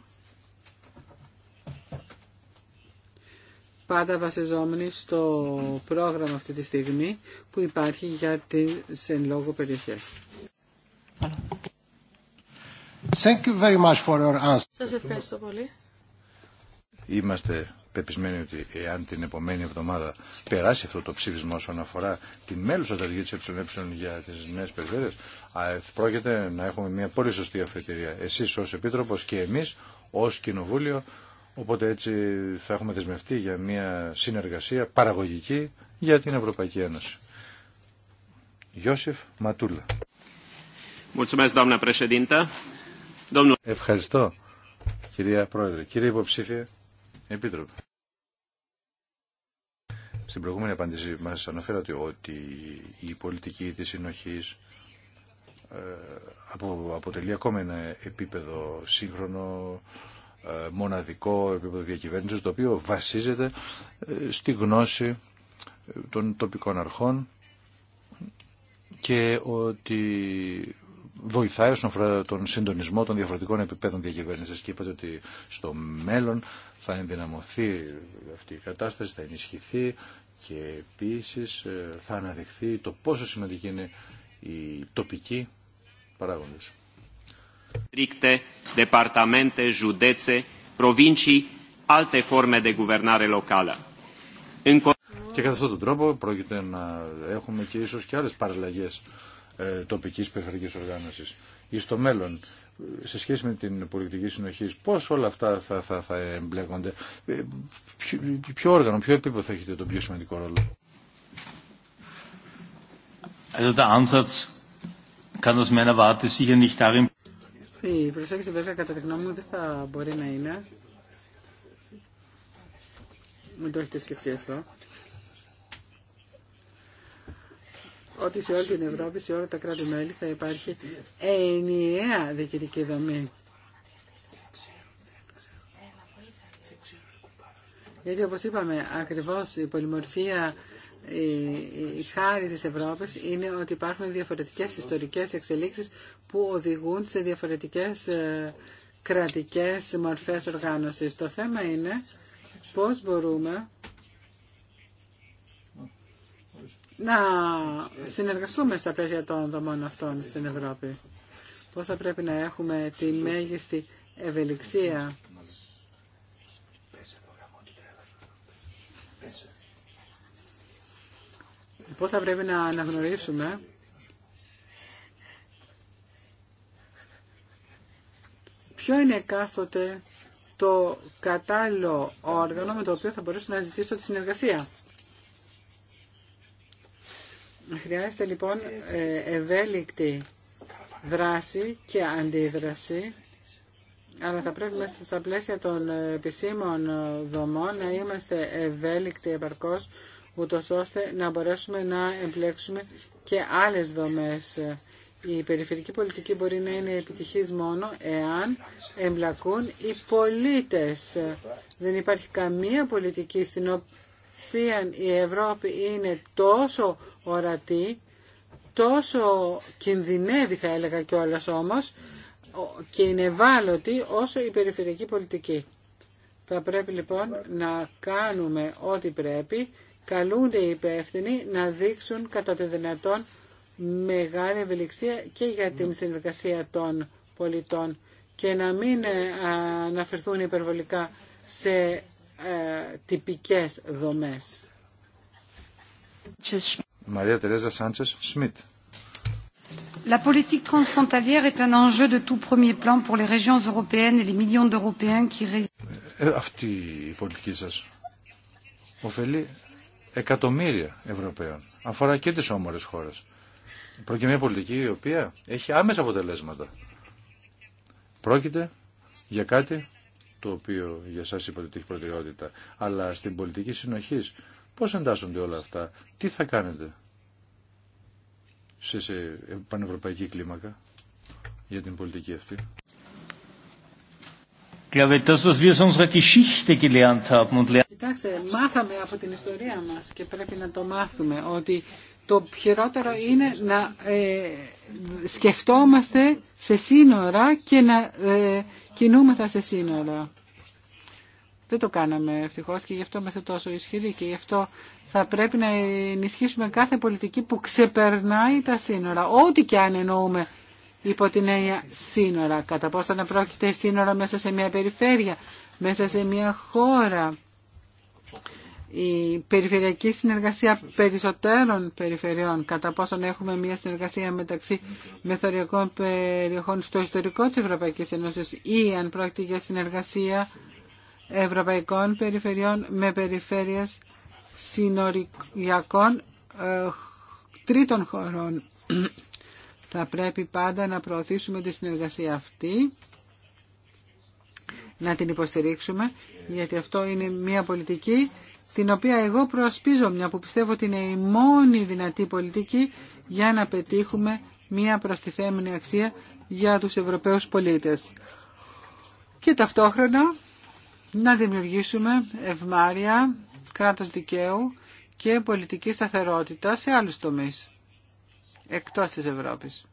Πάντα βασιζόμενοι στο πρόγραμμα αυτή τη στιγμή που υπάρχει για τις εν λόγω περιοχές. Thank you very much Σας ευχαριστώ πολύ. Είμαστε πεπισμένοι ότι εάν την επομένη εβδομάδα περάσει αυτό το ψήφισμα όσον αφορά την μέλου στρατηγική της ΕΕ για τις νέες περιφέρειες, πρόκειται να έχουμε μια πολύ σωστή αφετηρία. Εσείς ως Επίτροπος και εμείς ως Κοινοβούλιο, οπότε έτσι θα έχουμε δεσμευτεί για μια συνεργασία παραγωγική για την Ευρωπαϊκή Ένωση. Ιώσιφ Ματούλα. Ευχαριστώ, κυρία Πρόεδρε. Κύριε Υποψήφια, Επίτροπε. Στην προηγούμενη απάντηση μας αναφέρατε ότι η πολιτική της συνοχής ε, αποτελεί ακόμα ένα επίπεδο σύγχρονο, ε, μοναδικό επίπεδο διακυβέρνησης, το οποίο βασίζεται ε, στη γνώση των τοπικών αρχών και ότι βοηθάει όσον αφορά τον συντονισμό των διαφορετικών επιπέδων διακυβέρνηση. και είπατε ότι στο μέλλον θα ενδυναμωθεί αυτή η κατάσταση, θα ενισχυθεί και επίση ε, θα αναδειχθεί το πόσο σημαντική είναι η τοπική παράγοντε. Και κατά αυτόν τον τρόπο πρόκειται να έχουμε και ίσως και άλλες παραλλαγές ε, τοπικής περιφερειακής οργάνωσης ή στο μέλλον σε σχέση με την πολιτική συνοχή, πώ όλα αυτά θα, θα, θα εμπλέκονται, ε, ποιο, ποιο όργανο, ποιο επίπεδο θα έχετε τον πιο σημαντικό ρόλο. Η προσέγγιση βέβαια κατά τη γνώμη μου δεν θα μπορεί να είναι. Μην το έχετε σκεφτεί αυτό. ότι σε όλη την Ευρώπη, σε όλα τα κράτη-μέλη θα υπάρχει ενιαία διοικητική δομή. Γιατί όπως είπαμε, ακριβώς η πολυμορφία, η, χάρη της Ευρώπης είναι ότι υπάρχουν διαφορετικές ιστορικές εξελίξεις που οδηγούν σε διαφορετικές ε, κρατικές μορφές οργάνωσης. Το θέμα είναι πώς μπορούμε να συνεργαστούμε στα πλαίσια των δομών αυτών στην Ευρώπη. Πώς θα πρέπει να έχουμε τη μέγιστη ευελιξία. Πώς θα πρέπει να αναγνωρίσουμε ποιο είναι εκάστοτε το κατάλληλο όργανο με το οποίο θα μπορέσω να ζητήσω τη συνεργασία. Χρειάζεται λοιπόν ε, ευέλικτη δράση και αντίδραση, αλλά θα πρέπει μέσα στα πλαίσια των ε, επισήμων δομών να είμαστε ευέλικτοι επαρκώς, ούτω ώστε να μπορέσουμε να εμπλέξουμε και άλλες δομές. Η περιφερική πολιτική μπορεί να είναι επιτυχής μόνο εάν εμπλακούν οι πολίτες. Δεν υπάρχει καμία πολιτική στην οποία οποία η Ευρώπη είναι τόσο ορατή, τόσο κινδυνεύει θα έλεγα κιόλα όμως και είναι ευάλωτη όσο η περιφερειακή πολιτική. Θα πρέπει λοιπόν να κάνουμε ό,τι πρέπει. Καλούνται οι υπεύθυνοι να δείξουν κατά το δυνατόν μεγάλη ευελιξία και για την συνεργασία των πολιτών και να μην ε, αναφερθούν υπερβολικά σε ε, τυπικές δομές. Μαρία Τερέζα transfrontalière un de premier plan Αυτή η πολιτική σα ωφελεί εκατομμύρια Ευρωπαίων. Αφορά και τι όμορε χώρε, Πρόκειται μια πολιτική η οποία έχει άμεσα αποτελέσματα. Πρόκειται για κάτι το οποίο για σας είπατε ότι έχει προτεραιότητα, αλλά στην πολιτική συνοχής πώς εντάσσονται όλα αυτά, τι θα κάνετε σε, σε πανευρωπαϊκή κλίμακα για την πολιτική αυτή. Κοιτάξτε, μάθαμε από την ιστορία μας και πρέπει να το μάθουμε ότι το χειρότερο είναι να ε, σκεφτόμαστε σε σύνορα και να ε, κινούμεθα σε σύνορα. Δεν το κάναμε ευτυχώ και γι' αυτό είμαστε τόσο ισχυροί και γι' αυτό θα πρέπει να ενισχύσουμε κάθε πολιτική που ξεπερνάει τα σύνορα. Ό,τι και αν εννοούμε υπό την έννοια σύνορα. Κατά πόσο να πρόκειται σύνορα μέσα σε μια περιφέρεια, μέσα σε μια χώρα η περιφερειακή συνεργασία περισσότερων περιφερειών, κατά πόσον έχουμε μια συνεργασία μεταξύ μεθοριακών περιοχών στο ιστορικό της Ευρωπαϊκής Ένωσης ή αν πρόκειται για συνεργασία ευρωπαϊκών περιφερειών με περιφέρειες συνοριακών ε, τρίτων χωρών. Θα πρέπει πάντα να προωθήσουμε τη συνεργασία αυτή, να την υποστηρίξουμε, γιατί αυτό είναι μια πολιτική την οποία εγώ προασπίζω, μια που πιστεύω ότι είναι η μόνη δυνατή πολιτική για να πετύχουμε μια προστιθέμενη αξία για τους Ευρωπαίους πολίτες. Και ταυτόχρονα να δημιουργήσουμε ευμάρια, κράτος δικαίου και πολιτική σταθερότητα σε άλλους τομείς εκτός της Ευρώπης.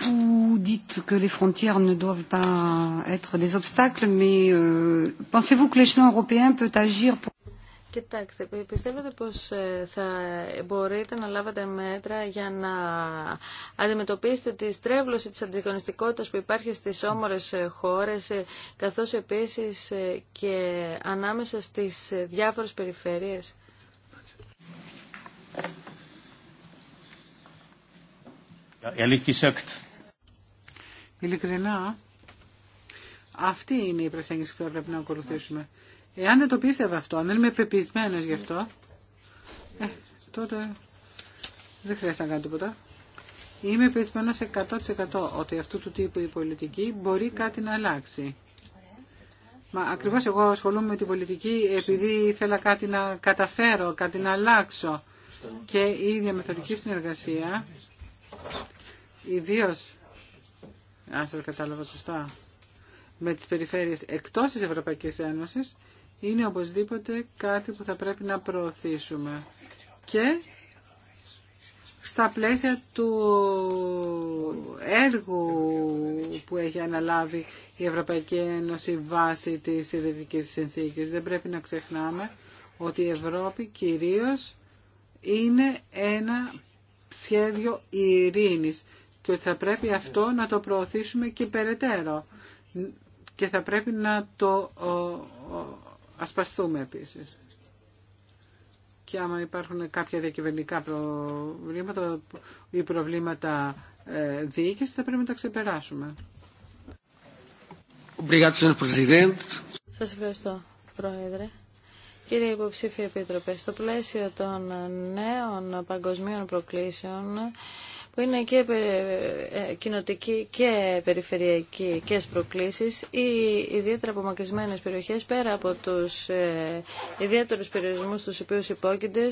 Vous dites que les frontières ne doivent pas être des obstacles, mais euh, pensez-vous que l'échelon européen peut agir pour... Κοιτάξτε, πιστεύετε πως ε, θα μπορείτε να λάβετε μέτρα για να αντιμετωπίσετε τη στρέβλωση της αντικονιστικότητας που υπάρχει στις όμορες ε, χώρες, ε, καθώς επίσης και ανάμεσα στις διάφορες περιφέρειες. Ειλικρινά, αυτή είναι η προσέγγιση που θα πρέπει να ακολουθήσουμε. Εάν δεν το πίστευα αυτό, αν δεν είμαι πεπισμένο γι' αυτό, ε, τότε δεν χρειάζεται να κάνω τίποτα. Είμαι πεπισμένο 100% ότι αυτού του τύπου η πολιτική μπορεί κάτι να αλλάξει. Μα ακριβώς εγώ ασχολούμαι με την πολιτική επειδή ήθελα κάτι να καταφέρω, κάτι να αλλάξω. Και η διαμεθορική συνεργασία Ιδίω, αν σα κατάλαβα σωστά, με τις περιφέρειες εκτός της Ευρωπαϊκής Ένωσης, είναι οπωσδήποτε κάτι που θα πρέπει να προωθήσουμε. Και στα πλαίσια του έργου που έχει αναλάβει η Ευρωπαϊκή Ένωση βάσει της Ιδρυτικής συνθήκης. Δεν πρέπει να ξεχνάμε ότι η Ευρώπη κυρίως είναι ένα σχέδιο ειρήνης και θα πρέπει αυτό να το προωθήσουμε και περαιτέρω και θα πρέπει να το ασπαστούμε επίσης. Και άμα υπάρχουν κάποια διακυβερνικά προβλήματα ή προβλήματα ε, διοίκηση θα πρέπει να τα ξεπεράσουμε. Σας ευχαριστώ, Πρόεδρε. Κύριε Υποψήφια Επίτροπε, στο πλαίσιο των νέων παγκοσμίων προκλήσεων που είναι και ε, κοινοτική και περιφερειακή και προκλήσεις ή ιδιαίτερα απομακρυσμένες περιοχές πέρα από τους ε, ιδιαίτερους περιορισμούς στους οποίους υπόκεινται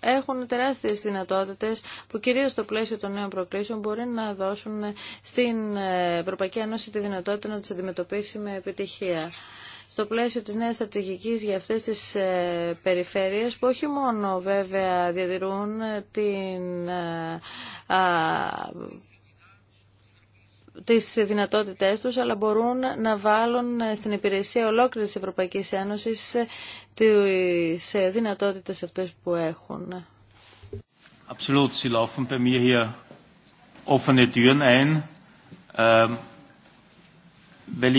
έχουν τεράστιες δυνατότητες που κυρίως στο πλαίσιο των νέων προκλήσεων μπορεί να δώσουν στην ε, Ευρωπαϊκή Ένωση τη δυνατότητα να τις αντιμετωπίσει με επιτυχία στο πλαίσιο της νέας στρατηγικής για αυτές τις ε, περιφέρειες που όχι μόνο βέβαια διατηρούν την ε, τις δυνατότητές τους, αλλά μπορούν να βάλουν στην υπηρεσία ολόκληρης της Ευρωπαϊκής Ένωσης τις ε, δυνατότητες αυτές που έχουν. Absolut, Sie laufen bei mir hier offene Türen ein. Ähm, εγώ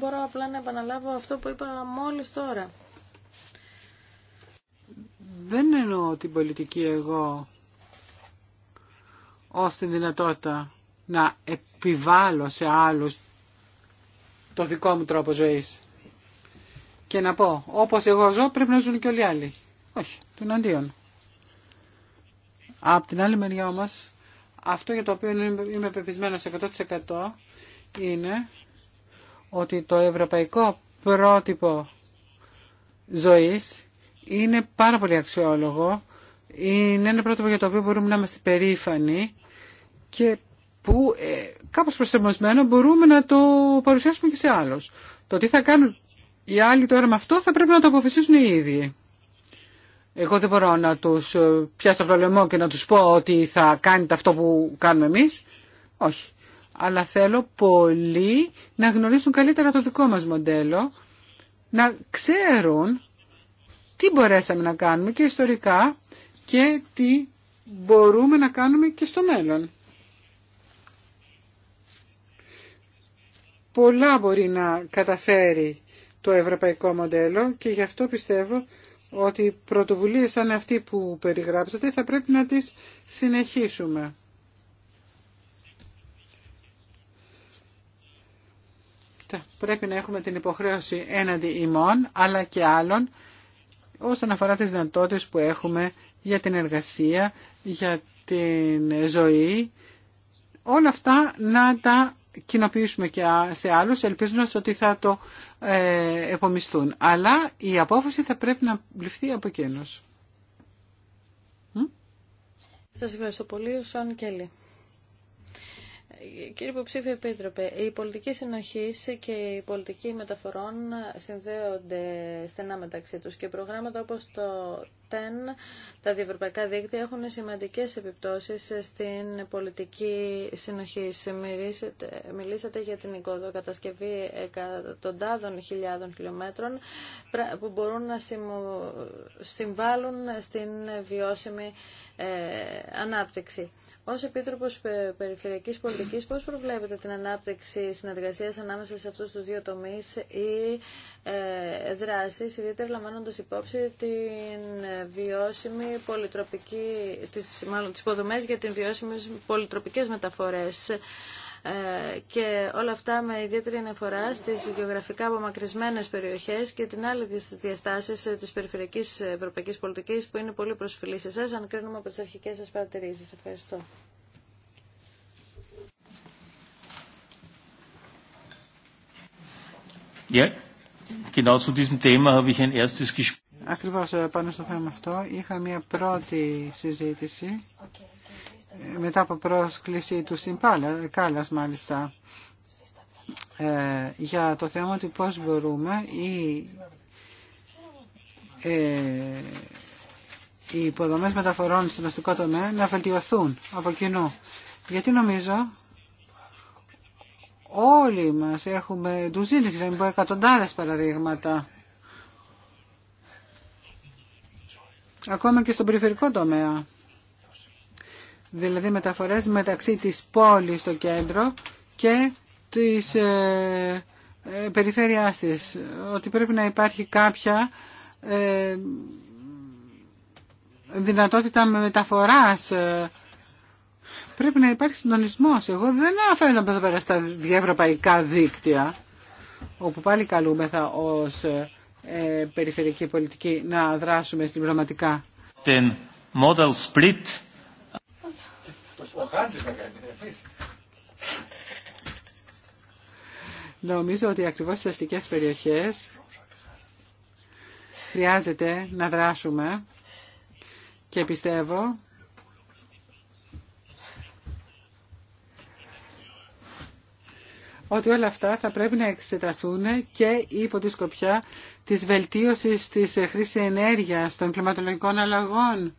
μπορώ απλά να επαναλάβω αυτό που είπα μόλις τώρα. Δεν εννοώ την πολιτική εγώ ως την δυνατότητα να επιβάλλω σε άλλους το δικό μου τρόπο ζωής. Και να πω, όπως εγώ ζω πρέπει να ζουν και όλοι οι άλλοι. Όχι, τον αντίον. Απ' την άλλη μεριά μας αυτό για το οποίο είμαι σε 100% είναι ότι το ευρωπαϊκό πρότυπο ζωής είναι πάρα πολύ αξιόλογο. Είναι ένα πρότυπο για το οποίο μπορούμε να είμαστε περήφανοι και που ε, κάπως μπορούμε να το παρουσιάσουμε και σε άλλους. Το τι θα κάνουν οι άλλοι τώρα με αυτό θα πρέπει να το αποφασίσουν οι ίδιοι. Εγώ δεν μπορώ να τους ε, πιάσω το λαιμό και να τους πω ότι θα κάνετε αυτό που κάνουμε εμείς. Όχι. Αλλά θέλω πολύ να γνωρίσουν καλύτερα το δικό μας μοντέλο, να ξέρουν τι μπορέσαμε να κάνουμε και ιστορικά και τι μπορούμε να κάνουμε και στο μέλλον. Πολλά μπορεί να καταφέρει το ευρωπαϊκό μοντέλο και γι' αυτό πιστεύω ότι οι πρωτοβουλίες σαν αυτή που περιγράψατε θα πρέπει να τις συνεχίσουμε. Πρέπει να έχουμε την υποχρέωση έναντι ημών αλλά και άλλων όσον αφορά τις δυνατότητες που έχουμε για την εργασία, για την ζωή. Όλα αυτά να τα κοινοποιήσουμε και σε άλλους ελπίζοντας ότι θα το ε, επομισθούν. Αλλά η απόφαση θα πρέπει να ληφθεί από εκείνους. Σας ευχαριστώ πολύ. Ο Σαν Κέλλη. Κύριε Υποψήφιο Επίτροπε, η πολιτική συνοχή και η πολιτική μεταφορών συνδέονται στενά μεταξύ τους και προγράμματα όπως το τα διευρωπαϊκά δίκτυα έχουν σημαντικές επιπτώσεις στην πολιτική συνοχή. Μιλήσατε, για την οικοδοκατασκευή εκατοντάδων χιλιάδων χιλιόμετρων που μπορούν να συμβάλλουν στην βιώσιμη ε, ανάπτυξη. Ως Επίτροπος Περιφερειακής Πολιτικής, πώς προβλέπετε την ανάπτυξη συνεργασίας ανάμεσα σε αυτούς τους δύο τομείς ε, δράσεις, ιδιαίτερα λαμβάνοντας υπόψη την βιώσιμη πολυτροπική, τις, μάλλον, τις υποδομές για την βιώσιμη πολυτροπικές μεταφορές ε, και όλα αυτά με ιδιαίτερη αναφορά στις γεωγραφικά απομακρυσμένες περιοχές και την άλλη της διαστάσεις ε, της περιφερειακής ευρωπαϊκής πολιτικής που είναι πολύ προσφυλή σε εσάς, αν κρίνουμε από τις αρχικές σας παρατηρήσεις. Ευχαριστώ. Yeah. Genau Ακριβώς ε, πάνω στο θέμα αυτό είχα μια πρώτη συζήτηση ε, μετά από πρόσκληση του Συμπάλα, ε, Κάλλας μάλιστα, για το θέμα ότι πώς μπορούμε οι, οι υποδομές μεταφορών στον αστικό τομέα να βελτιωθούν από κοινού. Γιατί νομίζω όλοι μας έχουμε ντουζίνες, να μην πω εκατοντάδες παραδείγματα. Ακόμα και στον περιφερικό τομέα. Δηλαδή μεταφορές μεταξύ της πόλης στο κέντρο και της ε, ε περιφέρειάς της. Ότι πρέπει να υπάρχει κάποια ε, δυνατότητα μεταφοράς ε, Πρέπει να υπάρχει συντονισμό. Εγώ δεν αφαίνομαι εδώ πέρα στα διευρωπαϊκά δίκτυα, όπου πάλι καλούμεθα ως ε, ε, περιφερειακή πολιτική να δράσουμε στην Την model split. Νομίζω ότι ακριβώς στις αστικές περιοχές χρειάζεται να δράσουμε και πιστεύω ότι όλα αυτά θα πρέπει να εξεταστούν και υπό τη σκοπιά της βελτίωσης της χρήσης ενέργειας, των κλιματολογικών αλλαγών.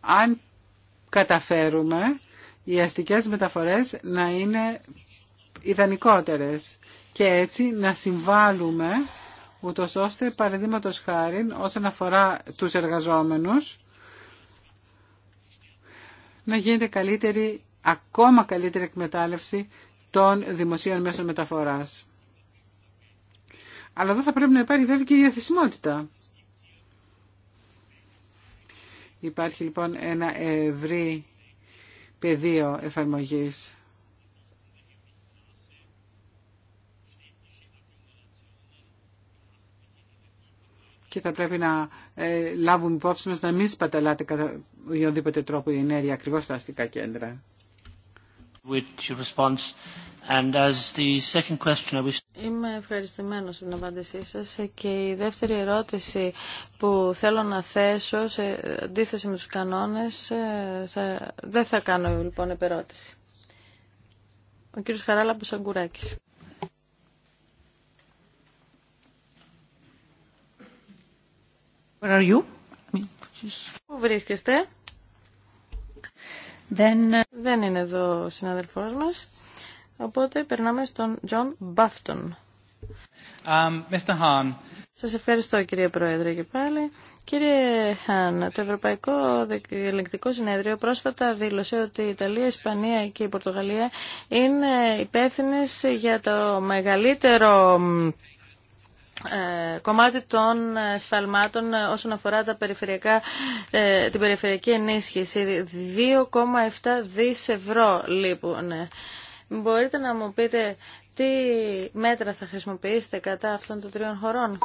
Αν καταφέρουμε οι αστικές μεταφορές να είναι ιδανικότερες και έτσι να συμβάλλουμε ούτω ώστε παραδείγματο χάρη όσον αφορά τους εργαζόμενους να γίνεται καλύτερη, ακόμα καλύτερη εκμετάλλευση των δημοσίων μέσων μεταφοράς. Αλλά εδώ θα πρέπει να υπάρχει βέβαια και η διαθεσιμότητα. Υπάρχει λοιπόν ένα ευρύ πεδίο εφαρμογής. Και θα πρέπει να ε, λάβουμε υπόψη μας να μην σπαταλάτε κατά οποιοδήποτε τρόπο η ενέργεια ακριβώς στα αστικά κέντρα. Είμαι ευχαριστημένος στην απάντησή σας και η δεύτερη ερώτηση που θέλω να θέσω σε αντίθεση με τους κανόνες ε, δεν θα κάνω λοιπόν επερώτηση. Ο κύριος Χαράλαμπος Αγκουράκης. Πού βρίσκεστε? Uh, Δεν... είναι εδώ ο συναδελφός μας. Οπότε περνάμε στον Τζον Μπάφτον. Σα um, Σας ευχαριστώ κύριε Πρόεδρε και πάλι. Κύριε Χάν, το Ευρωπαϊκό Ελεκτικό Συνέδριο πρόσφατα δήλωσε ότι η Ιταλία, η Ισπανία και η Πορτογαλία είναι υπεύθυνε για το μεγαλύτερο ε, κομμάτι των ε, σφαλμάτων ε, όσον αφορά τα περιφερειακά, την περιφερειακή ενίσχυση. 2,7 δις ευρώ λείπουν. Ναι. Μπορείτε να μου πείτε τι μέτρα θα χρησιμοποιήσετε κατά αυτών των τριών χωρών.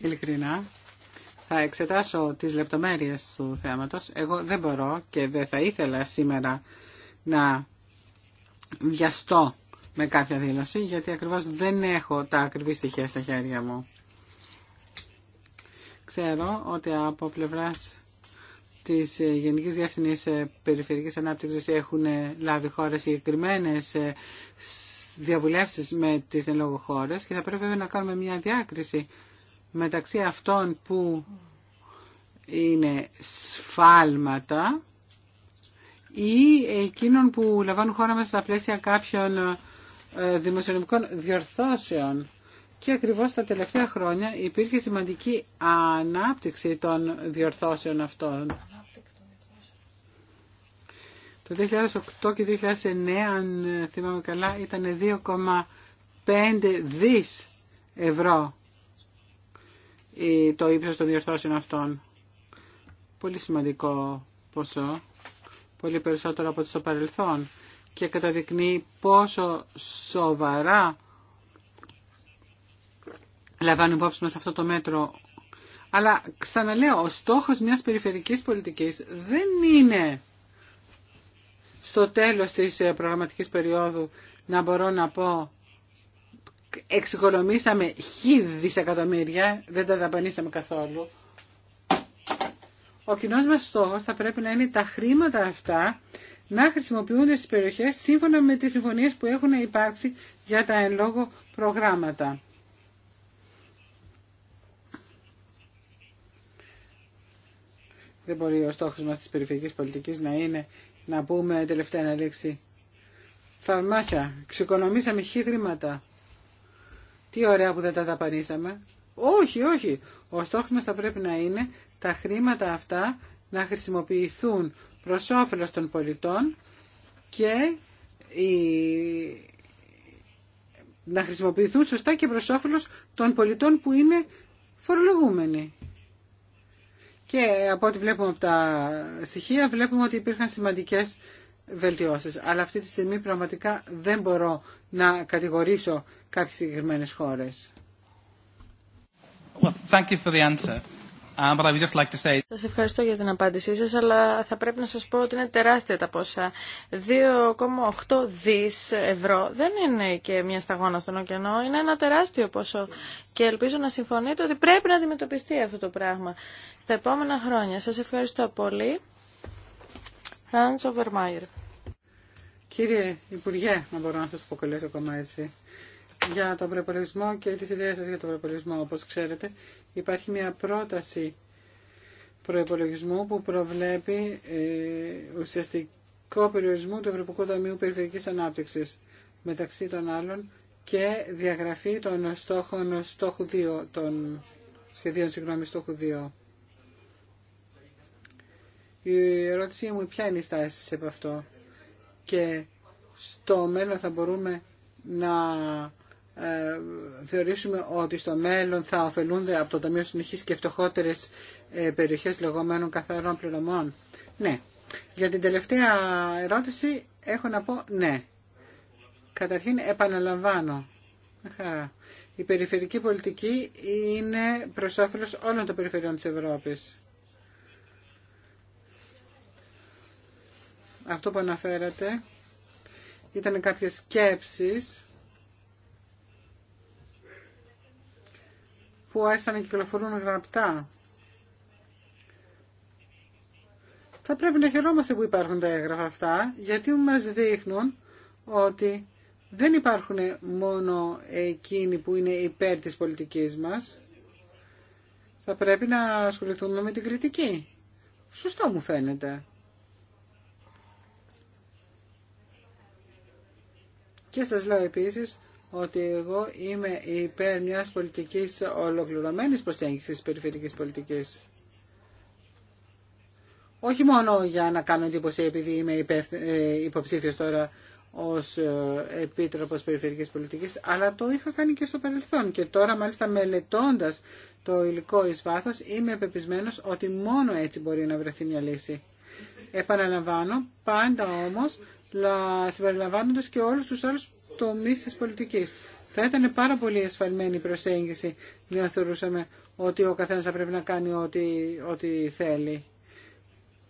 Ειλικρινά, θα εξετάσω τις λεπτομέρειες του θέματος. Εγώ δεν μπορώ και δεν θα ήθελα σήμερα να βιαστώ με κάποια δήλωση, γιατί ακριβώς δεν έχω τα ακριβή στοιχεία στα χέρια μου. Ξέρω ότι από πλευράς της Γενικής Διεύθυνης Περιφερειακής Ανάπτυξης έχουν λάβει χώρες συγκεκριμένε διαβουλεύσεις με τις εν χώρες και θα πρέπει να κάνουμε μια διάκριση μεταξύ αυτών που είναι σφάλματα ή εκείνων που λαμβάνουν χώρα μέσα στα πλαίσια κάποιων ε, δημοσιονομικών διορθώσεων. Και ακριβώς τα τελευταία χρόνια υπήρχε σημαντική ανάπτυξη των διορθώσεων αυτών. Το 2008 και 2009, αν θυμάμαι καλά, ήταν 2,5 δις ευρώ το ύψος των διορθώσεων αυτών. Πολύ σημαντικό ποσό πολύ περισσότερο από ό,τι στο παρελθόν και καταδεικνύει πόσο σοβαρά λαμβάνουν υπόψη μας αυτό το μέτρο. Αλλά ξαναλέω, ο στόχος μιας περιφερικής πολιτικής δεν είναι στο τέλος της ε, προγραμματικής περίοδου να μπορώ να πω εξοικονομήσαμε χι δισεκατομμύρια, δεν τα δαπανίσαμε καθόλου. Ο κοινό μα στόχος θα πρέπει να είναι τα χρήματα αυτά να χρησιμοποιούνται στις περιοχέ σύμφωνα με τι συμφωνίε που έχουν υπάρξει για τα εν λόγω προγράμματα. Δεν μπορεί ο στόχος μας της περιφερειακής πολιτικής να είναι να πούμε τελευταία αναλήξη. Θαυμάσια, ξεκονομήσαμε χι χρήματα. Τι ωραία που δεν τα ταπανίσαμε. Όχι, όχι. Ο στόχος μας θα πρέπει να είναι τα χρήματα αυτά να χρησιμοποιηθούν προς όφελος των πολιτών και να χρησιμοποιηθούν σωστά και προς όφελος των πολιτών που είναι φορολογούμενοι. Και από ό,τι βλέπουμε από τα στοιχεία βλέπουμε ότι υπήρχαν σημαντικές βελτιώσεις. Αλλά αυτή τη στιγμή πραγματικά δεν μπορώ να κατηγορήσω κάποιες συγκεκριμένες χώρες. Well, Uh, σας ευχαριστώ για την απάντησή σας, αλλά θα πρέπει να σας πω ότι είναι τεράστια τα ποσά. 2,8 δις ευρώ δεν είναι και μια σταγόνα στον ωκεανό, είναι ένα τεράστιο ποσό. Και ελπίζω να συμφωνείτε ότι πρέπει να αντιμετωπιστεί αυτό το πράγμα στα επόμενα χρόνια. Σας ευχαριστώ πολύ. Κύριε Υπουργέ, να μπορώ να σας αποκαλέσω ακόμα έτσι για τον προπολογισμό και τις ιδέες σας για τον προπολογισμό. Όπως ξέρετε υπάρχει μια πρόταση προπολογισμού που προβλέπει ε, ουσιαστικό περιορισμό του Ευρωπαϊκού Δομίου Περιφερειακής Ανάπτυξης μεταξύ των άλλων και διαγραφή των στόχων στόχου 2, των σχεδίων συγγνώμη στόχου 2. Η ερώτησή μου ποια είναι η στάση σε αυτό και στο μέλλον θα μπορούμε να ε, θεωρήσουμε ότι στο μέλλον θα ωφελούνται από το Ταμείο Συνεχής και φτωχότερες ε, περιοχές λεγόμενων καθαρών πληρωμών. Ναι. Για την τελευταία ερώτηση έχω να πω ναι. Καταρχήν επαναλαμβάνω. Η περιφερική πολιτική είναι προς όφελος όλων των περιφερειών της Ευρώπης. Αυτό που αναφέρατε ήταν κάποιες σκέψεις που άρχισαν να κυκλοφορούν γραπτά. Θα πρέπει να χαιρόμαστε που υπάρχουν τα έγγραφα αυτά, γιατί μας δείχνουν ότι δεν υπάρχουν μόνο εκείνοι που είναι υπέρ της πολιτικής μας. Θα πρέπει να ασχοληθούμε με την κριτική. Σωστό μου φαίνεται. Και σας λέω επίσης ότι εγώ είμαι υπέρ μιας πολιτικής ολοκληρωμένης προσέγγισης περιφερειακής πολιτικής. Όχι μόνο για να κάνω εντύπωση επειδή είμαι ε, υποψήφιος τώρα ως ε, Επίτροπος Περιφερειακής Πολιτικής, αλλά το είχα κάνει και στο παρελθόν και τώρα μάλιστα μελετώντας το υλικό εις βάθος είμαι πεπισμένος ότι μόνο έτσι μπορεί να βρεθεί μια λύση. Επαναλαμβάνω, πάντα όμως συμπεριλαμβάνοντας και όλους τους άλλους το της πολιτικής. Θα ήταν πάρα πολύ ασφαλμένη η προσέγγιση να θεωρούσαμε ότι ο καθένας θα πρέπει να κάνει ό,τι, ό,τι θέλει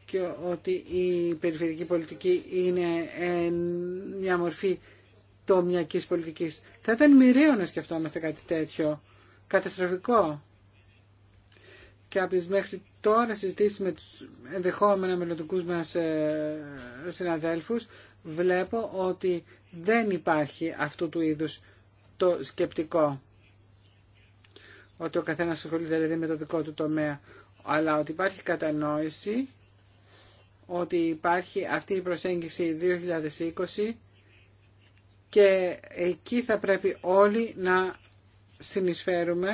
και ότι η περιφερειακή πολιτική είναι ε, μια μορφή τομιακής πολιτικής. Θα ήταν μοιραίο να σκεφτόμαστε κάτι τέτοιο, καταστροφικό. Και από μέχρι τώρα συζητήσεις με τους ενδεχόμενα μελλοντικού μας ε, συναδέλφους, βλέπω ότι δεν υπάρχει αυτού του είδους το σκεπτικό. Ότι ο καθένας ασχολείται δηλαδή με το δικό του τομέα. Αλλά ότι υπάρχει κατανόηση ότι υπάρχει αυτή η προσέγγιση 2020 και εκεί θα πρέπει όλοι να συνεισφέρουμε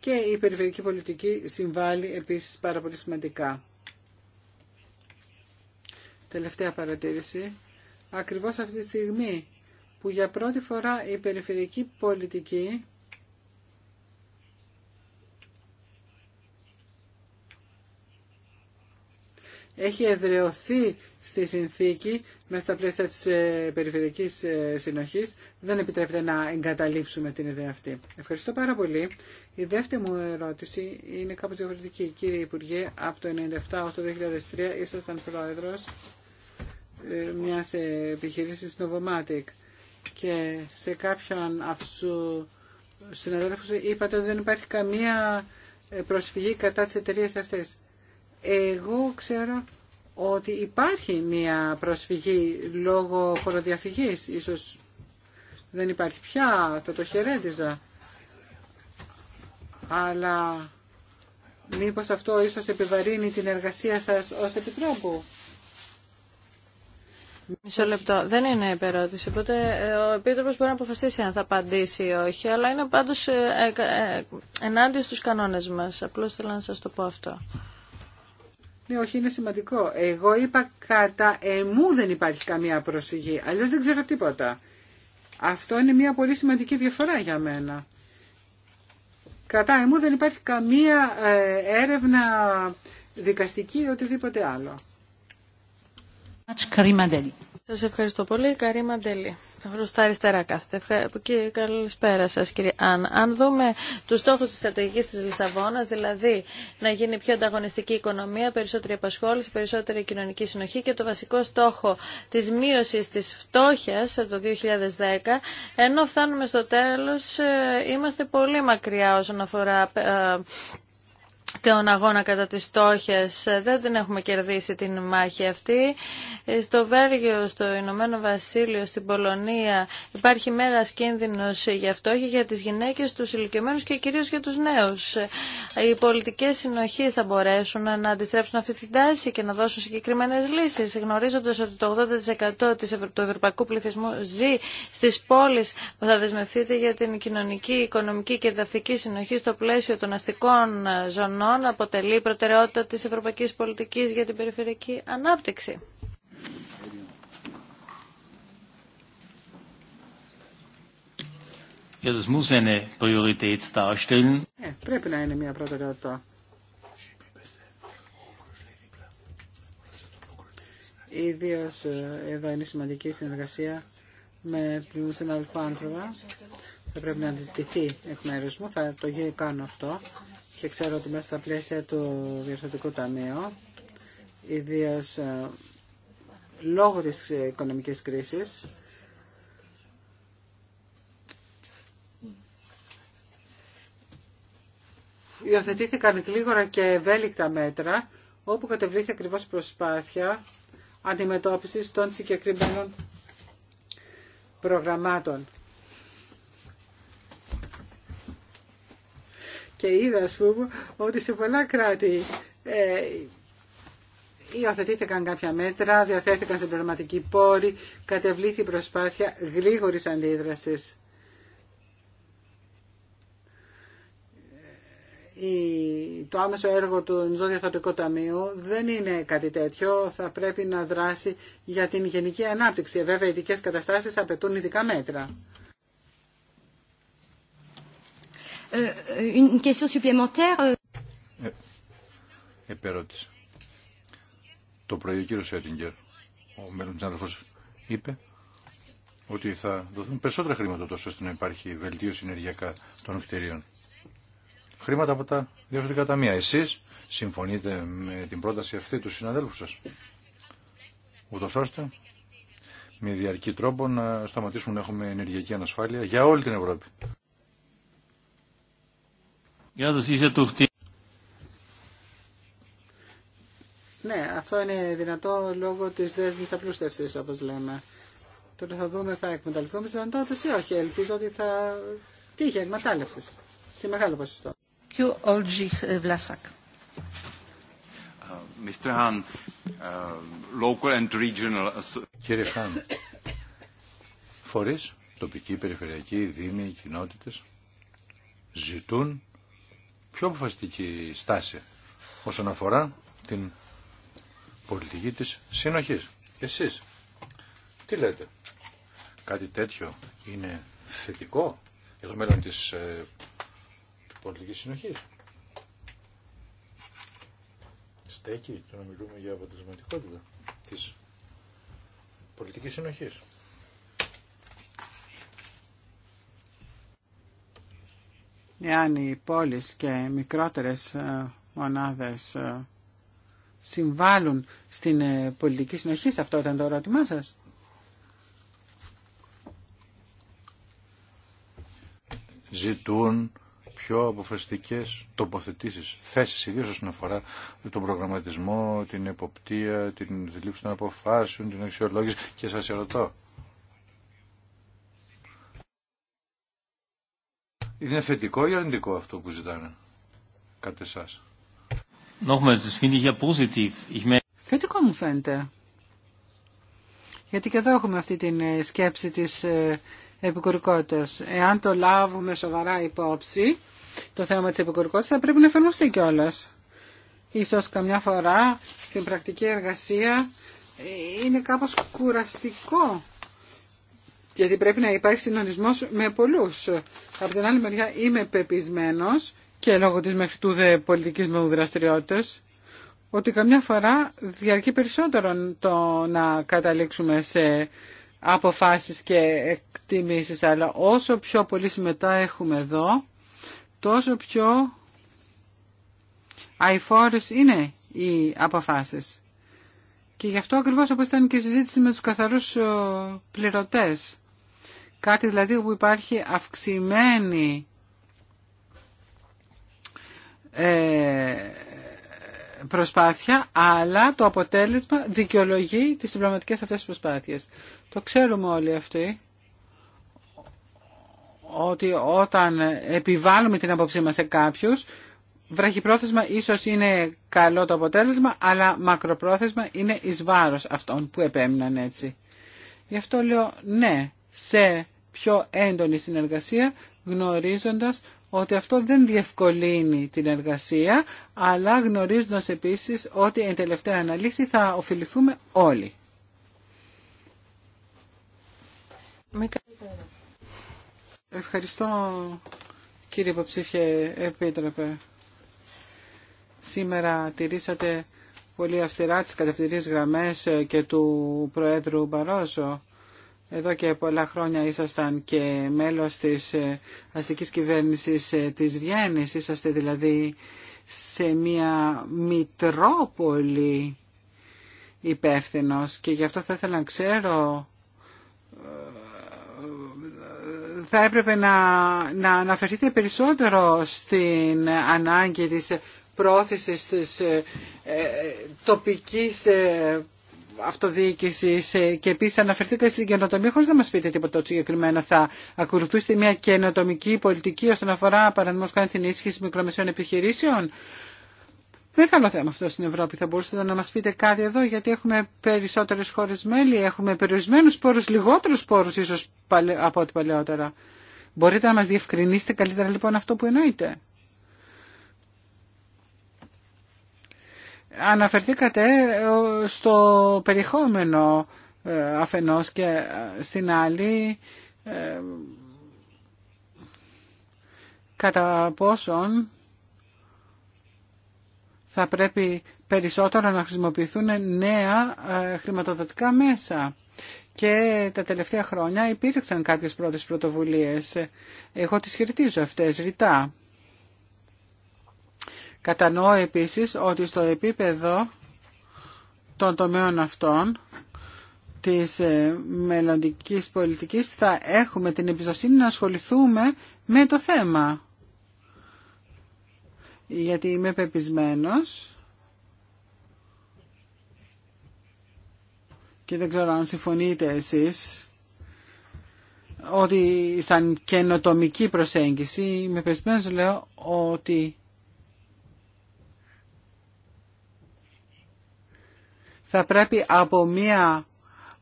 και η περιφερειακή πολιτική συμβάλλει επίσης πάρα πολύ σημαντικά. Τελευταία παρατήρηση. Ακριβώς αυτή τη στιγμή που για πρώτη φορά η περιφερειακή πολιτική έχει εδρεωθεί στη συνθήκη μέσα στα πλαίσια της ε, περιφερειακής ε, συνοχής. Δεν επιτρέπεται να εγκαταλείψουμε την ιδέα αυτή. Ευχαριστώ πάρα πολύ. Η δεύτερη μου ερώτηση είναι κάπως διαφορετική. Κύριε Υπουργέ, από το 1997 ως το 2003 ήσασταν πρόεδρος ε, μιας επιχειρήσης Novomatic και σε κάποιον από του ε, συναδέλφου είπατε ότι δεν υπάρχει καμία ε, προσφυγή κατά τις εταιρείε αυτές. Εγώ ξέρω ότι υπάρχει μια προσφυγή λόγω φοροδιαφυγής. Ίσως δεν υπάρχει πια, θα το χαιρέτιζα. Αλλά μήπως αυτό ίσως επιβαρύνει την εργασία σας ως επιτρόπου. Μισό λεπτό. Δεν είναι υπερώτηση. Οπότε ε, ο Επίτροπος μπορεί να αποφασίσει αν θα απαντήσει ή όχι. Αλλά είναι πάντως ε, ε, ενάντια στους κανόνες μας. Απλώς θέλω να σας το πω αυτό. Ναι, όχι, είναι σημαντικό. Εγώ είπα κατά εμού δεν υπάρχει καμία προσφυγή. Αλλιώς δεν ξέρω τίποτα. Αυτό είναι μια πολύ σημαντική διαφορά για μένα. Κατά εμού δεν υπάρχει καμία έρευνα δικαστική ή οτιδήποτε άλλο. Σας ευχαριστώ πολύ, Καρή Μαντελή. Στα αριστερά κάθετε. Καλησπέρα σα, κύριε Αν. Αν δούμε του στόχου τη στρατηγική τη Λισαβόνα, δηλαδή να γίνει πιο ανταγωνιστική οικονομία, περισσότερη απασχόληση, περισσότερη κοινωνική συνοχή και το βασικό στόχο τη μείωση τη φτώχεια το 2010, ενώ φτάνουμε στο τέλο, ε, είμαστε πολύ μακριά όσον αφορά ε, τον αγώνα κατά τις στόχες. Δεν την έχουμε κερδίσει την μάχη αυτή. Στο Βέργιο, στο Ηνωμένο Βασίλειο, στην Πολωνία υπάρχει μέγας κίνδυνος γι' αυτό και για τις γυναίκες, τους ηλικιωμένους και κυρίως για τους νέους. Οι πολιτικές συνοχές θα μπορέσουν να αντιστρέψουν αυτή την τάση και να δώσουν συγκεκριμένες λύσεις, γνωρίζοντας ότι το 80% του ευρωπαϊκού πληθυσμού ζει στις πόλεις που θα δεσμευτείτε για την κοινωνική, οικονομική και εδαφική συνοχή στο πλαίσιο των αστικών ζωνών Δαπανών αποτελεί προτεραιότητα της ευρωπαϊκής πολιτικής για την περιφερειακή ανάπτυξη. Ja, das muss eine Priorität darstellen. Ε, πρέπει να είναι μια προτεραιότητα. Ιδίω ε, εδώ είναι σημαντική συνεργασία με την συναδελφό άνθρωπα. Θα πρέπει να αντιστοιχθεί εκ μέρου μου. Θα το κάνω αυτό και ξέρω ότι μέσα στα πλαίσια του Διευθυντικού Ταμείου, ιδίω ε, λόγω της οικονομικής κρίσης, υιοθετήθηκαν γλίγορα και ευέλικτα μέτρα, όπου κατεβλήθη ακριβώς προσπάθεια αντιμετώπισης των συγκεκριμένων προγραμμάτων. και είδα ας πούμε ότι σε πολλά κράτη ε, υιοθετήθηκαν κάποια μέτρα, διαθέθηκαν συμπληρωματικοί πόρη, κατεβλήθη προσπάθεια γρήγορης αντίδρασης. Ε, το άμεσο έργο του Ζωδιαθωτικού Ταμείου δεν είναι κάτι τέτοιο. Θα πρέπει να δράσει για την γενική ανάπτυξη. Ε, βέβαια, ειδικέ καταστάσεις απαιτούν ειδικά μέτρα. Euh, une question supplémentaire. Euh. Ε, επέρωτης. Το πρωί ο κύριος Σέτιγκερ, ο μέλλον της άνθρωπος, είπε ότι θα δοθούν περισσότερα χρήματα τόσο ώστε να υπάρχει βελτίωση ενεργειακά των κτηρίων. Χρήματα από τα διαφορετικά ταμεία. Εσείς συμφωνείτε με την πρόταση αυτή του συναδέλφου σας. Ούτως ώστε με διαρκή τρόπο να σταματήσουμε να έχουμε ενεργειακή ανασφάλεια για όλη την Ευρώπη. Ναι, αυτό είναι δυνατό λόγω της δέσμη απλούστευσης, όπως λέμε. Τώρα θα δούμε, θα εκμεταλλευτούμε τι δυνατότητε ή όχι. Ελπίζω ότι θα τύχει εκμεταλλευση σε μεγάλο ποσοστό. Uh, uh, Κύριε Χάν, φορείς, τοπική, περιφερειακή, δήμοι, κοινότητες ζητούν πιο αποφασιστική στάση όσον αφορά την πολιτική της συνοχής. Εσείς, τι λέτε, κάτι τέτοιο είναι θετικό για το μέλλον της ε, πολιτικής συνοχής. Στέκει το να μιλούμε για αποτελεσματικότητα της πολιτικής συνοχής. εάν οι πόλεις και μικρότερες ε, μονάδες ε, συμβάλλουν στην ε, πολιτική συνοχή. Σε αυτό ήταν το ερώτημά σας. Ζητούν πιο αποφασιστικές τοποθετήσεις, θέσεις, ιδίως όσον αφορά τον προγραμματισμό, την εποπτεία, την δηλήψη των αποφάσεων, την αξιολόγηση. Και σας ερωτώ, Είναι θετικό ή αρνητικό αυτό που ζητάνε κάτι εσά. Θετικό μου φαίνεται. Γιατί και εδώ έχουμε αυτή την ε, σκέψη της ε, επικουρικότητας. Εάν το λάβουμε σοβαρά υπόψη, το θέμα της επικουρικότητας θα πρέπει να εφαρμοστεί κιόλα. Ίσως καμιά φορά στην πρακτική εργασία ε, είναι κάπως κουραστικό γιατί πρέπει να υπάρχει συνονισμός με πολλούς. Από την άλλη μεριά είμαι πεπισμένος και λόγω της μέχρι τούδε πολιτικής μου δραστηριότητας ότι καμιά φορά διαρκεί περισσότερο το να καταλήξουμε σε αποφάσεις και εκτιμήσεις, αλλά όσο πιο πολύ συμμετά έχουμε εδώ, τόσο πιο αηφόρες είναι οι αποφάσεις. Και γι' αυτό ακριβώς όπως ήταν και η συζήτηση με τους καθαρούς ε, πληρωτές. Κάτι δηλαδή όπου υπάρχει αυξημένη ε, προσπάθεια, αλλά το αποτέλεσμα δικαιολογεί τις συμπληρωματικές αυτές προσπάθειες. Το ξέρουμε όλοι αυτοί ότι όταν επιβάλλουμε την άποψή μας σε κάποιους, βραχυπρόθεσμα ίσως είναι καλό το αποτέλεσμα, αλλά μακροπρόθεσμα είναι εις βάρος αυτών που επέμειναν έτσι. Γι' αυτό λέω ναι, σε πιο έντονη συνεργασία γνωρίζοντας ότι αυτό δεν διευκολύνει την εργασία, αλλά γνωρίζοντας επίσης ότι εν τελευταία αναλύση θα ωφεληθούμε όλοι. Ευχαριστώ κύριε υποψήφιε επίτροπε. Σήμερα τηρήσατε πολύ αυστηρά τις κατευθυντήριες γραμμές και του Προέδρου Μπαρόζο εδώ και πολλά χρόνια ήσασταν και μέλος της ε, αστικής κυβέρνησης ε, της Βιέννης. Είσαστε δηλαδή σε μια μητρόπολη υπεύθυνο και γι' αυτό θα ήθελα να ξέρω ε, θα έπρεπε να, να αναφερθείτε περισσότερο στην ανάγκη της πρόθεσης της ε, τοπικής και επίσης αναφερθείτε στην καινοτομία χωρίς να μας πείτε τίποτα συγκεκριμένο. Θα ακολουθήσετε μια καινοτομική πολιτική όσον αφορά παραδείγματος κάνει την ίσχυση μικρομεσαίων επιχειρήσεων. Δεν είναι καλό θέμα αυτό στην Ευρώπη. Θα μπορούσατε να μας πείτε κάτι εδώ, γιατί έχουμε περισσότερες χώρες μέλη, έχουμε περιορισμένους πόρους, λιγότερους πόρους ίσως από ό,τι παλαιότερα. Μπορείτε να μας διευκρινίσετε καλύτερα λοιπόν αυτό που εννοείτε. Αναφερθήκατε ε, στο περιεχόμενο ε, αφενός και ε, στην άλλη κατά πόσον θα πρέπει περισσότερο να χρησιμοποιηθούν νέα χρηματοδοτικά μέσα. Και τα τελευταία χρόνια υπήρξαν κάποιες πρώτες πρωτοβουλίες. Εγώ τις χαιρετίζω αυτές ρητά. Κατανοώ επίσης ότι στο επίπεδο των τομέων αυτών της ε, μελλοντικής πολιτικής θα έχουμε την εμπιστοσύνη να ασχοληθούμε με το θέμα. Γιατί είμαι πεπισμένος και δεν ξέρω αν συμφωνείτε εσείς ότι σαν καινοτομική προσέγγιση με πεπισμένος λέω ότι θα πρέπει από μία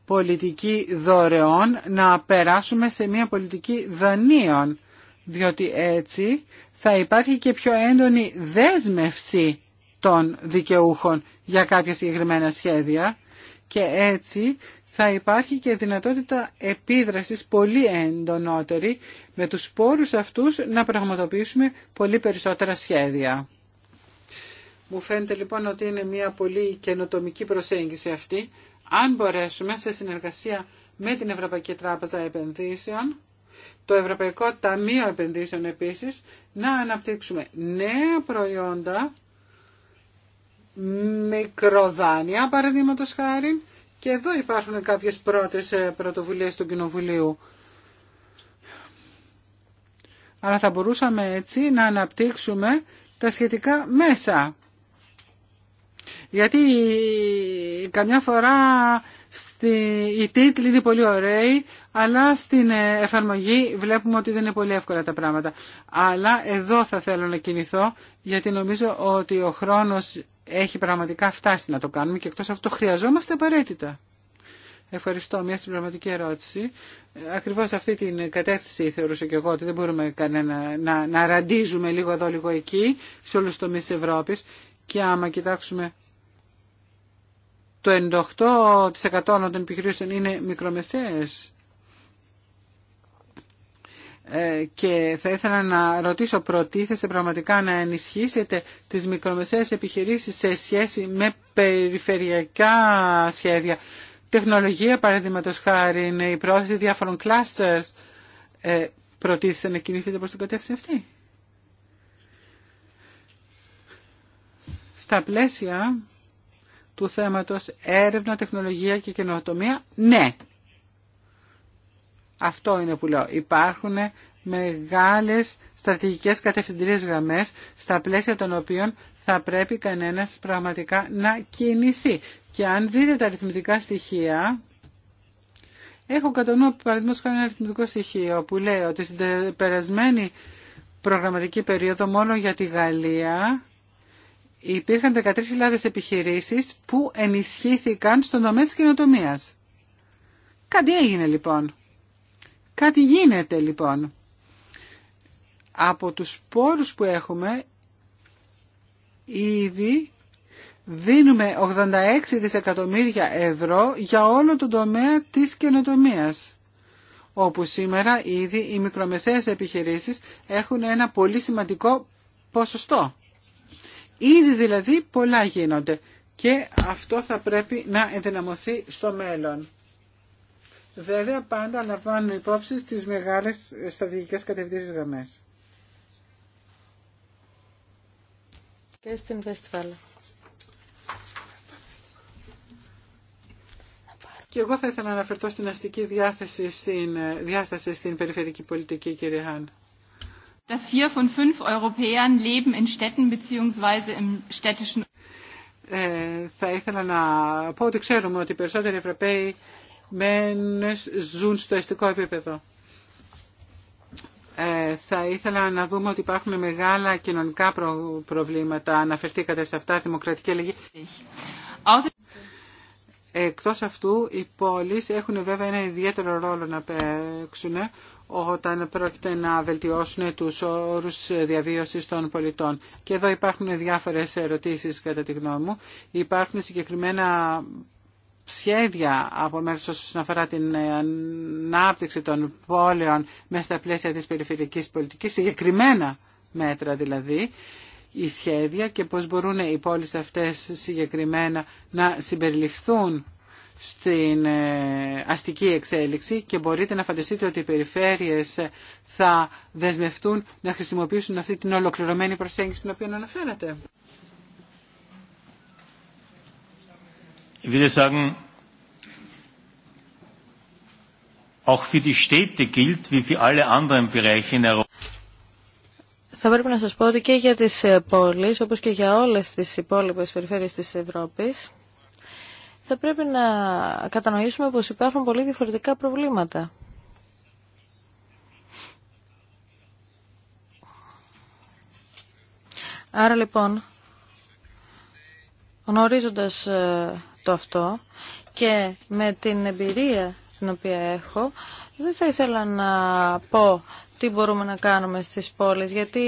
πολιτική δωρεών να περάσουμε σε μία πολιτική δανείων, διότι έτσι θα υπάρχει και πιο έντονη δέσμευση των δικαιούχων για κάποια συγκεκριμένα σχέδια και έτσι θα υπάρχει και δυνατότητα επίδρασης πολύ εντονότερη με τους πόρους αυτούς να πραγματοποιήσουμε πολύ περισσότερα σχέδια. Μου φαίνεται λοιπόν ότι είναι μια πολύ καινοτομική προσέγγιση αυτή. Αν μπορέσουμε σε συνεργασία με την Ευρωπαϊκή Τράπεζα Επενδύσεων, το Ευρωπαϊκό Ταμείο Επενδύσεων επίσης, να αναπτύξουμε νέα προϊόντα, μικροδάνεια παραδείγματο χάρη, και εδώ υπάρχουν κάποιες πρώτες ε, πρωτοβουλίες του Κοινοβουλίου. Αλλά θα μπορούσαμε έτσι να αναπτύξουμε τα σχετικά μέσα γιατί καμιά φορά στη, οι τίτλοι είναι πολύ ωραίοι, αλλά στην ε, εφαρμογή βλέπουμε ότι δεν είναι πολύ εύκολα τα πράγματα. Αλλά εδώ θα θέλω να κινηθώ, γιατί νομίζω ότι ο χρόνος έχει πραγματικά φτάσει να το κάνουμε και εκτός αυτού το χρειαζόμαστε απαραίτητα. Ευχαριστώ. Μια συμπληρωματική ερώτηση. Ακριβώ αυτή την κατεύθυνση θεωρούσα και εγώ ότι δεν μπορούμε κανένα, να, να ραντίζουμε λίγο εδώ, λίγο εκεί, σε όλου του τομεί Ευρώπη. Και άμα κοιτάξουμε το 98% των επιχειρήσεων είναι μικρομεσαίες. Ε, και θα ήθελα να ρωτήσω, προτίθεστε πραγματικά να ενισχύσετε τις μικρομεσαίες επιχειρήσεις σε σχέση με περιφερειακά σχέδια. Τεχνολογία, παραδείγματος χάρη, είναι η πρόθεση διάφορων κλάστερς. Ε, προτίθεστε να κινηθείτε προς την κατεύθυνση αυτή. Στα πλαίσια του θέματος έρευνα, τεχνολογία και καινοτομία, ναι. Αυτό είναι που λέω. Υπάρχουν μεγάλες στρατηγικές κατευθυντήριες γραμμές στα πλαίσια των οποίων θα πρέπει κανένας πραγματικά να κινηθεί. Και αν δείτε τα αριθμητικά στοιχεία, έχω κατά νου παραδείγματος ένα αριθμητικό στοιχείο που λέει ότι στην περασμένη προγραμματική περίοδο μόνο για τη Γαλλία υπήρχαν 13.000 επιχειρήσεις που ενισχύθηκαν στον τομέα της καινοτομίας. Κάτι έγινε λοιπόν. Κάτι γίνεται λοιπόν. Από τους πόρους που έχουμε ήδη δίνουμε 86 δισεκατομμύρια ευρώ για όλο τον τομέα της καινοτομίας όπου σήμερα ήδη οι μικρομεσαίες επιχειρήσεις έχουν ένα πολύ σημαντικό ποσοστό. Ήδη δηλαδή πολλά γίνονται και αυτό θα πρέπει να ενδυναμωθεί στο μέλλον. Βέβαια πάντα αναβάνουν υπόψη τις μεγάλες στρατηγικές κατευθύνσεις γραμμές. Και στην Βεστιβάλα. Και εγώ θα ήθελα να αναφερθώ στην αστική διάθεση, στην, διάσταση στην περιφερική πολιτική, κύριε Χάν θα ήθελα να πω ότι ξέρουμε ότι οι περισσότεροι Ευρωπαίοι μένες ζουν στο αισθητικό επίπεδο. Ε, θα ήθελα να δούμε ότι υπάρχουν μεγάλα κοινωνικά προβλήματα. Αναφερθήκατε σε αυτά, δημοκρατική αλληλεγγύη. Εκτός αυτού, οι πόλεις έχουν βέβαια ένα ιδιαίτερο ρόλο να παίξουν όταν πρόκειται να βελτιώσουν του όρους διαβίωσης των πολιτών. Και εδώ υπάρχουν διάφορες ερωτήσεις κατά τη γνώμη μου. Υπάρχουν συγκεκριμένα σχέδια από μέρους όσον αφορά την ανάπτυξη των πόλεων μέσα στα πλαίσια της περιφερειακής πολιτικής, συγκεκριμένα μέτρα δηλαδή, οι σχέδια και πώς μπορούν οι πόλεις αυτές συγκεκριμένα να συμπεριληφθούν στην ε, αστική εξέλιξη και μπορείτε να φανταστείτε ότι οι περιφέρειες θα δεσμευτούν να χρησιμοποιήσουν αυτή την ολοκληρωμένη προσέγγιση την οποία αναφέρατε. Θα πρέπει να σας πω ότι και για τις ε, πόλεις, όπως και για όλες τις υπόλοιπες περιφέρειες της Ευρώπης, θα πρέπει να κατανοήσουμε πως υπάρχουν πολύ διαφορετικά προβλήματα. Άρα λοιπόν, γνωρίζοντας ε, το αυτό και με την εμπειρία την οποία έχω, δεν θα ήθελα να πω τι μπορούμε να κάνουμε στις πόλεις, γιατί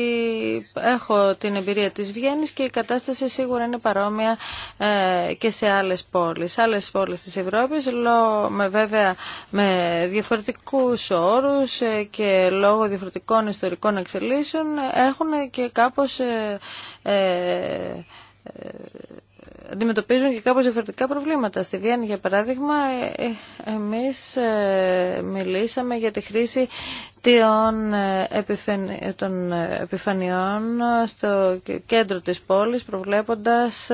έχω την εμπειρία της Βιέννης και η κατάσταση σίγουρα είναι παρόμοια ε, και σε άλλες πόλεις. Άλλες πόλεις της Ευρώπης, λό με βέβαια με διαφορετικούς όρους ε, και λόγω διαφορετικών ιστορικών εξελίσσεων, έχουν και κάπως... Ε, αντιμετωπίζουν και κάπως διαφορετικά προβλήματα. Στη Βιέννη, για παράδειγμα, ε, ε, εμείς ε, μιλήσαμε για τη χρήση των επιφανειών στο κέντρο της πόλης, προβλέποντας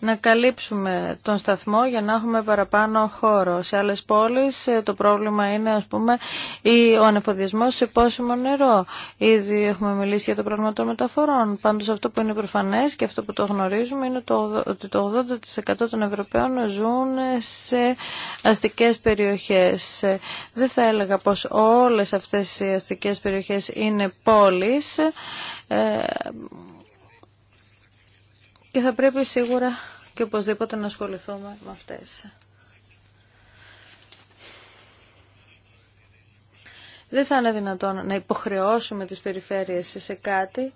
να καλύψουμε τον σταθμό για να έχουμε παραπάνω χώρο. Σε άλλες πόλεις ε, το πρόβλημα είναι ας πούμε ο ανεφοδιασμός σε πόσιμο νερό. Ήδη έχουμε μιλήσει για το πρόβλημα των μεταφορών. Πάντως αυτό που είναι προφανές και αυτό που το γνωρίζουμε είναι το, ότι το 80% των Ευρωπαίων ζουν ε, σε αστικές περιοχές. Ε, δεν θα έλεγα πως όλες αυτές οι αστικές περιοχές είναι πόλεις και θα πρέπει σίγουρα και οπωσδήποτε να ασχοληθούμε με αυτές. Δεν θα είναι δυνατόν να υποχρεώσουμε τις περιφέρειες σε κάτι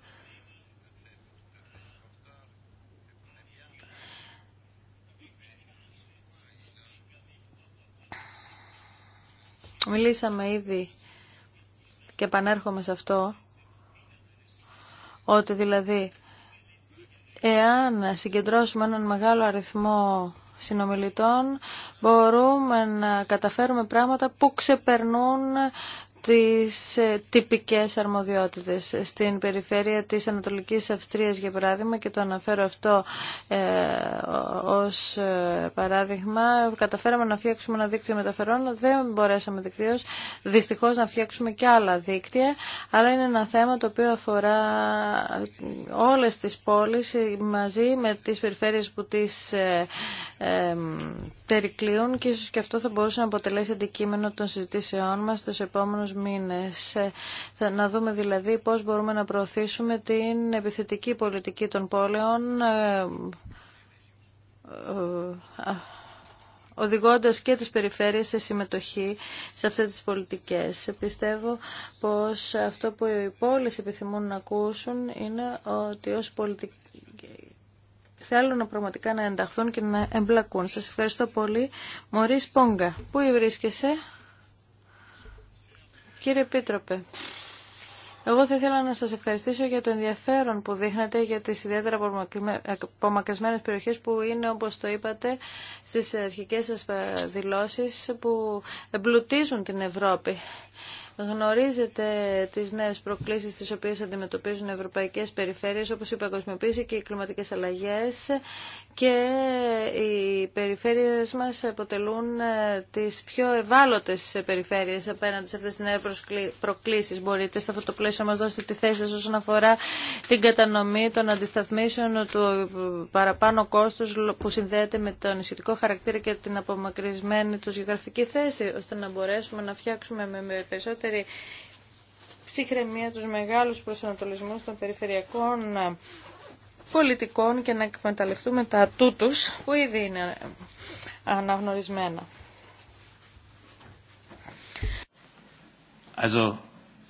Μιλήσαμε ήδη και επανέρχομαι σε αυτό ότι δηλαδή Εάν συγκεντρώσουμε έναν μεγάλο αριθμό συνομιλητών μπορούμε να καταφέρουμε πράγματα που ξεπερνούν τις ε, τυπικές αρμοδιότητες στην περιφέρεια της Ανατολικής Αυστρίας για παράδειγμα και το αναφέρω αυτό ε, ως ε, παράδειγμα καταφέραμε να φτιάξουμε ένα δίκτυο μεταφερών δεν μπορέσαμε δικτύως δυστυχώς να φτιάξουμε και άλλα δίκτυα αλλά είναι ένα θέμα το οποίο αφορά όλες τις πόλεις ε, μαζί με τις περιφέρειες που τις ε, περικλείουν και ίσως και αυτό θα μπορούσε να αποτελέσει αντικείμενο των συζητήσεών μας στους επόμενους επόμενους ε, Να δούμε δηλαδή πώς μπορούμε να προωθήσουμε την επιθετική πολιτική των πόλεων ε, ε, οδηγώντας και τις περιφέρειες σε συμμετοχή σε αυτές τις πολιτικές. Πιστεύω πως αυτό που οι πόλεις επιθυμούν να ακούσουν είναι ότι ως πολιτικοί θέλουν πραγματικά να ενταχθούν και να εμπλακούν. Σας ευχαριστώ πολύ. Μωρίς Πόγκα, πού βρίσκεσαι? Κύριε Επίτροπε, εγώ θα ήθελα να σας ευχαριστήσω για το ενδιαφέρον που δείχνετε για τις ιδιαίτερα απομακρυσμένες περιοχές που είναι, όπως το είπατε, στις αρχικές σας δηλώσεις που εμπλουτίζουν την Ευρώπη. Γνωρίζετε τι νέε προκλήσει τι οποίε αντιμετωπίζουν οι ευρωπαϊκές περιφέρειες όπως η παγκοσμιοποίηση και οι κλιματικέ αλλαγέ, και οι περιφέρειες μα αποτελούν ε, τι πιο ευάλωτε περιφέρειες απέναντι σε αυτές τις νέε προκλήσεις. Μπορείτε σε αυτό το πλαίσιο να μα δώσετε τη θέση σα όσον αφορά την κατανομή των αντισταθμίσεων του παραπάνω κόστου που συνδέεται με τον ισχυρικό χαρακτήρα και την απομακρυσμένη του γεωγραφική θέση ώστε να μπορέσουμε να φτιάξουμε με περισσότερο περισσότερη ψυχραιμία τους μεγάλους προσανατολισμούς των περιφερειακών ε, πολιτικών και να εκμεταλλευτούμε τα τούτους που ήδη είναι ε, αναγνωρισμένα. Also,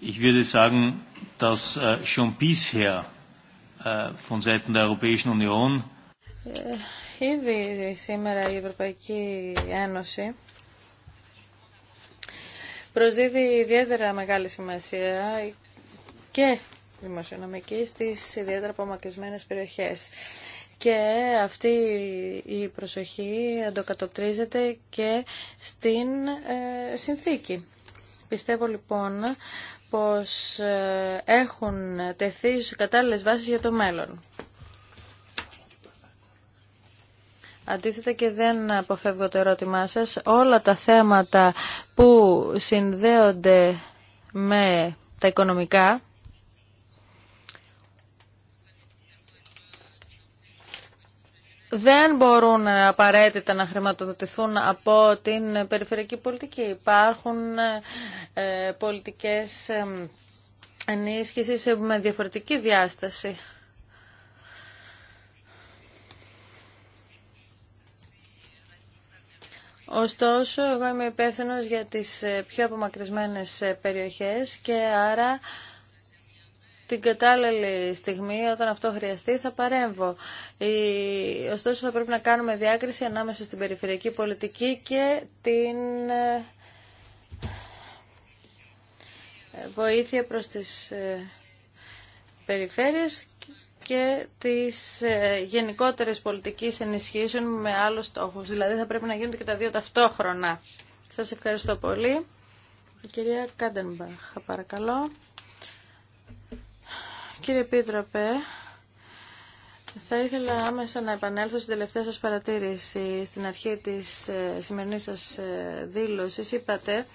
ich würde sagen, dass äh, schon bisher äh, von Seiten der Europäischen Union ε, Ήδη σήμερα η Ευρωπαϊκή Ένωση προσδίδει ιδιαίτερα μεγάλη σημασία και δημοσιονομική στις ιδιαίτερα απομακρυσμένε περιοχές. Και αυτή η προσοχή αντοκατοπτρίζεται και στην ε, συνθήκη. Πιστεύω λοιπόν πως ε, έχουν τεθεί στους κατάλληλες βάσεις για το μέλλον. Αντίθετα και δεν αποφεύγω το ερώτημά σας, όλα τα θέματα που συνδέονται με τα οικονομικά, δεν μπορούν απαραίτητα να χρηματοδοτηθούν από την περιφερειακή πολιτική. Υπάρχουν ε, πολιτικές ε, ενίσχυσης με διαφορετική διάσταση. Ωστόσο, εγώ είμαι υπεύθυνο για τις ε, πιο απομακρυσμένες ε, περιοχές και άρα την κατάλληλη στιγμή, όταν αυτό χρειαστεί, θα παρέμβω. Ωστόσο, θα πρέπει να κάνουμε διάκριση ανάμεσα στην περιφερειακή πολιτική και την ε, βοήθεια προς τις περιφέρειες και της ε, γενικότερης πολιτικής ενισχύσεων με άλλους στόχους. Δηλαδή θα πρέπει να γίνονται και τα δύο ταυτόχρονα. Σας ευχαριστώ πολύ. Η κυρία Κάντενμπαχ, παρακαλώ. Κύριε Επίτροπε, θα ήθελα άμεσα να επανέλθω στην τελευταία σας παρατήρηση. Στην αρχή της ε, σημερινής σας ε, δήλωσης είπατε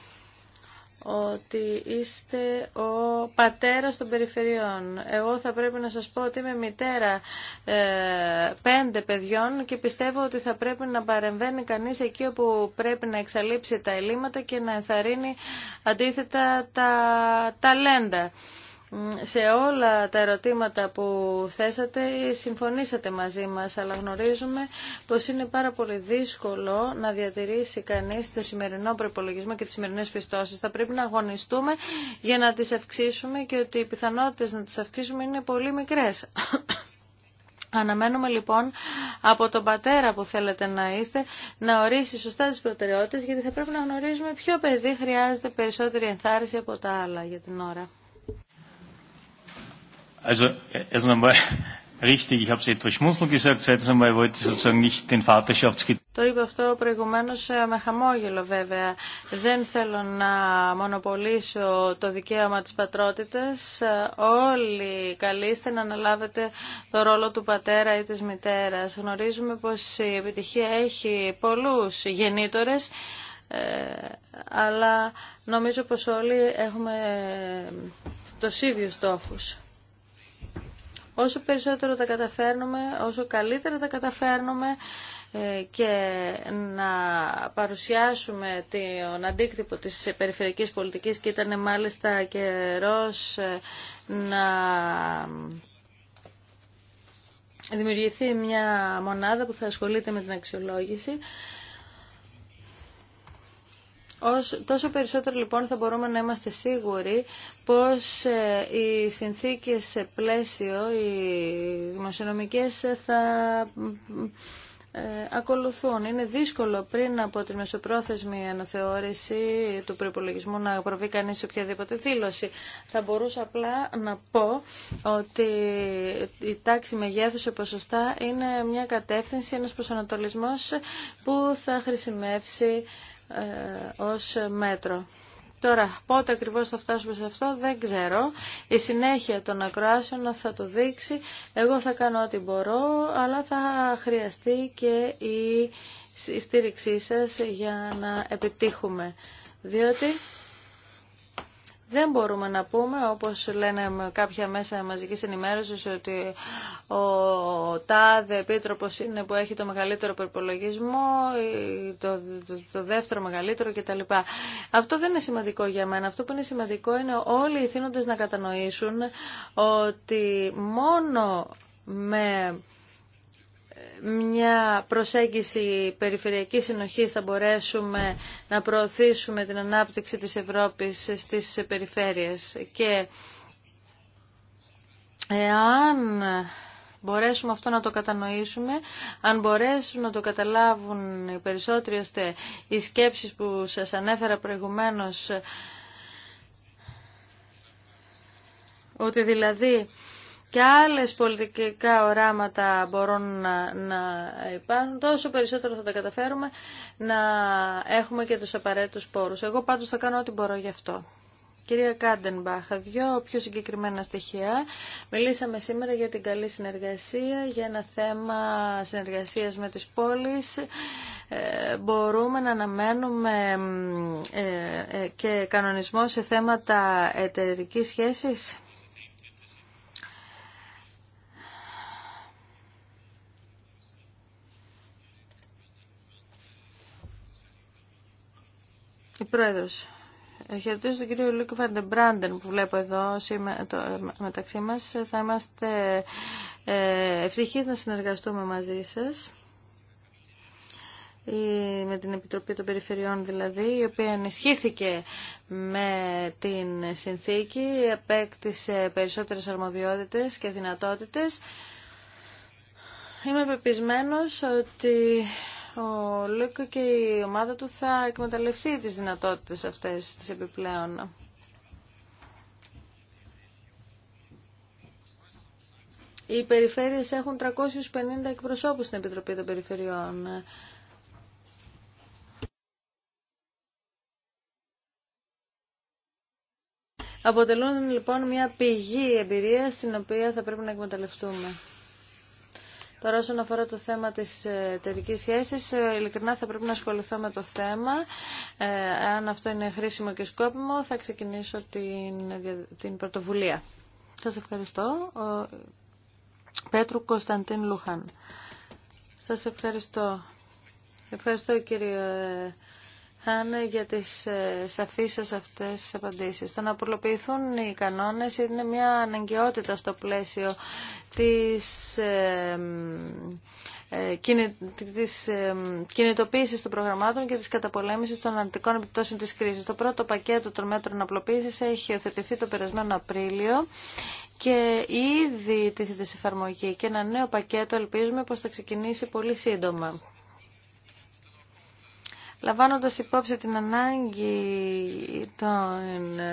ότι είστε ο πατέρας των περιφερειών. Εγώ θα πρέπει να σας πω ότι είμαι μητέρα ε, πέντε παιδιών και πιστεύω ότι θα πρέπει να παρεμβαίνει κανείς εκεί όπου πρέπει να εξαλείψει τα ελλείμματα και να ενθαρρύνει αντίθετα τα ταλέντα σε όλα τα ερωτήματα που θέσατε συμφωνήσατε μαζί μας, αλλά γνωρίζουμε πως είναι πάρα πολύ δύσκολο να διατηρήσει κανείς το σημερινό προπολογισμό και τις σημερινές πιστώσεις. Θα πρέπει να αγωνιστούμε για να τις αυξήσουμε και ότι οι πιθανότητες να τις αυξήσουμε είναι πολύ μικρές. Αναμένουμε λοιπόν από τον πατέρα που θέλετε να είστε να ορίσει σωστά τις προτεραιότητες γιατί θα πρέπει να γνωρίζουμε ποιο παιδί χρειάζεται περισσότερη ενθάρρυνση από τα άλλα για την ώρα. Το είπα αυτό προηγουμένω ε, με χαμόγελο βέβαια. Δεν θέλω να μονοπολίσω το δικαίωμα της πατρότητας. Ε, όλοι καλείστε να αναλάβετε το ρόλο του πατέρα ή της μητέρας. Γνωρίζουμε πως η επιτυχία έχει πολλούς γεννήτορες, ε, αλλά νομίζω πως όλοι έχουμε τους ίδιους στόχους. Όσο περισσότερο τα καταφέρνουμε, όσο καλύτερα τα καταφέρνουμε ε, και να παρουσιάσουμε τον αντίκτυπο της περιφερειακής πολιτικής και ήταν μάλιστα καιρός ε, να δημιουργηθεί μια μονάδα που θα ασχολείται με την αξιολόγηση τόσο περισσότερο λοιπόν θα μπορούμε να είμαστε σίγουροι πως ε, οι συνθήκες σε πλαίσιο, οι δημοσιονομικές ε, θα ε, ακολουθούν. Είναι δύσκολο πριν από την μεσοπρόθεσμη αναθεώρηση του προπολογισμού να προβεί κανεί σε οποιαδήποτε δήλωση. Θα μπορούσα απλά να πω ότι η τάξη μεγέθου σε ποσοστά είναι μια κατεύθυνση, ένας προσανατολισμός που θα χρησιμεύσει ε, ως μέτρο. Τώρα, πότε ακριβώς θα φτάσουμε σε αυτό δεν ξέρω. Η συνέχεια των ακροάσεων θα το δείξει. Εγώ θα κάνω ό,τι μπορώ, αλλά θα χρειαστεί και η στήριξή σας για να επιτύχουμε. Διότι δεν μπορούμε να πούμε, όπως λένε κάποια μέσα μαζικής ενημέρωσης, ότι ο τάδε επίτροπος είναι που έχει το μεγαλύτερο προπολογισμό, το, το, το, δεύτερο μεγαλύτερο κτλ. Αυτό δεν είναι σημαντικό για μένα. Αυτό που είναι σημαντικό είναι όλοι οι θύνοντες να κατανοήσουν ότι μόνο με μια προσέγγιση περιφερειακής συνοχής θα μπορέσουμε να προωθήσουμε την ανάπτυξη της Ευρώπης στις περιφέρειες και εάν μπορέσουμε αυτό να το κατανοήσουμε, αν μπορέσουν να το καταλάβουν οι περισσότεροι ώστε οι σκέψεις που σας ανέφερα προηγουμένως ότι δηλαδή και άλλες πολιτικά οράματα μπορούν να, να υπάρχουν, τόσο περισσότερο θα τα καταφέρουμε να έχουμε και τους απαραίτητους πόρους. Εγώ πάντως θα κάνω ό,τι μπορώ γι' αυτό. Κυρία Κάντενμπαχ, δύο πιο συγκεκριμένα στοιχεία. Μιλήσαμε σήμερα για την καλή συνεργασία, για ένα θέμα συνεργασίας με τις πόλεις. Ε, μπορούμε να αναμένουμε ε, ε, και κανονισμό σε θέματα εταιρικής σχέσης. Η Πρόεδρος. Ε, χαιρετίζω τον κύριο Λούκη Φαντεμπράντεν που βλέπω εδώ το, ε, μεταξύ μας. Θα είμαστε ε, ευτυχείς να συνεργαστούμε μαζί σας με την Επιτροπή των Περιφερειών δηλαδή, η οποία ενισχύθηκε με την συνθήκη, επέκτησε περισσότερες αρμοδιότητες και δυνατότητες. Είμαι πεπισμένος ότι ο Λούκο και η ομάδα του θα εκμεταλλευτεί τις δυνατότητες αυτές τις επιπλέον. Οι περιφέρειες έχουν 350 εκπροσώπους στην Επιτροπή των Περιφερειών. Αποτελούν λοιπόν μια πηγή εμπειρία στην οποία θα πρέπει να εκμεταλλευτούμε. Τώρα όσον αφορά το θέμα της ε, εταιρικής σχέσης, ε, ειλικρινά θα πρέπει να ασχοληθώ με το θέμα. Ε, αν αυτό είναι χρήσιμο και σκόπιμο, θα ξεκινήσω την, την πρωτοβουλία. Σας ευχαριστώ. Ο Πέτρου Κωνσταντίν Λούχαν. Σας ευχαριστώ. Ευχαριστώ κύριε για τις ε, σαφείς σας αυτές τις απαντήσεις. Το να απολοποιηθούν οι κανόνες είναι μια αναγκαιότητα στο πλαίσιο της ε, ε, της κινητοποίησης των προγραμμάτων και της καταπολέμησης των αρνητικών επιπτώσεων της κρίσης. Το πρώτο πακέτο των μέτρων απλοποίησης έχει οθετηθεί το περασμένο Απρίλιο και ήδη τίθεται σε εφαρμογή και ένα νέο πακέτο ελπίζουμε πως θα ξεκινήσει πολύ σύντομα λαμβάνοντας υπόψη την ανάγκη των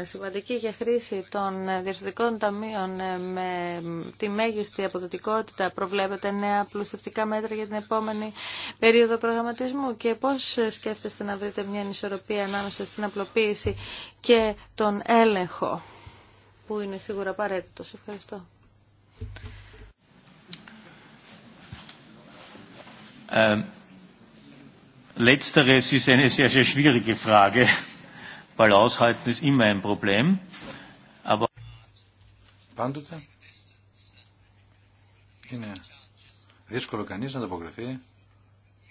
σημαντική για χρήση των διευθυντικών ταμείων ε, με τη μέγιστη αποδοτικότητα προβλέπετε νέα πλουστευτικά μέτρα για την επόμενη περίοδο προγραμματισμού και πώς σκέφτεστε να βρείτε μια ανισορροπία ανάμεσα στην απλοποίηση και τον έλεγχο που είναι σίγουρα απαραίτητο. Ευχαριστώ. Ε, Letzteres ist eine sehr, sehr schwierige Frage, aushalten ist immer ein Problem. Aber Πάντοτε είναι δύσκολο κανείς να ανταποκριθεί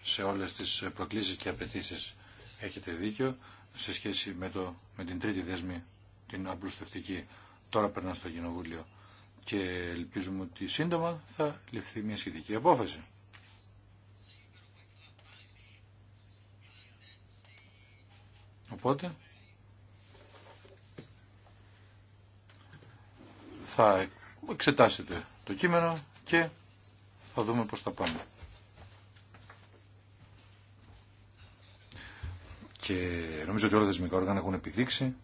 σε όλες τις προκλήσεις και απαιτήσει. Έχετε δίκιο σε σχέση με, το, με την τρίτη δέσμη, την απλουστευτική. Τώρα περνά στο Κοινοβούλιο και ελπίζουμε ότι σύντομα θα ληφθεί μια σχετική απόφαση. Οπότε θα εξετάσετε το κείμενο και θα δούμε πώς θα πάμε. Και νομίζω ότι όλα τα θεσμικά όργανα έχουν επιδείξει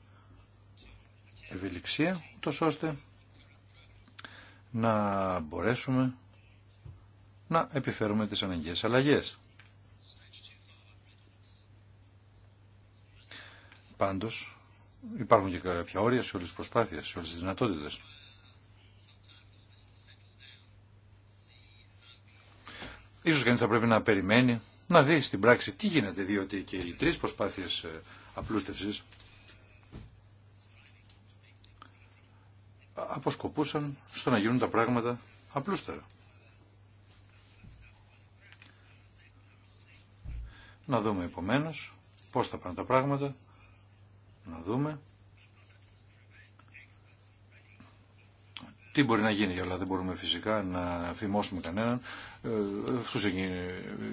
ευελιξία, τόσο ώστε να μπορέσουμε να επιφέρουμε τις αναγκαίες αλλαγές. Πάντω, υπάρχουν και κάποια όρια σε όλε τι προσπάθειες, σε όλε τι δυνατότητε. Ίσως κανείς θα πρέπει να περιμένει, να δει στην πράξη τι γίνεται, διότι και οι τρεις προσπάθειες ε, απλούστευσης αποσκοπούσαν στο να γίνουν τα πράγματα απλούστερα. Να δούμε επομένως πώς θα πάνε τα πράγματα να δούμε. Τι μπορεί να γίνει, αλλά δεν μπορούμε φυσικά να φημώσουμε κανέναν. Ε, αυτούς εκείνοι,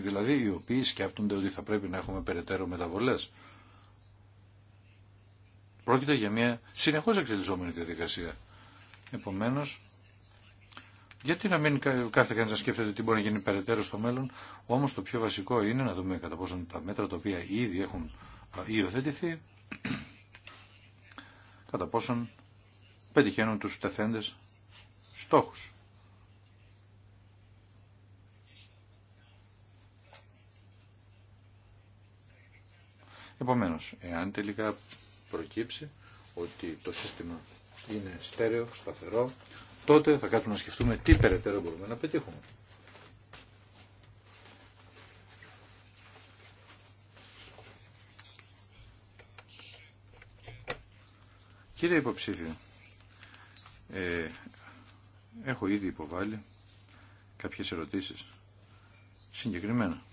δηλαδή οι οποίοι σκέπτονται ότι θα πρέπει να έχουμε περαιτέρω μεταβολές. Πρόκειται για μια συνεχώς εξελισσόμενη διαδικασία. Επομένως, γιατί να μην κάθε κανείς να σκέφτεται τι μπορεί να γίνει περαιτέρω στο μέλλον, όμως το πιο βασικό είναι να δούμε κατά πόσο τα μέτρα τα οποία ήδη έχουν υιοθετηθεί κατά πόσον πετυχαίνουν τους τεθέντες στόχους. Επομένως, εάν τελικά προκύψει ότι το σύστημα είναι στέρεο, σταθερό, τότε θα κάτσουμε να σκεφτούμε τι περαιτέρω μπορούμε να πετύχουμε. Κύριε υποψήφιο, ε, έχω ήδη υποβάλει κάποιες ερωτήσεις συγκεκριμένα.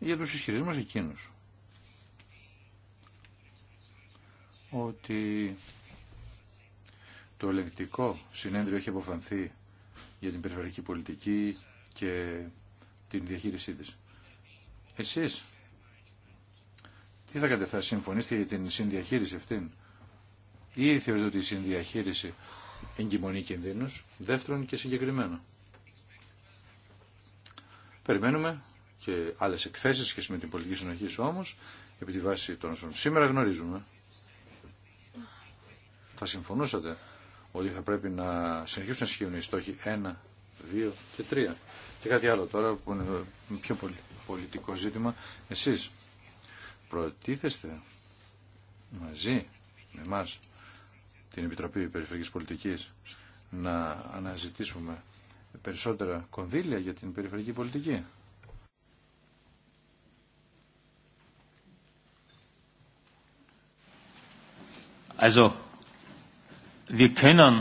για τους ισχυρισμούς εκείνους ότι το ελεγκτικό συνέδριο έχει αποφανθεί για την περιφερειακή πολιτική και την διαχείρισή της. Εσείς, τι θα κάνετε, θα συμφωνήσετε για την συνδιαχείριση αυτήν ή θεωρείτε ότι η συνδιαχείριση εγκυμονεί κινδύνους, δεύτερον και συγκεκριμένο. Περιμένουμε και άλλες εκθέσεις σχετικά με την πολιτική συνοχή όμως, επί τη βάση των όσων σήμερα γνωρίζουμε. Θα συμφωνούσατε ότι θα πρέπει να συνεχίσουν να ισχύουν οι στόχοι 1, 2 και 3. Και κάτι άλλο τώρα που είναι πιο πολιτικό ζήτημα. Εσείς προτίθεστε μαζί με εμά την Επιτροπή Περιφερειακής Πολιτικής να αναζητήσουμε περισσότερα κονδύλια για την περιφερειακή πολιτική. Also, wir können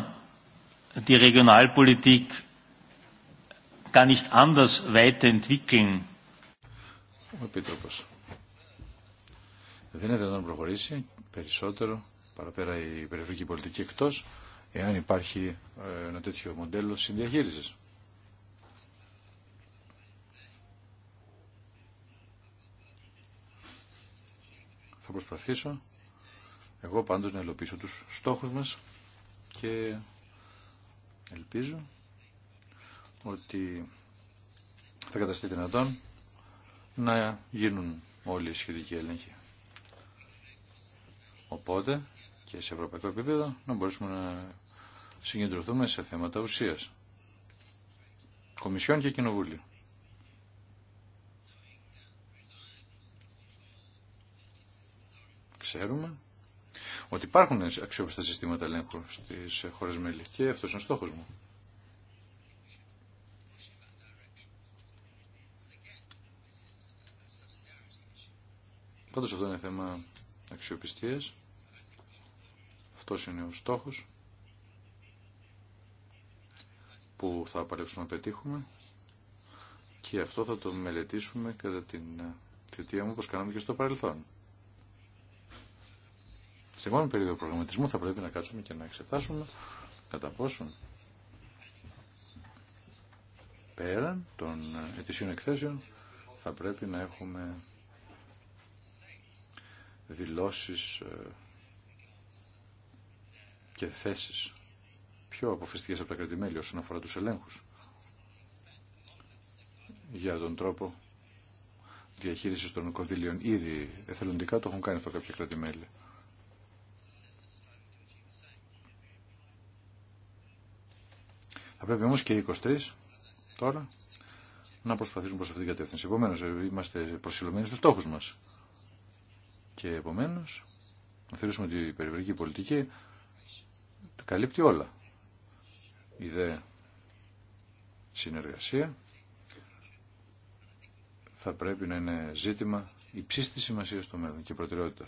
die Regionalpolitik δεν είναι δυνατόν να προχωρήσει περισσότερο παραπέρα η περιφερειακή πολιτική εκτός εάν υπάρχει ε, ένα τέτοιο μοντέλο συνδιαχείρισης. Θα προσπαθήσω εγώ πάντως να ελοπίσω τους στόχους μας και ελπίζω ότι θα καταστεί δυνατόν να γίνουν όλοι οι σχετικοί έλεγχοι. Οπότε και σε ευρωπαϊκό επίπεδο να μπορέσουμε να συγκεντρωθούμε σε θέματα ουσίας. Κομισιόν και Κοινοβούλιο. Ξέρουμε ότι υπάρχουν αξιόπιστα συστήματα ελέγχου στις χώρες μέλη και αυτός είναι ο στόχος μου. Πάντως αυτό είναι θέμα αξιοπιστίας. Αυτός είναι ο στόχος που θα παλέψουμε να πετύχουμε και αυτό θα το μελετήσουμε κατά την θητεία μου όπως κάναμε και στο παρελθόν. Στην επόμενη περίοδο προγραμματισμού θα πρέπει να κάτσουμε και να εξετάσουμε κατά πόσον πέραν των ετησίων εκθέσεων θα πρέπει να έχουμε δηλώσεις ε, και θέσεις πιο αποφασιστικές από τα κρατημέλη όσον αφορά τους ελέγχους για τον τρόπο διαχείρισης των οικοδηλίων Ήδη εθελοντικά το έχουν κάνει αυτό κάποια κρατημέλη. Θα πρέπει όμως και οι 23 τώρα να προσπαθήσουν προς αυτήν την κατεύθυνση. Επομένως, ε, είμαστε προσιλωμένοι στους στόχους μας. Και επομένως, να θεωρήσουμε ότι η περιφερειακή πολιτική καλύπτει όλα. Η δε συνεργασία θα πρέπει να είναι ζήτημα τη σημασία στο μέλλον και προτεραιότητα.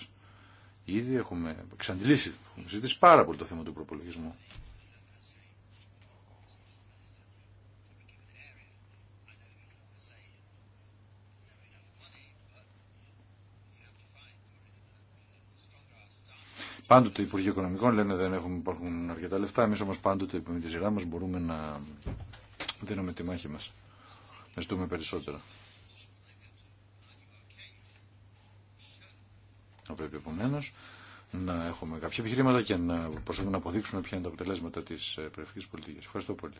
Ήδη έχουμε εξαντλήσει, έχουμε ζητήσει πάρα πολύ το θέμα του προπολογισμού. πάντοτε Υπουργείο Οικονομικών λένε δεν έχουμε, υπάρχουν αρκετά λεφτά. Εμεί όμω πάντοτε με τη σειρά μα μπορούμε να δίνουμε τη μάχη μα. Να ζητούμε περισσότερα. Θα πρέπει επομένω να έχουμε κάποια επιχειρήματα και να προσπαθούμε να αποδείξουμε ποια είναι τα αποτελέσματα τη ε, περιφερειακή πολιτική. Ευχαριστώ πολύ.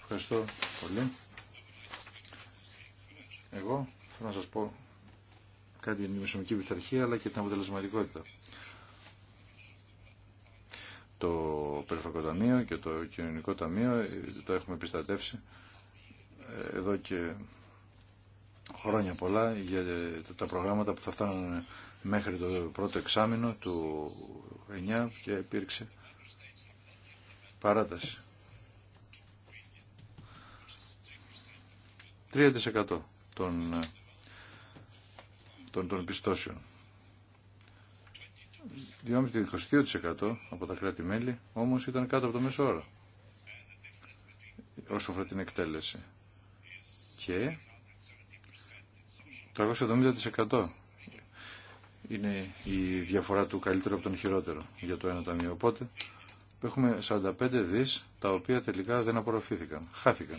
Ευχαριστώ πολύ. Εγώ θέλω να σας πω κάτι για την πειθαρχία αλλά και την αποτελεσματικότητα. Το Περιφερειακό Ταμείο και το Κοινωνικό Ταμείο ε, το έχουμε επιστατεύσει ε, εδώ και χρόνια πολλά για ε, τα προγράμματα που θα φτάνουν μέχρι το πρώτο εξάμεινο του 9 και υπήρξε παράταση. 3% των των, των πιστώσεων. 2,5-22% από τα κράτη-μέλη όμως ήταν κάτω από το μέσο όρο όσο αφορά την εκτέλεση. Και 370% είναι η διαφορά του καλύτερου από τον χειρότερο για το ένα ταμείο. Οπότε έχουμε 45 δις τα οποία τελικά δεν απορροφήθηκαν, χάθηκαν.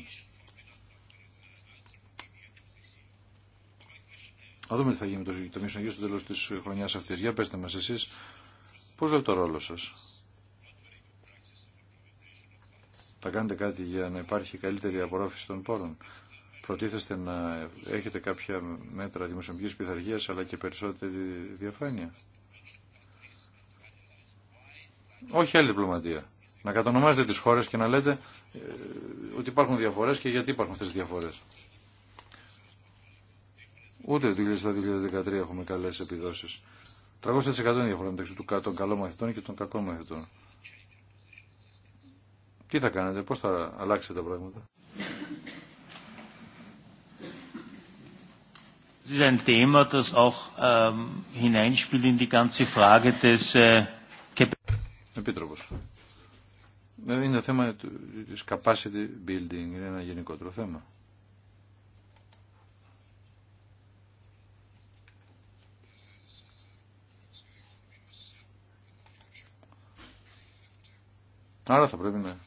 Να δούμε τι θα γίνει με το Μισογείο στο τέλο τη χρονιά αυτή. Για πετε μα εσεί, πώ βλέπετε το ρόλο σα. Θα κάνετε κάτι για να υπάρχει καλύτερη απορρόφηση των πόρων. Προτίθεστε να έχετε κάποια μέτρα δημοσιονομικής πειθαρχίας αλλά και περισσότερη διαφάνεια. Όχι άλλη διπλωματία. Να κατονομάζετε τις χώρες και να λέτε ε, ότι υπάρχουν διαφορές και γιατί υπάρχουν αυτές τις διαφορές. Ούτε το 2013 έχουμε καλέ επιδόσει. 300% είναι διαφορά μεταξύ των καλών μαθητών και των κακών μαθητών. Τι θα κάνετε, πώς θα αλλάξετε τα πράγματα. Es Επίτροπος. Είναι θέμα της capacity building, είναι ένα γενικότερο θέμα. Άρα θα πρέπει να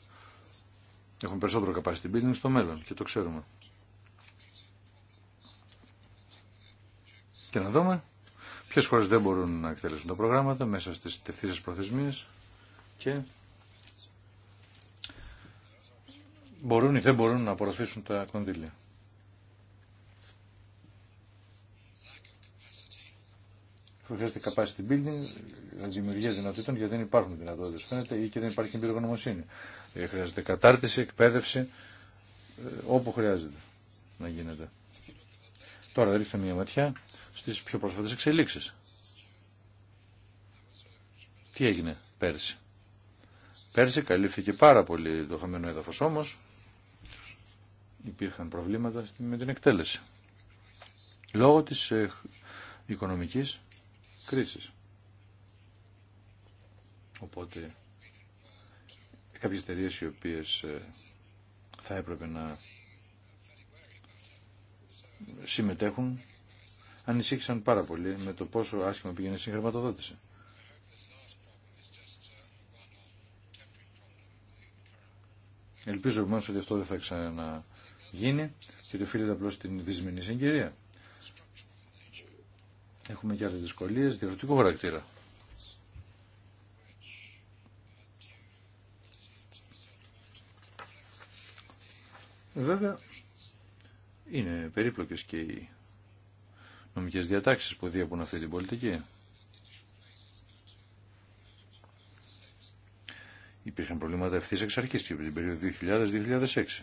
έχουμε περισσότερο capacity building στο μέλλον και το ξέρουμε. Και να δούμε ποιες χώρες δεν μπορούν να εκτελέσουν τα προγράμματα μέσα στις τεθήσεις προθεσμίες και μπορούν ή δεν μπορούν να απορροφήσουν τα κονδύλια. χρειάζεται capacity building, δημιουργία δυνατότητών γιατί δεν υπάρχουν δυνατότητε φαίνεται ή και δεν υπάρχει εμπειρογνωμοσύνη. Ε, χρειάζεται κατάρτιση, εκπαίδευση, ε, όπου χρειάζεται να γίνεται. Τώρα ρίχνω μια ματιά στι πιο πρόσφατε εξελίξει. Τι έγινε πέρσι. Πέρσι καλύφθηκε πάρα πολύ το χαμένο έδαφο όμω. Υπήρχαν προβλήματα με την εκτέλεση. Λόγω της ε, οικονομικής κρίσης. Οπότε κάποιες εταιρείε οι οποίες ε, θα έπρεπε να συμμετέχουν ανησύχησαν πάρα πολύ με το πόσο άσχημα πήγαινε η συγχρηματοδότηση. Ελπίζω επομένως ότι αυτό δεν θα ξαναγίνει και το οφείλεται απλώς στην δυσμενή συγκυρία. Έχουμε και άλλες δυσκολίες διαφορετικό χαρακτήρα. Βέβαια, είναι περίπλοκες και οι νομικές διατάξεις που διέπουν αυτή την πολιτική. Υπήρχαν προβλήματα ευθύ εξ αρχή την περίοδο 2000-2006.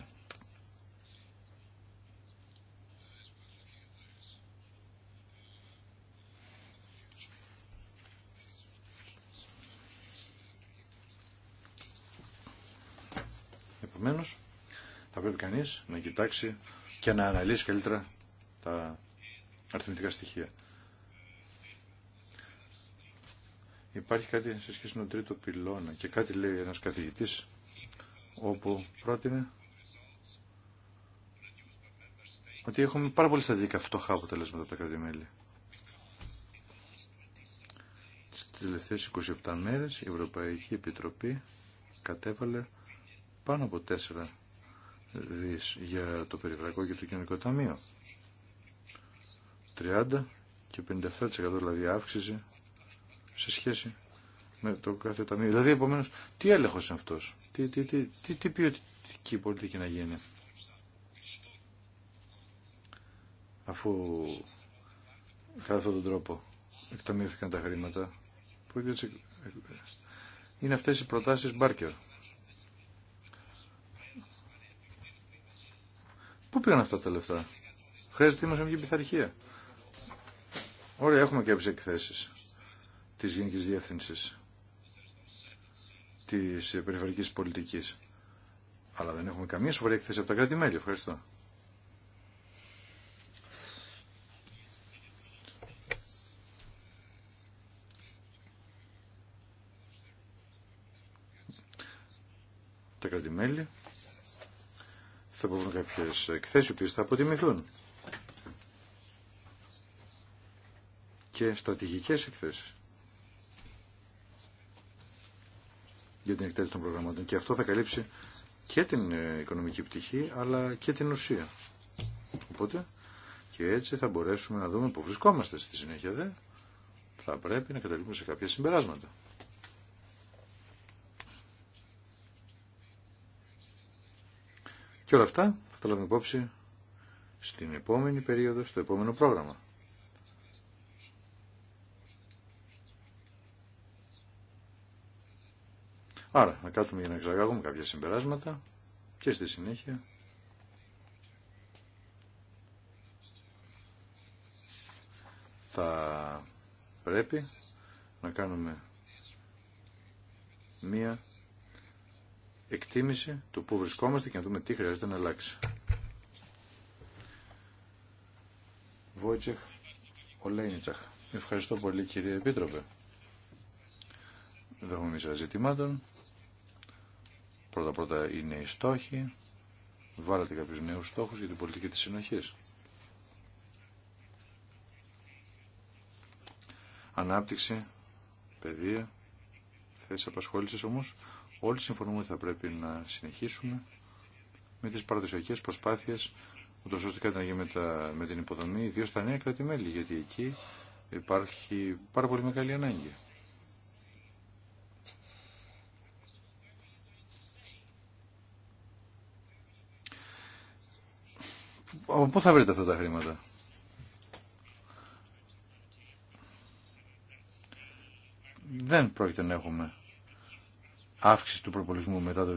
να κοιτάξει και να αναλύσει καλύτερα τα αριθμητικά στοιχεία. Υπάρχει κάτι σε σχέση με τον τρίτο πυλώνα και κάτι λέει ένας καθηγητής όπου πρότεινε ότι έχουμε πάρα πολύ σταδιακά φτωχά αποτελέσματα από τα κρατημέλη. Τις τελευταίες 27 μέρες η Ευρωπαϊκή Επιτροπή κατέβαλε πάνω από τέσσερα δις για το περιφρακό και το κοινωνικό ταμείο. 30 και 57% δηλαδή αύξηση σε σχέση με το κάθε ταμείο. Δηλαδή, επομένω, τι έλεγχο είναι αυτό, τι, τι, τι, τι, τι ποιοτική πολιτική να γίνει. Αφού κατά αυτόν τον τρόπο εκταμείωθηκαν τα χρήματα, είναι αυτές οι προτάσεις Μπάρκερ. Πού πήγαν αυτά τα λεφτά. Χρειάζεται η μια πειθαρχία. Ωραία, έχουμε κάποιε εκθέσει τη Γενική Διεύθυνση τη περιφερειακή πολιτική. Αλλά δεν έχουμε καμία σοβαρή εκθέση από τα κράτη-μέλη. Ευχαριστώ. Τα κράτη-μέλη θα υποβούν κάποιε εκθέσει που θα αποτιμηθούν. Και στρατηγικέ εκθέσει. για την εκτέλεση των προγραμμάτων. Και αυτό θα καλύψει και την ε, οικονομική πτυχή, αλλά και την ουσία. Οπότε, και έτσι θα μπορέσουμε να δούμε που βρισκόμαστε στη συνέχεια, δε, θα πρέπει να καταλήγουμε σε κάποια συμπεράσματα. Και όλα αυτά θα τα λάβουμε υπόψη στην επόμενη περίοδο, στο επόμενο πρόγραμμα. Άρα, να κάτσουμε για να εξαγάγουμε κάποια συμπεράσματα και στη συνέχεια θα πρέπει να κάνουμε μία εκτίμηση του που βρισκόμαστε και να δούμε τι χρειάζεται να αλλάξει. Βόιτσεχ Ολέινιτσαχ. Ευχαριστώ πολύ κύριε Επίτροπε. Δεν έχουμε μισά ζητημάτων. Πρώτα πρώτα είναι οι στόχοι. Βάλατε κάποιους νέους στόχους για την πολιτική της συνοχής. Ανάπτυξη, παιδεία, θέσεις απασχόλησης όμως Όλοι συμφωνούμε ότι θα πρέπει να συνεχίσουμε με τις παραδοσιακές προσπάθειες ούτως ώστε κάτι να γίνει με, τα, με την υποδομή, ιδίω στα νέα κράτη-μέλη, γιατί εκεί υπάρχει πάρα πολύ μεγάλη ανάγκη. Από πού θα βρείτε αυτά τα χρήματα. Δεν πρόκειται να έχουμε αύξηση του προπολισμού μετά το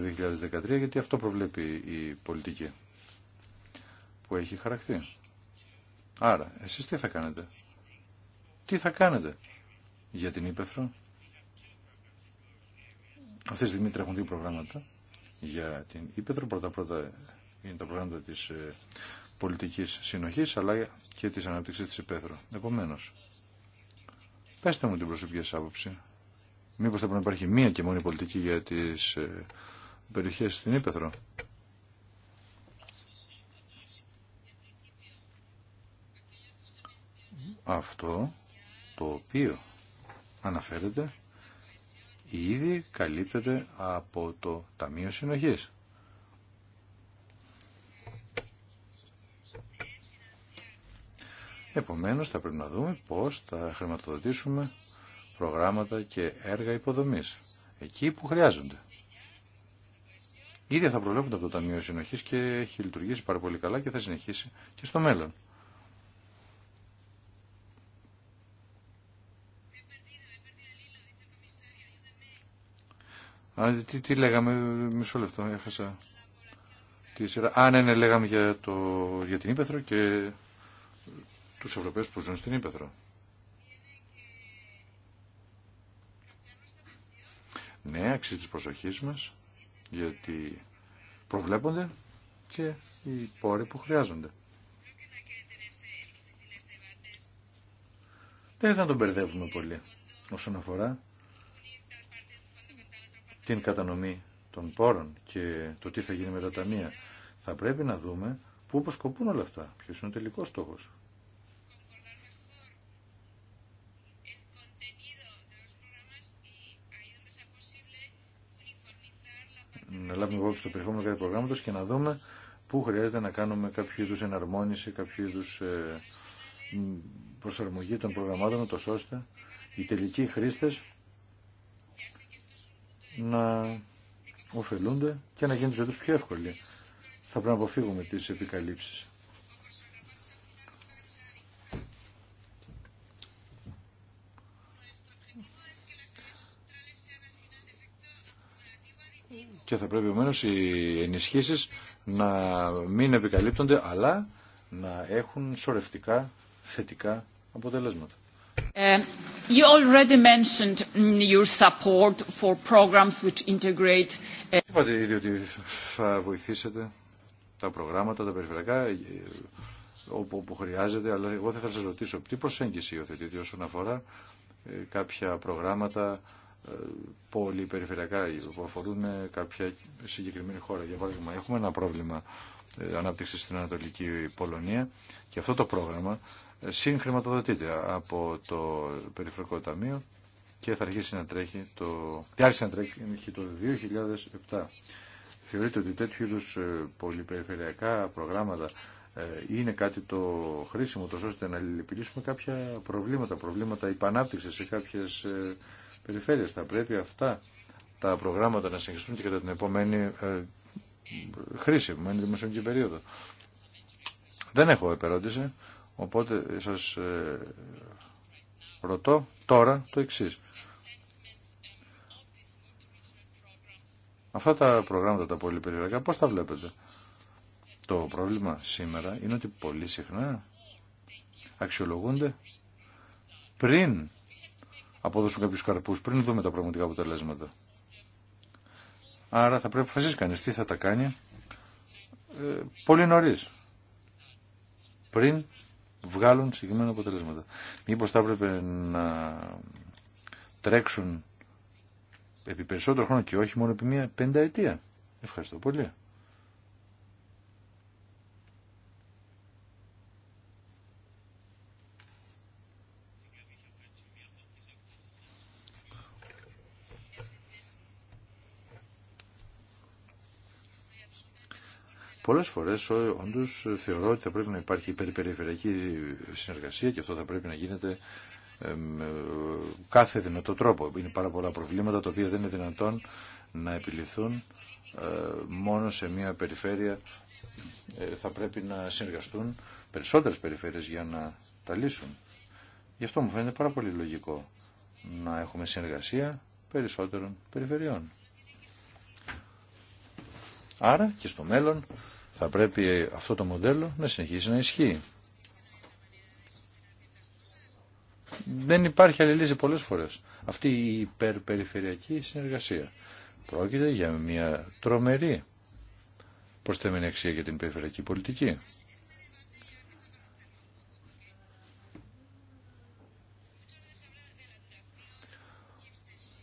2013 γιατί αυτό προβλέπει η πολιτική που έχει χαρακτή. Άρα, εσείς τι θα κάνετε. Τι θα κάνετε για την Ήπεθρο. Αυτή τη στιγμή έχουν δύο προγράμματα για την Ήπεθρο. Πρώτα-πρώτα είναι τα προγράμματα της ε, πολιτικής συνοχής αλλά και της ανάπτυξης της Ήπεθρο. Επομένως, πέστε μου την προσωπική σας άποψη Μήπως θα πρέπει να υπάρχει μία και μόνη πολιτική για τις ε, περιοχές στην Ήπεθρο. Αυτό το οποίο αναφέρεται ήδη καλύπτεται από το Ταμείο Συνοχής. Επομένως θα πρέπει να δούμε πώς θα χρηματοδοτήσουμε προγράμματα και έργα υποδομής, εκεί που χρειάζονται. Ήδη θα προβλέπονται από το Ταμείο Συνοχής και έχει λειτουργήσει πάρα πολύ καλά και θα συνεχίσει και στο μέλλον. Α, τι, λέγαμε, μισό λεπτό, έχασα τη σειρά. Α, ναι, ναι, λέγαμε για, το, για την Ήπεθρο και τους Ευρωπαίους που ζουν στην Ήπεθρο. Ναι, αξίζει της προσοχής μας, γιατί προβλέπονται και οι πόροι που χρειάζονται. Δεν θα τον μπερδεύουμε πολύ όσον αφορά την κατανομή των πόρων και το τι θα γίνει με τα ταμεία. Θα πρέπει να δούμε πού σκοπούν όλα αυτά, ποιος είναι ο τελικός στόχος. να λάβουμε υπόψη το περιεχόμενο κάθε προγράμματο και να δούμε πού χρειάζεται να κάνουμε κάποιο είδου εναρμόνιση, κάποιο είδου ε, προσαρμογή των προγραμμάτων, ώστε οι τελικοί χρήστε να ωφελούνται και να γίνουν ζωή του πιο εύκολη. Θα πρέπει να αποφύγουμε τι επικαλύψει. και θα πρέπει ομένω οι ενισχύσεις να μην επικαλύπτονται αλλά να έχουν σωρευτικά θετικά αποτελέσματα. Ε, you already mentioned your support for programs which integrate. Ε, Είπατε ήδη ότι θα βοηθήσετε τα προγράμματα, τα περιφερειακά ε, όπου χρειάζεται, αλλά εγώ θα σας ρωτήσω τι προσέγγιση υιοθετείτε όσον αφορά κάποια προγράμματα πόλη περιφερειακά που αφορούν κάποια συγκεκριμένη χώρα. Για παράδειγμα, έχουμε ένα πρόβλημα ε, ανάπτυξη στην Ανατολική Πολωνία και αυτό το πρόγραμμα ε, συγχρηματοδοτείται από το Περιφερειακό Ταμείο και θα αρχίσει να τρέχει το, άρχισε να τρέχει το 2007. Θεωρείται ότι τέτοιου είδου ε, πολυπεριφερειακά προγράμματα είναι κάτι το χρήσιμο, τόσο ώστε να λυπηλήσουμε κάποια προβλήματα, προβλήματα υπανάπτυξης σε κάποιες περιφέρειες. Θα πρέπει αυτά τα προγράμματα να συνεχιστούν και κατά την επόμενη ε, χρήση, επόμενη δημοσιονομική περίοδο. Δεν έχω επερώτηση, οπότε σας ε, ρωτώ τώρα το εξής. Αυτά τα προγράμματα τα πολύ περίεργα, πώς τα βλέπετε. Το πρόβλημα σήμερα είναι ότι πολύ συχνά αξιολογούνται πριν αποδώσουν κάποιους καρπούς πριν δούμε τα πραγματικά αποτελέσματα. Άρα θα πρέπει να αποφασίσει κανείς τι θα τα κάνει ε, πολύ νωρί. πριν βγάλουν συγκεκριμένα αποτελέσματα. Μήπως θα έπρεπε να τρέξουν επί περισσότερο χρόνο και όχι μόνο επί μία πενταετία. Ευχαριστώ πολύ. Πολλές φορές όντως θεωρώ ότι θα πρέπει να υπάρχει υπερπεριφερειακή συνεργασία και αυτό θα πρέπει να γίνεται με κάθε δυνατό τρόπο. Είναι πάρα πολλά προβλήματα τα οποία δεν είναι δυνατόν να επιληθούν ε, μόνο σε μια περιφέρεια. Ε, θα πρέπει να συνεργαστούν περισσότερες περιφέρειες για να τα λύσουν. Γι' αυτό μου φαίνεται πάρα πολύ λογικό να έχουμε συνεργασία περισσότερων περιφερειών. Άρα και στο μέλλον θα πρέπει αυτό το μοντέλο να συνεχίσει να ισχύει. Δεν υπάρχει άλλη λύση πολλές φορές. Αυτή η υπερπεριφερειακή συνεργασία πρόκειται για μια τρομερή προσθέμενη αξία για την περιφερειακή πολιτική.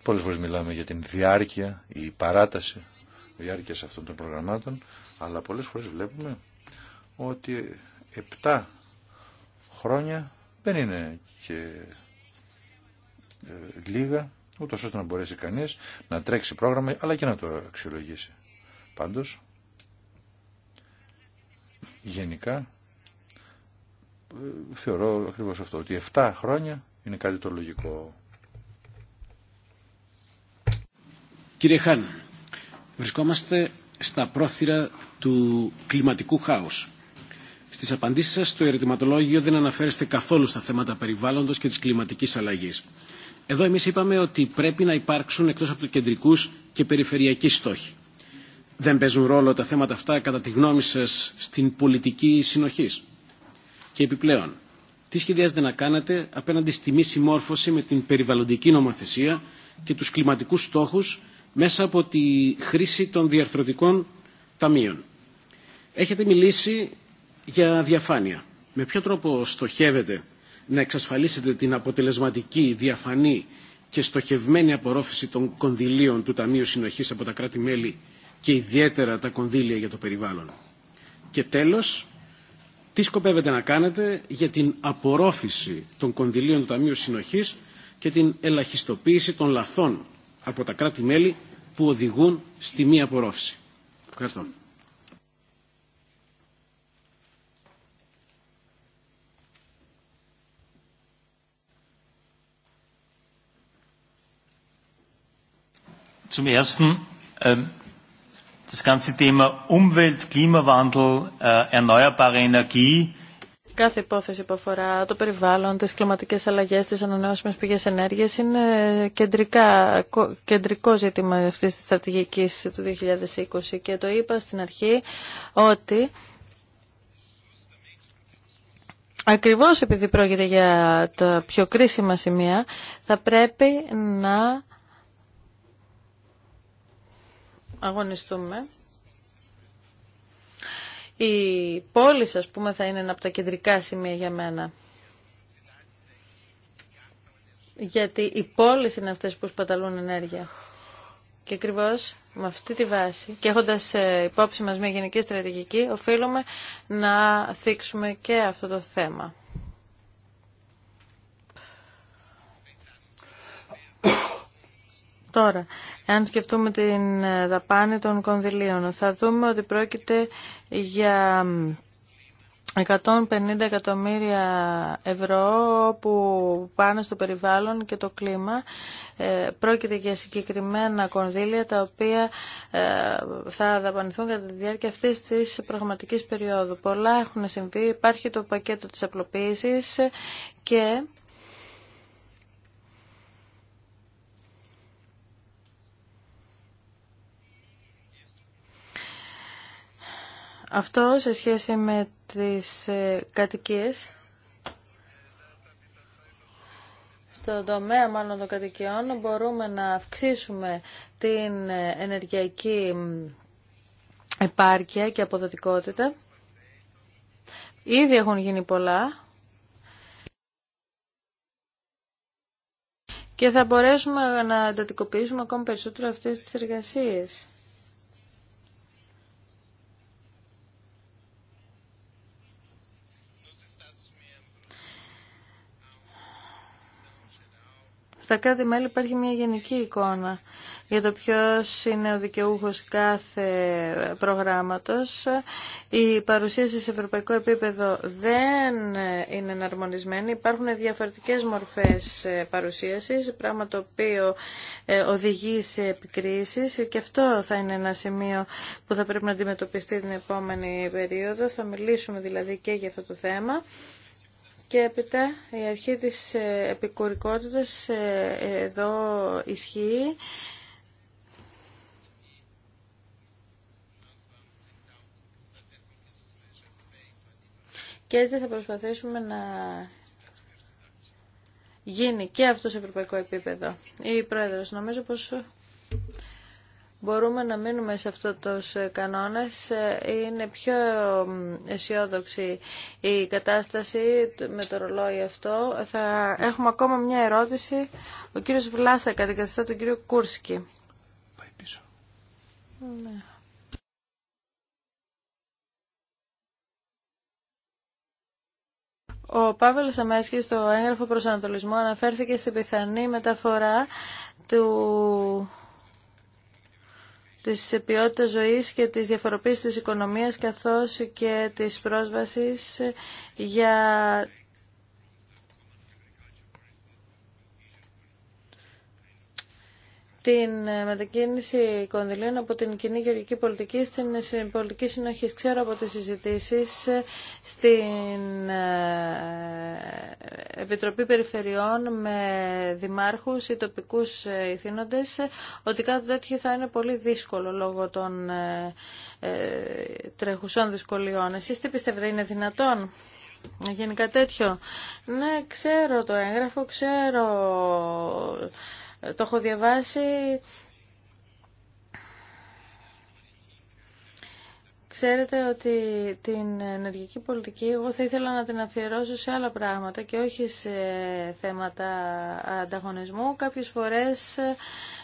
Πολλές φορές μιλάμε για την διάρκεια, η παράταση διάρκειας αυτών των προγραμμάτων αλλά πολλές φορές βλέπουμε ότι 7 χρόνια δεν είναι και ε, λίγα, ούτω ώστε να μπορέσει κανείς να τρέξει πρόγραμμα, αλλά και να το αξιολογήσει. Πάντως, γενικά, ε, θεωρώ ακριβώς αυτό, ότι 7 χρόνια είναι κάτι το λογικό. Κύριε Χάν, βρισκόμαστε στα πρόθυρα του κλιματικού χάους. Στις απαντήσεις σας στο ερωτηματολόγιο δεν αναφέρεστε καθόλου στα θέματα περιβάλλοντος και της κλιματικής αλλαγής. Εδώ εμείς είπαμε ότι πρέπει να υπάρξουν εκτός από του κεντρικούς και περιφερειακοί στόχοι. Δεν παίζουν ρόλο τα θέματα αυτά κατά τη γνώμη σας στην πολιτική συνοχής. Και επιπλέον, τι σχεδιάζετε να κάνετε απέναντι στη μη συμμόρφωση με την περιβαλλοντική νομοθεσία και τους κλιματικούς στόχους μέσα από τη χρήση των διαρθρωτικών ταμείων. Έχετε μιλήσει για διαφάνεια. Με ποιο τρόπο στοχεύετε να εξασφαλίσετε την αποτελεσματική, διαφανή και στοχευμένη απορρόφηση των κονδυλίων του Ταμείου Συνοχής από τα κράτη-μέλη και ιδιαίτερα τα κονδύλια για το περιβάλλον. Και τέλος, τι σκοπεύετε να κάνετε για την απορρόφηση των κονδυλίων του Ταμείου Συνοχής και την ελαχιστοποίηση των λαθών από τα κράτη-μέλη που οδηγούν στη μη απορρόφηση. Ευχαριστώ. Zum Ersten, das ganze Thema Umwelt, Klimawandel, erneuerbare Energie κάθε υπόθεση που αφορά το περιβάλλον, τις κλιματικές αλλαγές, τις ανανεώσιμες πηγές ενέργειας είναι κεντρικά, κεντρικό ζήτημα αυτής της στρατηγικής του 2020 και το είπα στην αρχή ότι ακριβώς επειδή πρόκειται για τα πιο κρίσιμα σημεία θα πρέπει να αγωνιστούμε η πόλη σας, πούμε, θα είναι ένα από τα κεντρικά σημεία για μένα. Γιατί οι πόλεις είναι αυτές που σπαταλούν ενέργεια. Και ακριβώ με αυτή τη βάση και έχοντας ε, υπόψη μας μια γενική στρατηγική, οφείλουμε να θίξουμε και αυτό το θέμα. Τώρα, εάν σκεφτούμε την ε, δαπάνη των κονδυλίων, θα δούμε ότι πρόκειται για 150 εκατομμύρια ευρώ που πάνε στο περιβάλλον και το κλίμα. Ε, πρόκειται για συγκεκριμένα κονδύλια τα οποία ε, θα δαπανηθούν κατά τη διάρκεια αυτή της προγραμματική περίοδου. Πολλά έχουν συμβεί. Υπάρχει το πακέτο της απλοποίηση και Αυτό σε σχέση με τις ε, κατοικίες, στον τομέα μάλλον των κατοικιών, μπορούμε να αυξήσουμε την ε, ενεργειακή επάρκεια και αποδοτικότητα. Ήδη έχουν γίνει πολλά. Και θα μπορέσουμε να εντατικοποιήσουμε ακόμη περισσότερο αυτές τις εργασίες. Στα κράτη-μέλη υπάρχει μια γενική εικόνα για το ποιο είναι ο δικαιούχος κάθε προγράμματο, Η παρουσίαση σε ευρωπαϊκό επίπεδο δεν είναι εναρμονισμένη. Υπάρχουν διαφορετικές μορφές παρουσίαση, πράγμα το οποίο ε, οδηγεί σε επικρίσεις και αυτό θα είναι ένα σημείο που θα πρέπει να αντιμετωπιστεί την επόμενη περίοδο. Θα μιλήσουμε δηλαδή και για αυτό το θέμα. Και έπειτα η αρχή της ε, επικουρικότητας ε, εδώ ισχύει. Και έτσι θα προσπαθήσουμε να γίνει και αυτό σε ευρωπαϊκό επίπεδο. Η Πρόεδρος, νομίζω πως μπορούμε να μείνουμε σε αυτό τους ε, κανόνες. Ε, είναι πιο αισιόδοξη η κατάσταση με το ρολόι αυτό. Θα έχουμε ακόμα μια ερώτηση. Ο κύριος Βλάσα αντικαθιστά τον κύριο Κούρσκι. Πάει πίσω. Ναι. Ο Παύλο Αμέσχη στο έγγραφο προσανατολισμό αναφέρθηκε στην πιθανή μεταφορά του της ποιότητα ζωής και της διαφοροποίησης της οικονομίας καθώς και της πρόσβασης για την ε, μετακίνηση κονδυλίων από την κοινή γεωργική πολιτική στην ε, πολιτική συνοχή. Ξέρω από τις συζητήσεις ε, στην Επιτροπή Περιφερειών με δημάρχους ή τοπικούς ηθήνοντες ότι κάτι τέτοιο θα είναι πολύ δύσκολο λόγω των τρεχουσών δυσκολιών. Εσείς τι πιστεύετε είναι δυνατόν να γίνει τέτοιο. Ναι, ξέρω το έγγραφο, ξέρω το έχω διαβάσει. Ξέρετε ότι την ενεργική πολιτική εγώ θα ήθελα να την αφιερώσω σε άλλα πράγματα και όχι σε θέματα ανταγωνισμού. Κάποιες φορές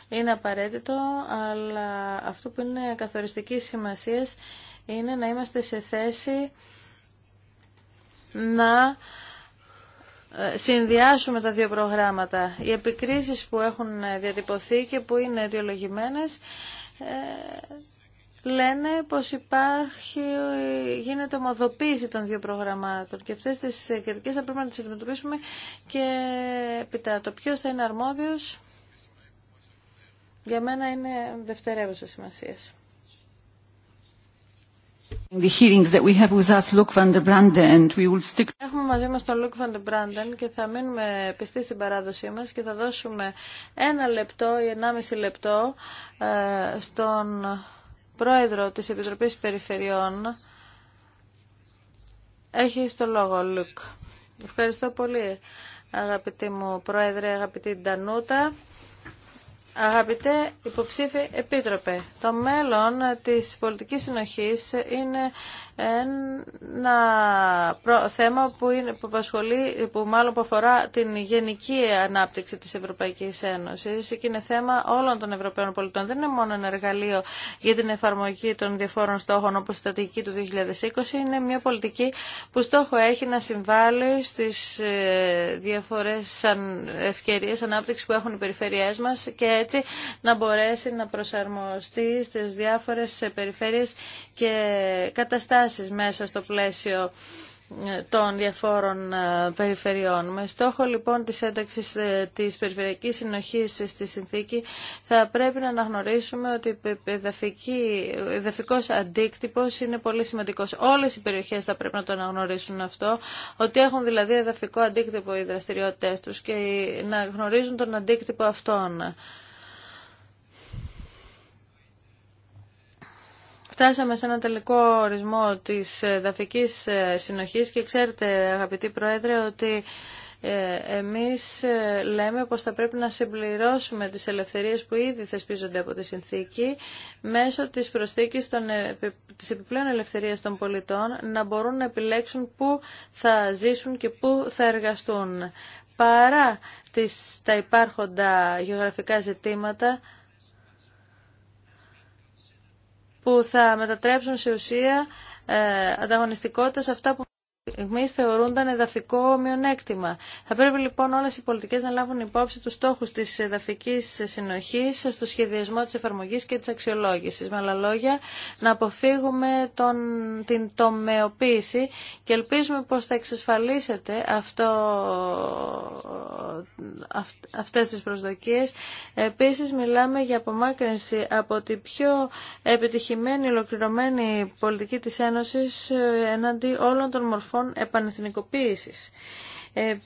είναι απαραίτητο, αλλά αυτό που είναι καθοριστική σημασία είναι να είμαστε σε θέση να συνδυάσουμε τα δύο προγράμματα. Οι επικρίσεις που έχουν διατυπωθεί και που είναι αιτιολογημένες ε, λένε πως υπάρχει, γίνεται ομοδοποίηση των δύο προγραμμάτων και αυτές τις κριτικές θα πρέπει να τις αντιμετωπίσουμε και πιτα το ποιος θα είναι αρμόδιος για μένα είναι δευτερεύουσα σημασίας. Έχουμε μαζί μας τον Λουκ Βαντεμπράντεν και θα μείνουμε πιστοί στην παράδοσή μας και θα δώσουμε ένα λεπτό ή ενάμιση λεπτό ε, στον πρόεδρο της Επιτροπής Περιφερειών. Έχει το λόγο, Λουκ. Ευχαριστώ πολύ, αγαπητή μου πρόεδρε, αγαπητή Ντανούτα. Αγαπητέ υποψήφι επίτροπε, το μέλλον της πολιτικής συνοχής είναι ένα θέμα που, είναι, που, που μάλλον αφορά την γενική ανάπτυξη της Ευρωπαϊκής Ένωσης και είναι θέμα όλων των Ευρωπαίων πολιτών. Δεν είναι μόνο ένα εργαλείο για την εφαρμογή των διαφόρων στόχων όπως η στρατηγική του 2020, είναι μια πολιτική που στόχο έχει να συμβάλλει στις ε, διαφορές ευκαιρίες ανάπτυξης που έχουν οι περιφερειές μας και έτσι να μπορέσει να προσαρμοστεί στις διάφορες ε, περιφέρειες και καταστάσεις μέσα στο πλαίσιο ε, των διαφόρων ε, περιφερειών. Με στόχο λοιπόν της ένταξης ε, της περιφερειακής συνοχής στη συνθήκη θα πρέπει να αναγνωρίσουμε ότι ο εδαφικός αντίκτυπος είναι πολύ σημαντικός. Όλες οι περιοχές θα πρέπει να το αναγνωρίσουν αυτό, ότι έχουν δηλαδή εδαφικό αντίκτυπο οι δραστηριότητές τους και να γνωρίζουν τον αντίκτυπο αυτών. Φτάσαμε σε ένα τελικό ορισμό της ε, δαφικής ε, συνοχής και ξέρετε αγαπητή Πρόεδρε ότι ε, εμείς λέμε πως θα πρέπει να συμπληρώσουμε τις ελευθερίες που ήδη θεσπίζονται από τη συνθήκη μέσω της προσθήκης των, της επιπλέον ελευθερίας των πολιτών να μπορούν να επιλέξουν πού θα ζήσουν και πού θα εργαστούν παρά τις, τα υπάρχοντα γεωγραφικά ζητήματα που θα μετατρέψουν σε ουσία ε, ανταγωνιστικότητα σε αυτά που στιγμής θεωρούνταν εδαφικό μειονέκτημα. Θα πρέπει λοιπόν όλες οι πολιτικές να λάβουν υπόψη τους στόχους της εδαφικής συνοχής στο σχεδιασμό της εφαρμογής και της αξιολόγησης. Με άλλα λόγια, να αποφύγουμε τον, την τομεοποίηση και ελπίζουμε πως θα εξασφαλίσετε αυτό, αυ, αυτές τις προσδοκίες. Επίσης, μιλάμε για απομάκρυνση από την πιο επιτυχημένη, ολοκληρωμένη πολιτική της Ένωσης ε, εναντί όλων των μορφών επανεθνικοποίησης. Ε,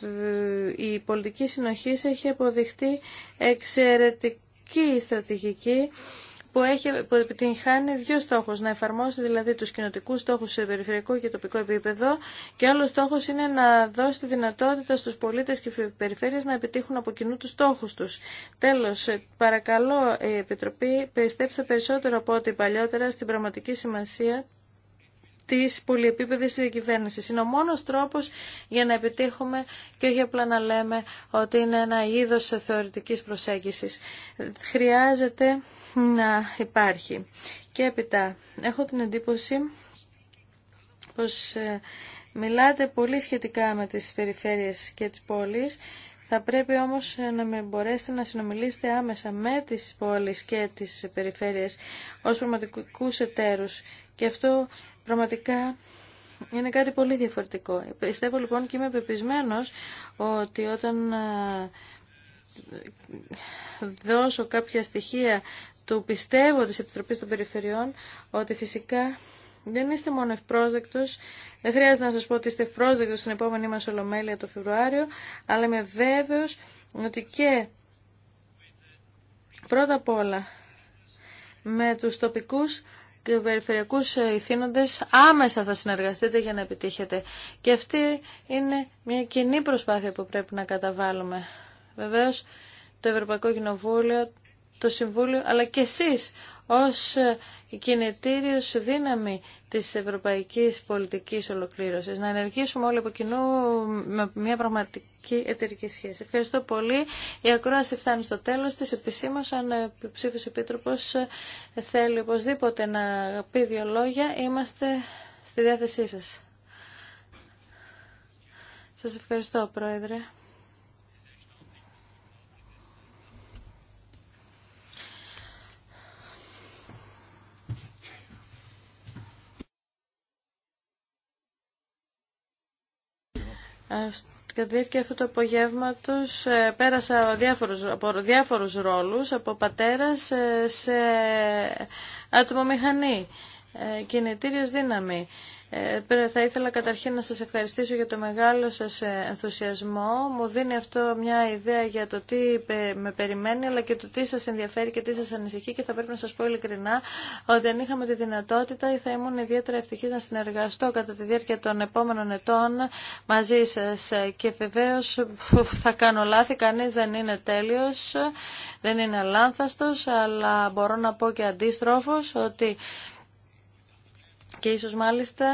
η πολιτική συνοχή έχει αποδειχτεί εξαιρετική στρατηγική που, έχει, που επιτυγχάνει δύο στόχους, να εφαρμόσει δηλαδή τους κοινοτικούς στόχους σε περιφερειακό και τοπικό επίπεδο και άλλο στόχος είναι να δώσει τη δυνατότητα στους πολίτες και περιφέρειες να επιτύχουν από κοινού τους στόχους τους. Τέλος, παρακαλώ η Επιτροπή, πιστέψτε περισσότερο από ό,τι παλιότερα στην πραγματική σημασία της πολυεπίπεδης κυβέρνηση. Είναι ο μόνος τρόπος για να επιτύχουμε και όχι απλά να λέμε ότι είναι ένα είδος θεωρητικής προσέγγισης. Χρειάζεται να υπάρχει. Και επιτά, έχω την εντύπωση πως ε, μιλάτε πολύ σχετικά με τις περιφέρειες και τις πόλεις θα πρέπει όμως να μπορέσετε να συνομιλήσετε άμεσα με τις πόλεις και τις περιφέρειες ως πραγματικούς εταίρους. Και αυτό πραγματικά είναι κάτι πολύ διαφορετικό. Πιστεύω λοιπόν και είμαι πεπισμένος ότι όταν δώσω κάποια στοιχεία του πιστεύω της Επιτροπής των Περιφερειών ότι φυσικά δεν είστε μόνο ευπρόσδεκτο. δεν χρειάζεται να σας πω ότι είστε ευπρόσδεκτο στην επόμενή μα Ολομέλεια το Φεβρουάριο, αλλά είμαι βέβαιος ότι και πρώτα απ' όλα με τους τοπικούς και περιφερειακού ηθήνοντε άμεσα θα συνεργαστείτε για να επιτύχετε. Και αυτή είναι μια κοινή προσπάθεια που πρέπει να καταβάλουμε. Βεβαίω, το Ευρωπαϊκό Κοινοβούλιο, το Συμβούλιο, αλλά και εσείς ως κινητήριος δύναμη της ευρωπαϊκής πολιτικής ολοκλήρωσης. Να ενεργήσουμε όλοι από κοινού με μια πραγματική εταιρική σχέση. Ευχαριστώ πολύ. Η ακρόαση φτάνει στο τέλος της. Επισήμως, αν ο ψήφος επίτροπος θέλει οπωσδήποτε να πει δύο λόγια, είμαστε στη διάθεσή σας. Σας ευχαριστώ, Πρόεδρε. Κατά τη διάρκεια αυτού του απογεύματο ε, πέρασα διάφορους, από διάφορους ρόλους, από πατέρας ε, σε άτομο μηχανή, ε, κινητήριος δύναμη. Ε, θα ήθελα καταρχήν να σας ευχαριστήσω για το μεγάλο σας ε, ενθουσιασμό. Μου δίνει αυτό μια ιδέα για το τι με περιμένει, αλλά και το τι σας ενδιαφέρει και τι σας ανησυχεί και θα πρέπει να σας πω ειλικρινά ότι αν είχαμε τη δυνατότητα θα ήμουν ιδιαίτερα ευτυχής να συνεργαστώ κατά τη διάρκεια των επόμενων ετών μαζί σας και βεβαίω θα κάνω λάθη, κανείς δεν είναι τέλειος, δεν είναι λάνθαστος, αλλά μπορώ να πω και αντίστροφος ότι και ίσως μάλιστα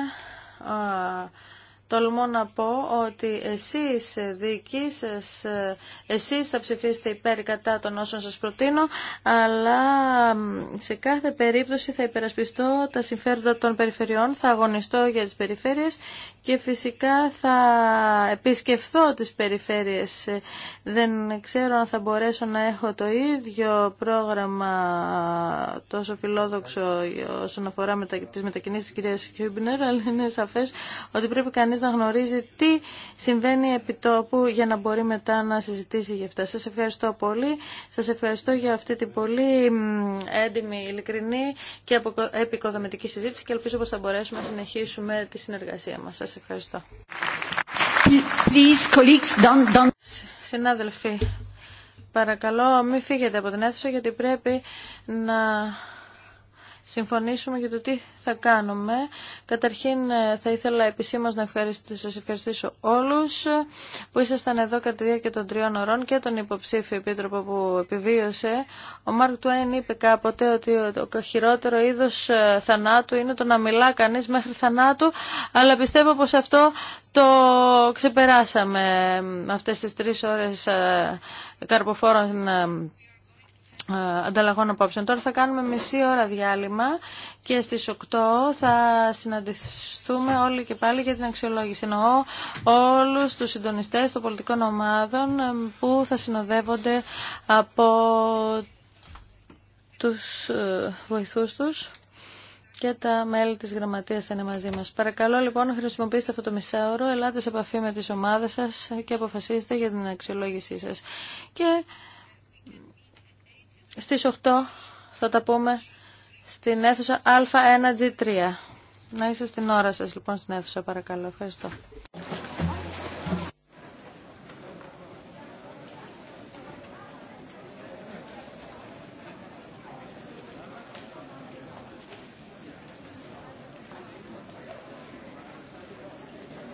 τολμώ να πω ότι εσείς δική εσείς θα ψηφίσετε υπέρ κατά των όσων σας προτείνω, αλλά σε κάθε περίπτωση θα υπερασπιστώ τα συμφέροντα των περιφερειών, θα αγωνιστώ για τις περιφέρειες και φυσικά θα επισκεφθώ τις περιφέρειες. Δεν ξέρω αν θα μπορέσω να έχω το ίδιο πρόγραμμα τόσο φιλόδοξο όσον αφορά τις μετακινήσεις της κυρίας Κιούμπινερ αλλά είναι σαφές ότι πρέπει κανείς να γνωρίζει τι συμβαίνει επί τόπου για να μπορεί μετά να συζητήσει γι' αυτά. Σας ευχαριστώ πολύ. Σας ευχαριστώ για αυτή την πολύ έντιμη, ειλικρινή και επικοδομητική συζήτηση και ελπίζω πως θα μπορέσουμε να συνεχίσουμε τη συνεργασία μας. Σας ευχαριστώ. Please, colleagues, don't, don't... Συνάδελφοι, παρακαλώ μην φύγετε από την αίθουσα γιατί πρέπει να συμφωνήσουμε για το τι θα κάνουμε. Καταρχήν ε, θα ήθελα επισήμως να ευχαριστήσω, σας ευχαριστήσω όλους που ήσασταν εδώ κατά τη διάρκεια των τριών ωρών και τον υποψήφιο επίτροπο που επιβίωσε. Ο Μάρκ Τουέν είπε κάποτε ότι το χειρότερο είδος ε, θανάτου είναι το να μιλά κανείς μέχρι θανάτου, αλλά πιστεύω πως αυτό το ξεπεράσαμε ε, αυτές τις τρεις ώρες καρποφόρων ε, ανταλλαγών απόψεων. Τώρα θα κάνουμε μισή ώρα διάλειμμα και στις 8 θα συναντηθούμε όλοι και πάλι για την αξιολόγηση. Εννοώ όλους τους συντονιστές των πολιτικών ομάδων ε, που θα συνοδεύονται από τους ε, βοηθούς τους και τα μέλη της γραμματείας θα είναι μαζί μας. Παρακαλώ λοιπόν χρησιμοποιήστε αυτό το μισάωρο, ελάτε σε επαφή με τις ομάδες σας και αποφασίστε για την αξιολόγησή σας. Και στις 8 θα τα πούμε στην αίθουσα Α1G3. Να είστε στην ώρα σας λοιπόν στην αίθουσα παρακαλώ. Ευχαριστώ.